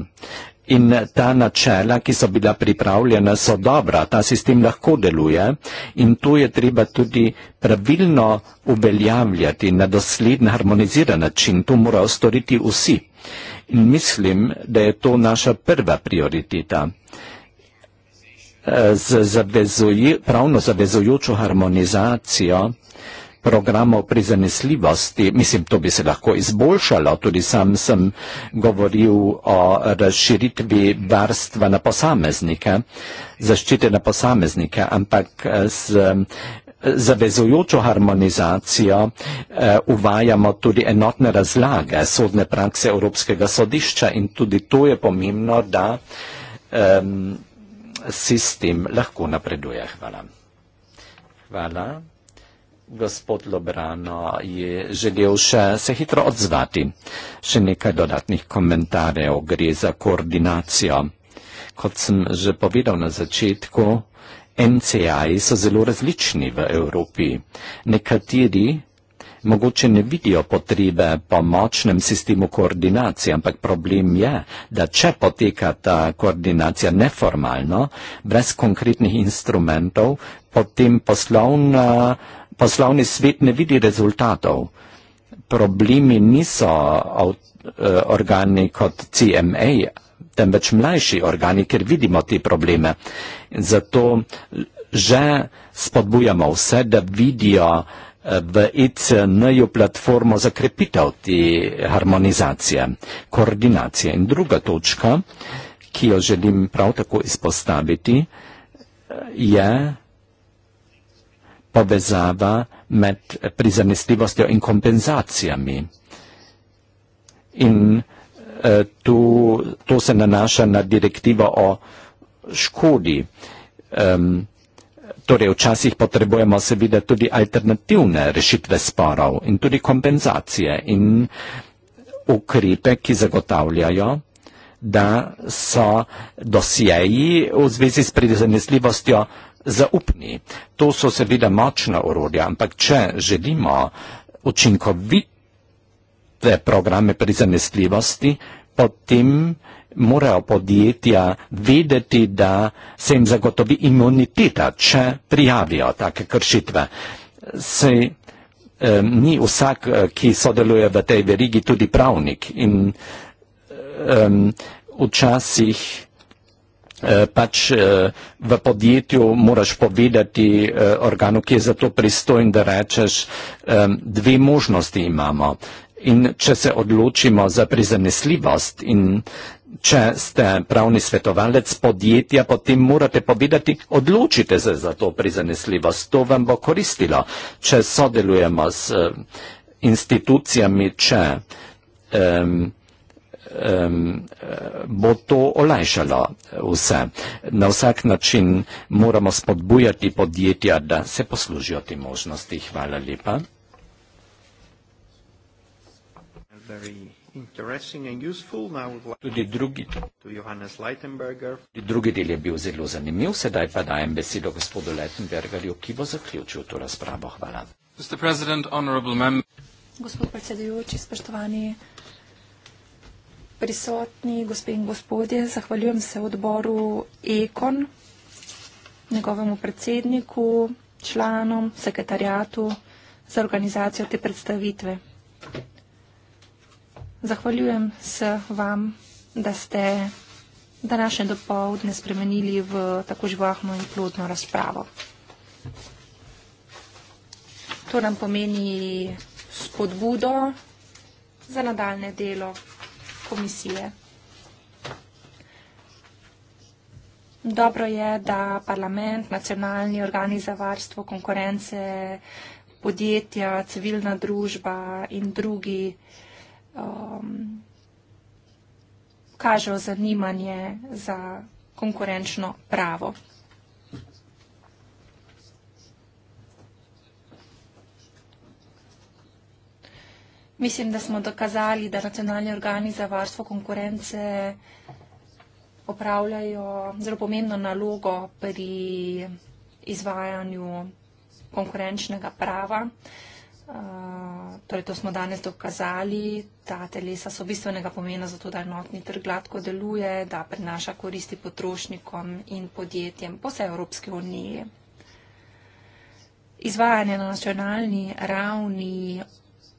In ta načela, ki so bila pripravljena, so dobra, ta sistem lahko deluje in to je treba tudi pravilno uveljavljati na dosledno harmoniziran način. To morajo storiti vsi. In mislim, da je to naša prva prioriteta. Eh, z zavezuj, pravno zavezujočo harmonizacijo programov prizanesljivosti, mislim, to bi se lahko izboljšalo, tudi sam sem govoril o razširitvi varstva na posameznike, zaščite na posameznike, ampak eh, z eh, zavezujočo harmonizacijo eh, uvajamo tudi enotne razlage sodne prakse Evropskega sodišča in tudi to je pomembno, da eh, sistem lahko napreduje. Hvala. Hvala. Gospod Lobrano je želel še se hitro odzvati. Še nekaj dodatnih komentarjev gre za koordinacijo. Kot sem že povedal na začetku, NCI so zelo različni v Evropi. Nekateri mogoče ne vidijo potrebe po močnem sistemu koordinacije, ampak problem je, da če poteka ta koordinacija neformalno, brez konkretnih instrumentov, potem poslovna, poslovni svet ne vidi rezultatov. Problemi niso eh, organi kot CMA, temveč mlajši organi, ker vidimo te probleme. Zato že spodbujamo vse, da vidijo, v ICN-ju platformo za krepitev te harmonizacije, koordinacije. In druga točka, ki jo želim prav tako izpostaviti, je povezava med prizanesljivostjo in kompenzacijami. In eh, tu, to se nanaša na direktivo o škodi. Um, Torej, včasih potrebujemo seveda tudi alternativne rešitve sporov in tudi kompenzacije in ukrepe, ki zagotavljajo, da so dosjeji v zvezi s prizanesljivostjo zaupni. To so seveda močna orodja, ampak če želimo učinkovite programe prizanesljivosti, potem morajo podjetja vedeti, da se jim zagotovi imuniteta, če prijavijo take kršitve. Se, eh, ni vsak, eh, ki sodeluje v tej verigi, tudi pravnik in eh, včasih pač eh, v podjetju moraš povedati eh, organu, ki je za to pristojen, da rečeš, dve možnosti imamo. In če se odločimo za prizanesljivost in Če ste pravni svetovalec podjetja, potem morate povedati, odločite se za to prizanesljivost, to vam bo koristilo. Če sodelujemo s eh, institucijami, če um, um, bo to olajšalo vse. Na vsak način moramo spodbujati podjetja, da se poslužijo te možnosti. Hvala lepa. Very... Tudi drugi, tudi drugi del je bil zelo zanimiv, sedaj pa dajem besedo gospodu Leitenbergerju, ki bo zaključil to razpravo. Hvala.
Gospod predsedujoči, spoštovani prisotni, gospe in gospodje, zahvaljujem se odboru Ekon, njegovemu predsedniku, članom, sekretarjatu za organizacijo te predstavitve. Zahvaljujem se vam, da ste današnje dopoldne spremenili v tako živahno in plodno razpravo. To nam pomeni spodbudo za nadaljne delo komisije. Dobro je, da parlament, nacionalni organi za varstvo konkurence, podjetja, civilna družba in drugi um, kažejo zanimanje za konkurenčno pravo. Mislim, da smo dokazali, da nacionalni organi za varstvo konkurence opravljajo zelo pomembno nalogo pri izvajanju konkurenčnega prava. Uh, Eh, torej to smo danes dokazali, ta telesa so bistvenega pomena za to, da enotni trg gladko deluje, da prinaša koristi potrošnikom in podjetjem po vsej Evropski uniji. Izvajanje na nacionalni ravni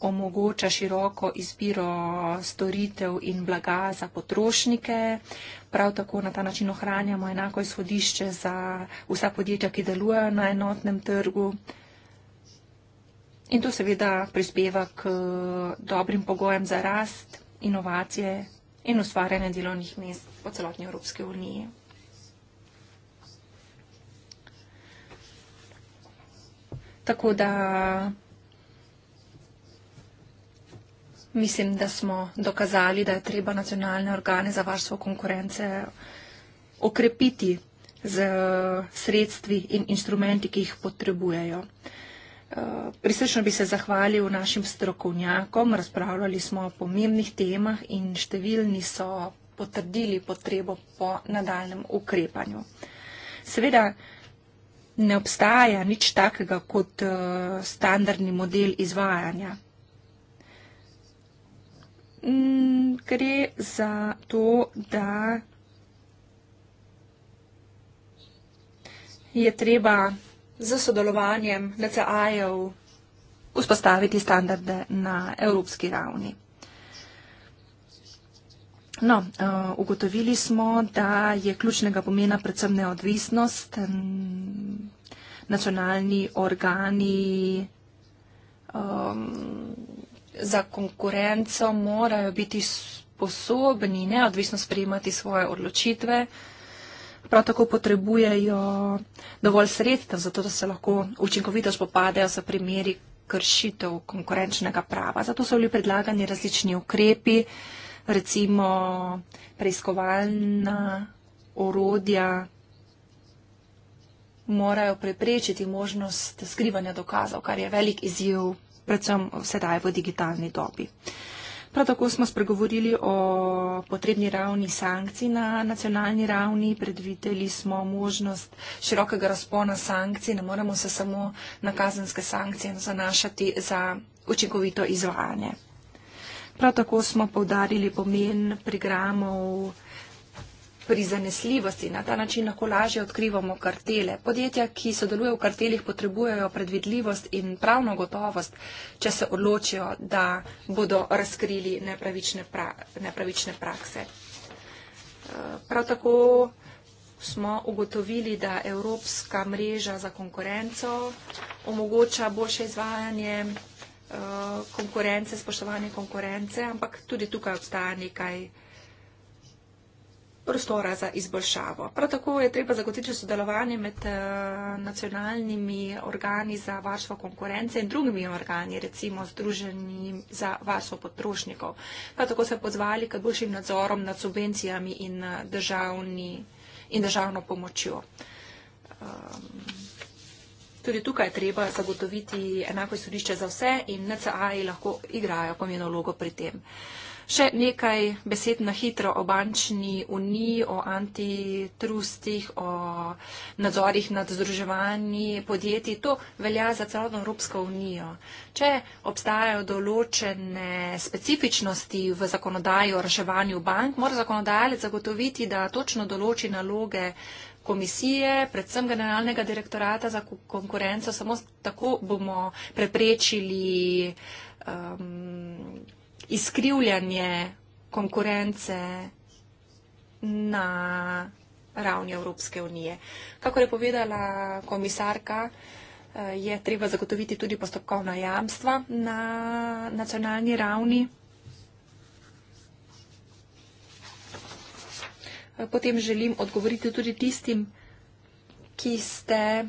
omogoča široko izbiro storitev in blaga za potrošnike. Prav tako na ta način ohranjamo enako izhodišče za vsa podjetja, ki delujejo na enotnem trgu. In to seveda prispeva k eh, dobrim pogojem za rast, inovacije in ustvarjanje delovnih mest po celotni Evropske uniji. Tako da mislim, da smo dokazali, da je treba nacionalne organe za varstvo konkurence okrepiti z eh, sredstvi in instrumenti, ki jih potrebujejo. Uh, Prisrečno bi se zahvalil našim strokovnjakom, razpravljali smo o pomembnih temah in številni so potrdili potrebo po nadaljem ukrepanju. Seveda ne obstaja nič takega kot eh, standardni model izvajanja. Mm, gre za to, da je treba z sodelovanjem NCA-jev vzpostaviti standarde na evropski ravni. No, eh, ugotovili smo, da je ključnega pomena predvsem neodvisnost, nacionalni organi um, za konkurenco morajo biti sposobni neodvisno sprejemati svoje odločitve, uh, Prav tako potrebujejo dovolj sredstev, zato da se lahko učinkovito spopadejo s primeri kršitev konkurenčnega prava. Zato so bili predlagani različni ukrepi, recimo preiskovalna orodja morajo preprečiti možnost skrivanja dokazov, kar je velik izjiv, predvsem sedaj v digitalni dobi. Prav tako smo spregovorili o potrebni ravni sankcij na nacionalni ravni, predvideli smo možnost širokega razpona sankcij, ne moremo se samo na kazenske sankcije zanašati za učinkovito izvajanje. Prav tako smo povdarili pomen programov pri zanesljivosti. Na ta način lahko lažje odkrivamo kartele. Podjetja, ki sodelujejo v kartelih, potrebujejo predvidljivost in pravno gotovost, če se odločijo, da bodo razkrili nepravične, pra, nepravične prakse. Eh, prav tako smo ugotovili, da Evropska mreža za konkurenco omogoča boljše izvajanje eh, konkurence, spoštovanje konkurence, ampak tudi tukaj obstaja nekaj prostora za izboljšavo. Prav tako je treba zagotoviti sodelovanje med eh, nacionalnimi organi za varstvo konkurence in drugimi organi, recimo združenimi za varstvo potrošnikov. Prav tako se pozvali k boljšim nadzorom nad subvencijami in, eh, državni, in državno pomočjo. Um, tudi tukaj je treba zagotoviti enako izhodišče za vse in NCA-ji lahko igrajo pomembno vlogo pri tem. Uh, Še nekaj besed na hitro o bančni uniji, o antitrustih, o nadzorih nad združevanji podjetij. To velja za celotno Evropsko unijo. Če obstajajo določene specifičnosti v zakonodaji o reševanju bank, mora zakonodajalec zagotoviti, da točno določi naloge komisije, predvsem generalnega direktorata za konkurenco. Samo tako bomo preprečili. Um, izkrivljanje konkurence na ravni Evropske unije. Kako je povedala komisarka, eh, je treba zagotoviti tudi postopkovna jamstva na nacionalni ravni. Eh, potem želim odgovoriti tudi tistim, ki ste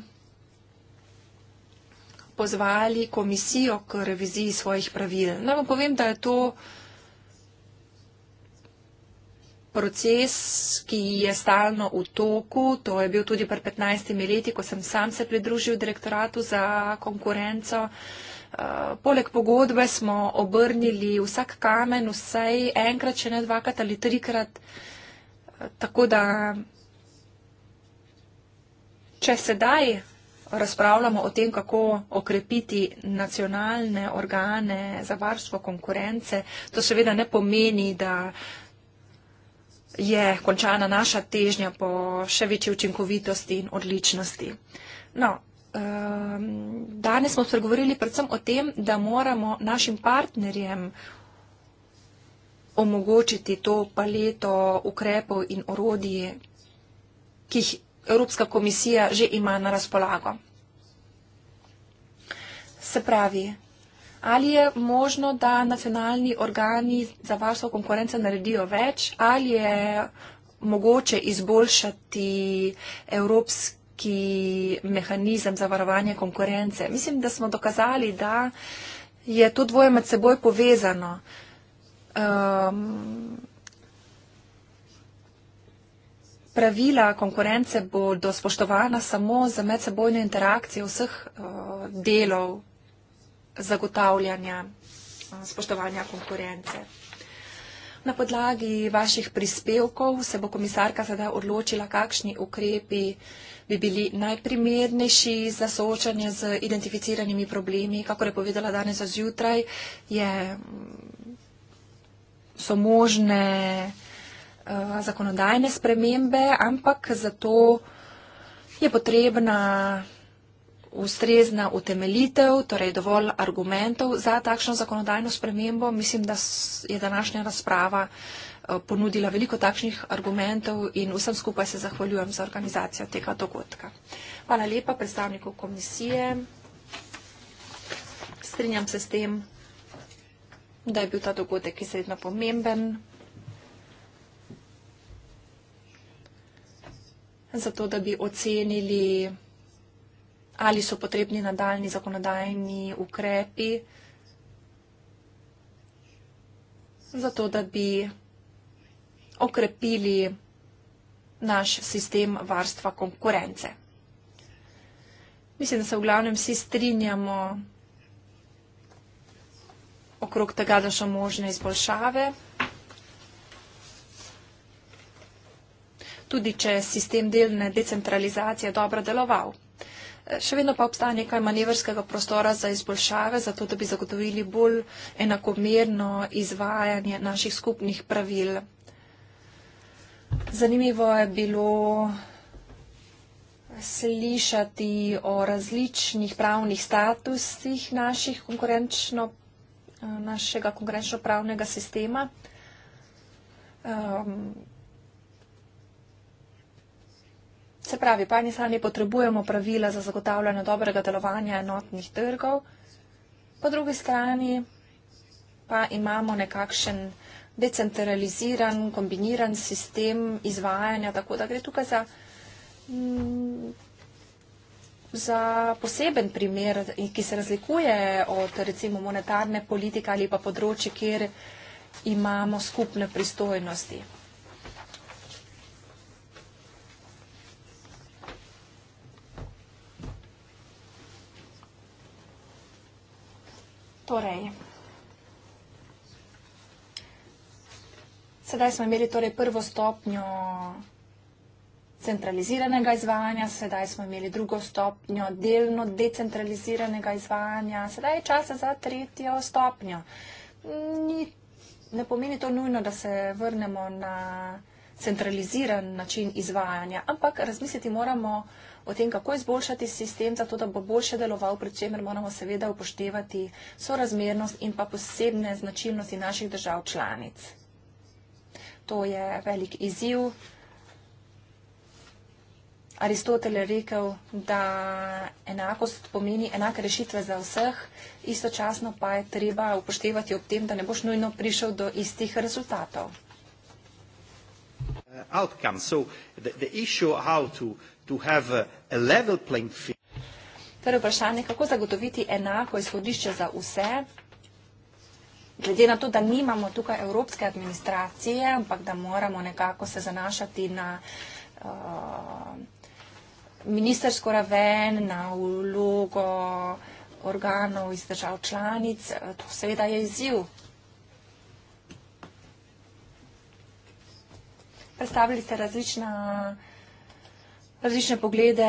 pozvali komisijo k reviziji svojih pravil. Naj vam povem, da je to proces, ki je stalno v toku. To je bil tudi pred 15 leti, ko sem sam se pridružil direktoratu za konkurenco. Eh, poleg pogodbe smo obrnili vsak kamen, vsaj enkrat, če ne dvakrat ali trikrat. Eh, tako da, če sedaj razpravljamo o tem, kako okrepiti nacionalne organe za varstvo konkurence, to seveda ne pomeni, da je končana naša težnja po še večji učinkovitosti in odličnosti. No, um, danes smo spregovorili predvsem o tem, da moramo našim partnerjem omogočiti to paleto ukrepov in orodij, ki jih Evropska komisija že ima na razpolago. Se pravi, ali je možno, da nacionalni organi za varstvo konkurence naredijo več, ali je mogoče izboljšati evropski mehanizem za varovanje konkurence. Mislim, da smo dokazali, da je to dvoje med seboj povezano. Um, pravila konkurence bodo spoštovana samo za medsebojno interakcijo vseh uh, delov zagotavljanja uh, spoštovanja konkurence. Na podlagi vaših prispevkov se bo komisarka sedaj odločila, kakšni ukrepi bi bili najprimernejši za soočanje z identificiranimi problemi. Kako je povedala danes zjutraj, je, so možne Eh, zakonodajne spremembe, ampak zato je potrebna ustrezna utemelitev, torej dovolj argumentov za takšno zakonodajno spremembo. Mislim, da je današnja razprava eh, ponudila veliko takšnih argumentov in vsem skupaj se zahvaljujem za organizacijo tega dogodka. Hvala lepa predstavniku komisije. Strinjam se s tem, da je bil ta dogodek izredno pomemben. zato da bi ocenili, ali so potrebni nadaljni zakonodajni ukrepi, zato da bi okrepili naš sistem varstva konkurence. Mislim, da se v glavnem vsi strinjamo okrog tega, da so možne izboljšave. tudi če sistem delne decentralizacije dobro deloval. E, še vedno pa obstaja nekaj manevrskega prostora za izboljšave, zato da bi zagotovili bolj enakomerno izvajanje naših skupnih pravil. Zanimivo je bilo slišati o različnih pravnih statusih naših konkurenčno, e, našega konkurenčno pravnega sistema. Um, Se pravi, po eni strani potrebujemo pravila za zagotavljanje dobrega delovanja enotnih trgov, po drugi strani pa imamo nekakšen decentraliziran, kombiniran sistem izvajanja, tako da gre tukaj za, mm, za poseben primer, ki se razlikuje od recimo monetarne politike ali pa področje, kjer imamo skupne pristojnosti. Torej, sedaj smo imeli torej prvo stopnjo centraliziranega izvajanja, sedaj smo imeli drugo stopnjo delno decentraliziranega izvajanja, sedaj je čas za tretjo stopnjo. Ni, ne pomeni to nujno, da se vrnemo na centraliziran način izvajanja, ampak razmisliti moramo, o tem, kako izboljšati sistem, zato da bo boljše deloval, pri čemer moramo seveda upoštevati sorazmernost in pa posebne značilnosti naših držav članic. To je velik izziv. Aristotel je rekel, da enakost pomeni enake rešitve za vseh, istočasno pa je treba upoštevati ob tem, da ne boš nujno prišel do istih rezultatov.
Uh, outcome. So the, the issue how to uh, Torej
vprašanje, kako zagotoviti enako izhodišče za vse, glede na to, da nimamo tukaj evropske administracije, ampak da moramo nekako se zanašati na uh, ministersko raven, na vlogo organov iz držav članic, to seveda je izziv. Predstavili ste različna vprašanja, različne poglede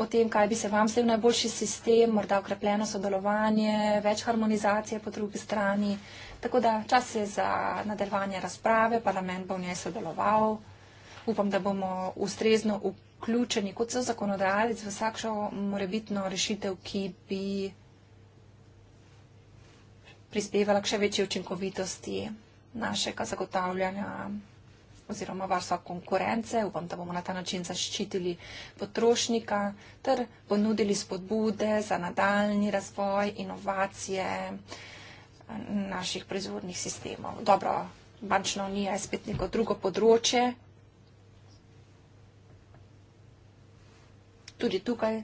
o tem, kaj bi se vam zdel najboljši sistem, morda okrepljeno sodelovanje, več harmonizacije po drugi strani. Tako da čas je za nadaljevanje razprave, parlament bo v njej sodeloval. Upam, da bomo ustrezno vključeni kot so zakonodajalec v vsakšo morebitno rešitev, ki bi prispevala k še večji učinkovitosti našega zagotavljanja oziroma varstva konkurence, upam, da bomo na ta način zaščitili potrošnika, ter ponudili spodbude za nadaljni razvoj, inovacije naših proizvodnih sistemov. Dobro, bančna unija je spet neko drugo področje. Tudi tukaj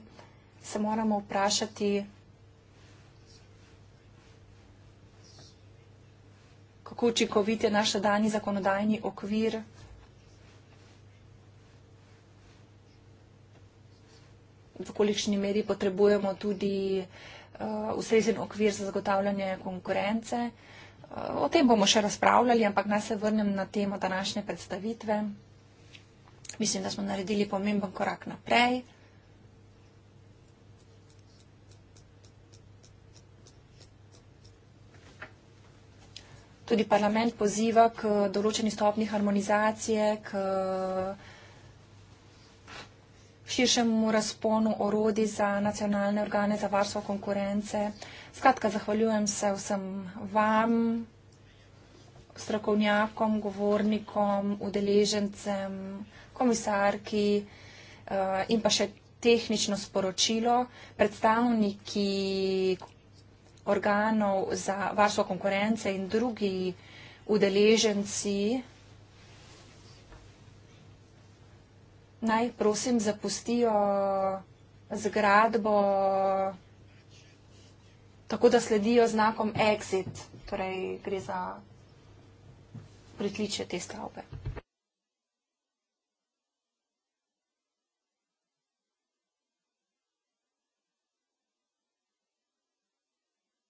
se moramo vprašati, kako učinkovit je naš danji zakonodajni okvir. v kolikšni meri potrebujemo tudi eh, ustrezen uh, okvir za zagotavljanje konkurence. Uh, o tem bomo še razpravljali, ampak naj se vrnem na temo današnje predstavitve. Mislim, da smo naredili pomemben korak naprej. Tudi parlament poziva k določeni stopni harmonizacije, k širšemu razponu orodi za nacionalne organe za varstvo konkurence. Skratka, zahvaljujem se vsem vam, strokovnjakom, govornikom, udeležencem, komisarki eh, in pa še tehnično sporočilo, predstavniki organov za varstvo konkurence in drugi udeleženci naj prosim zapustijo zgradbo, tako da sledijo znakom exit, torej gre za pritličje te stavbe.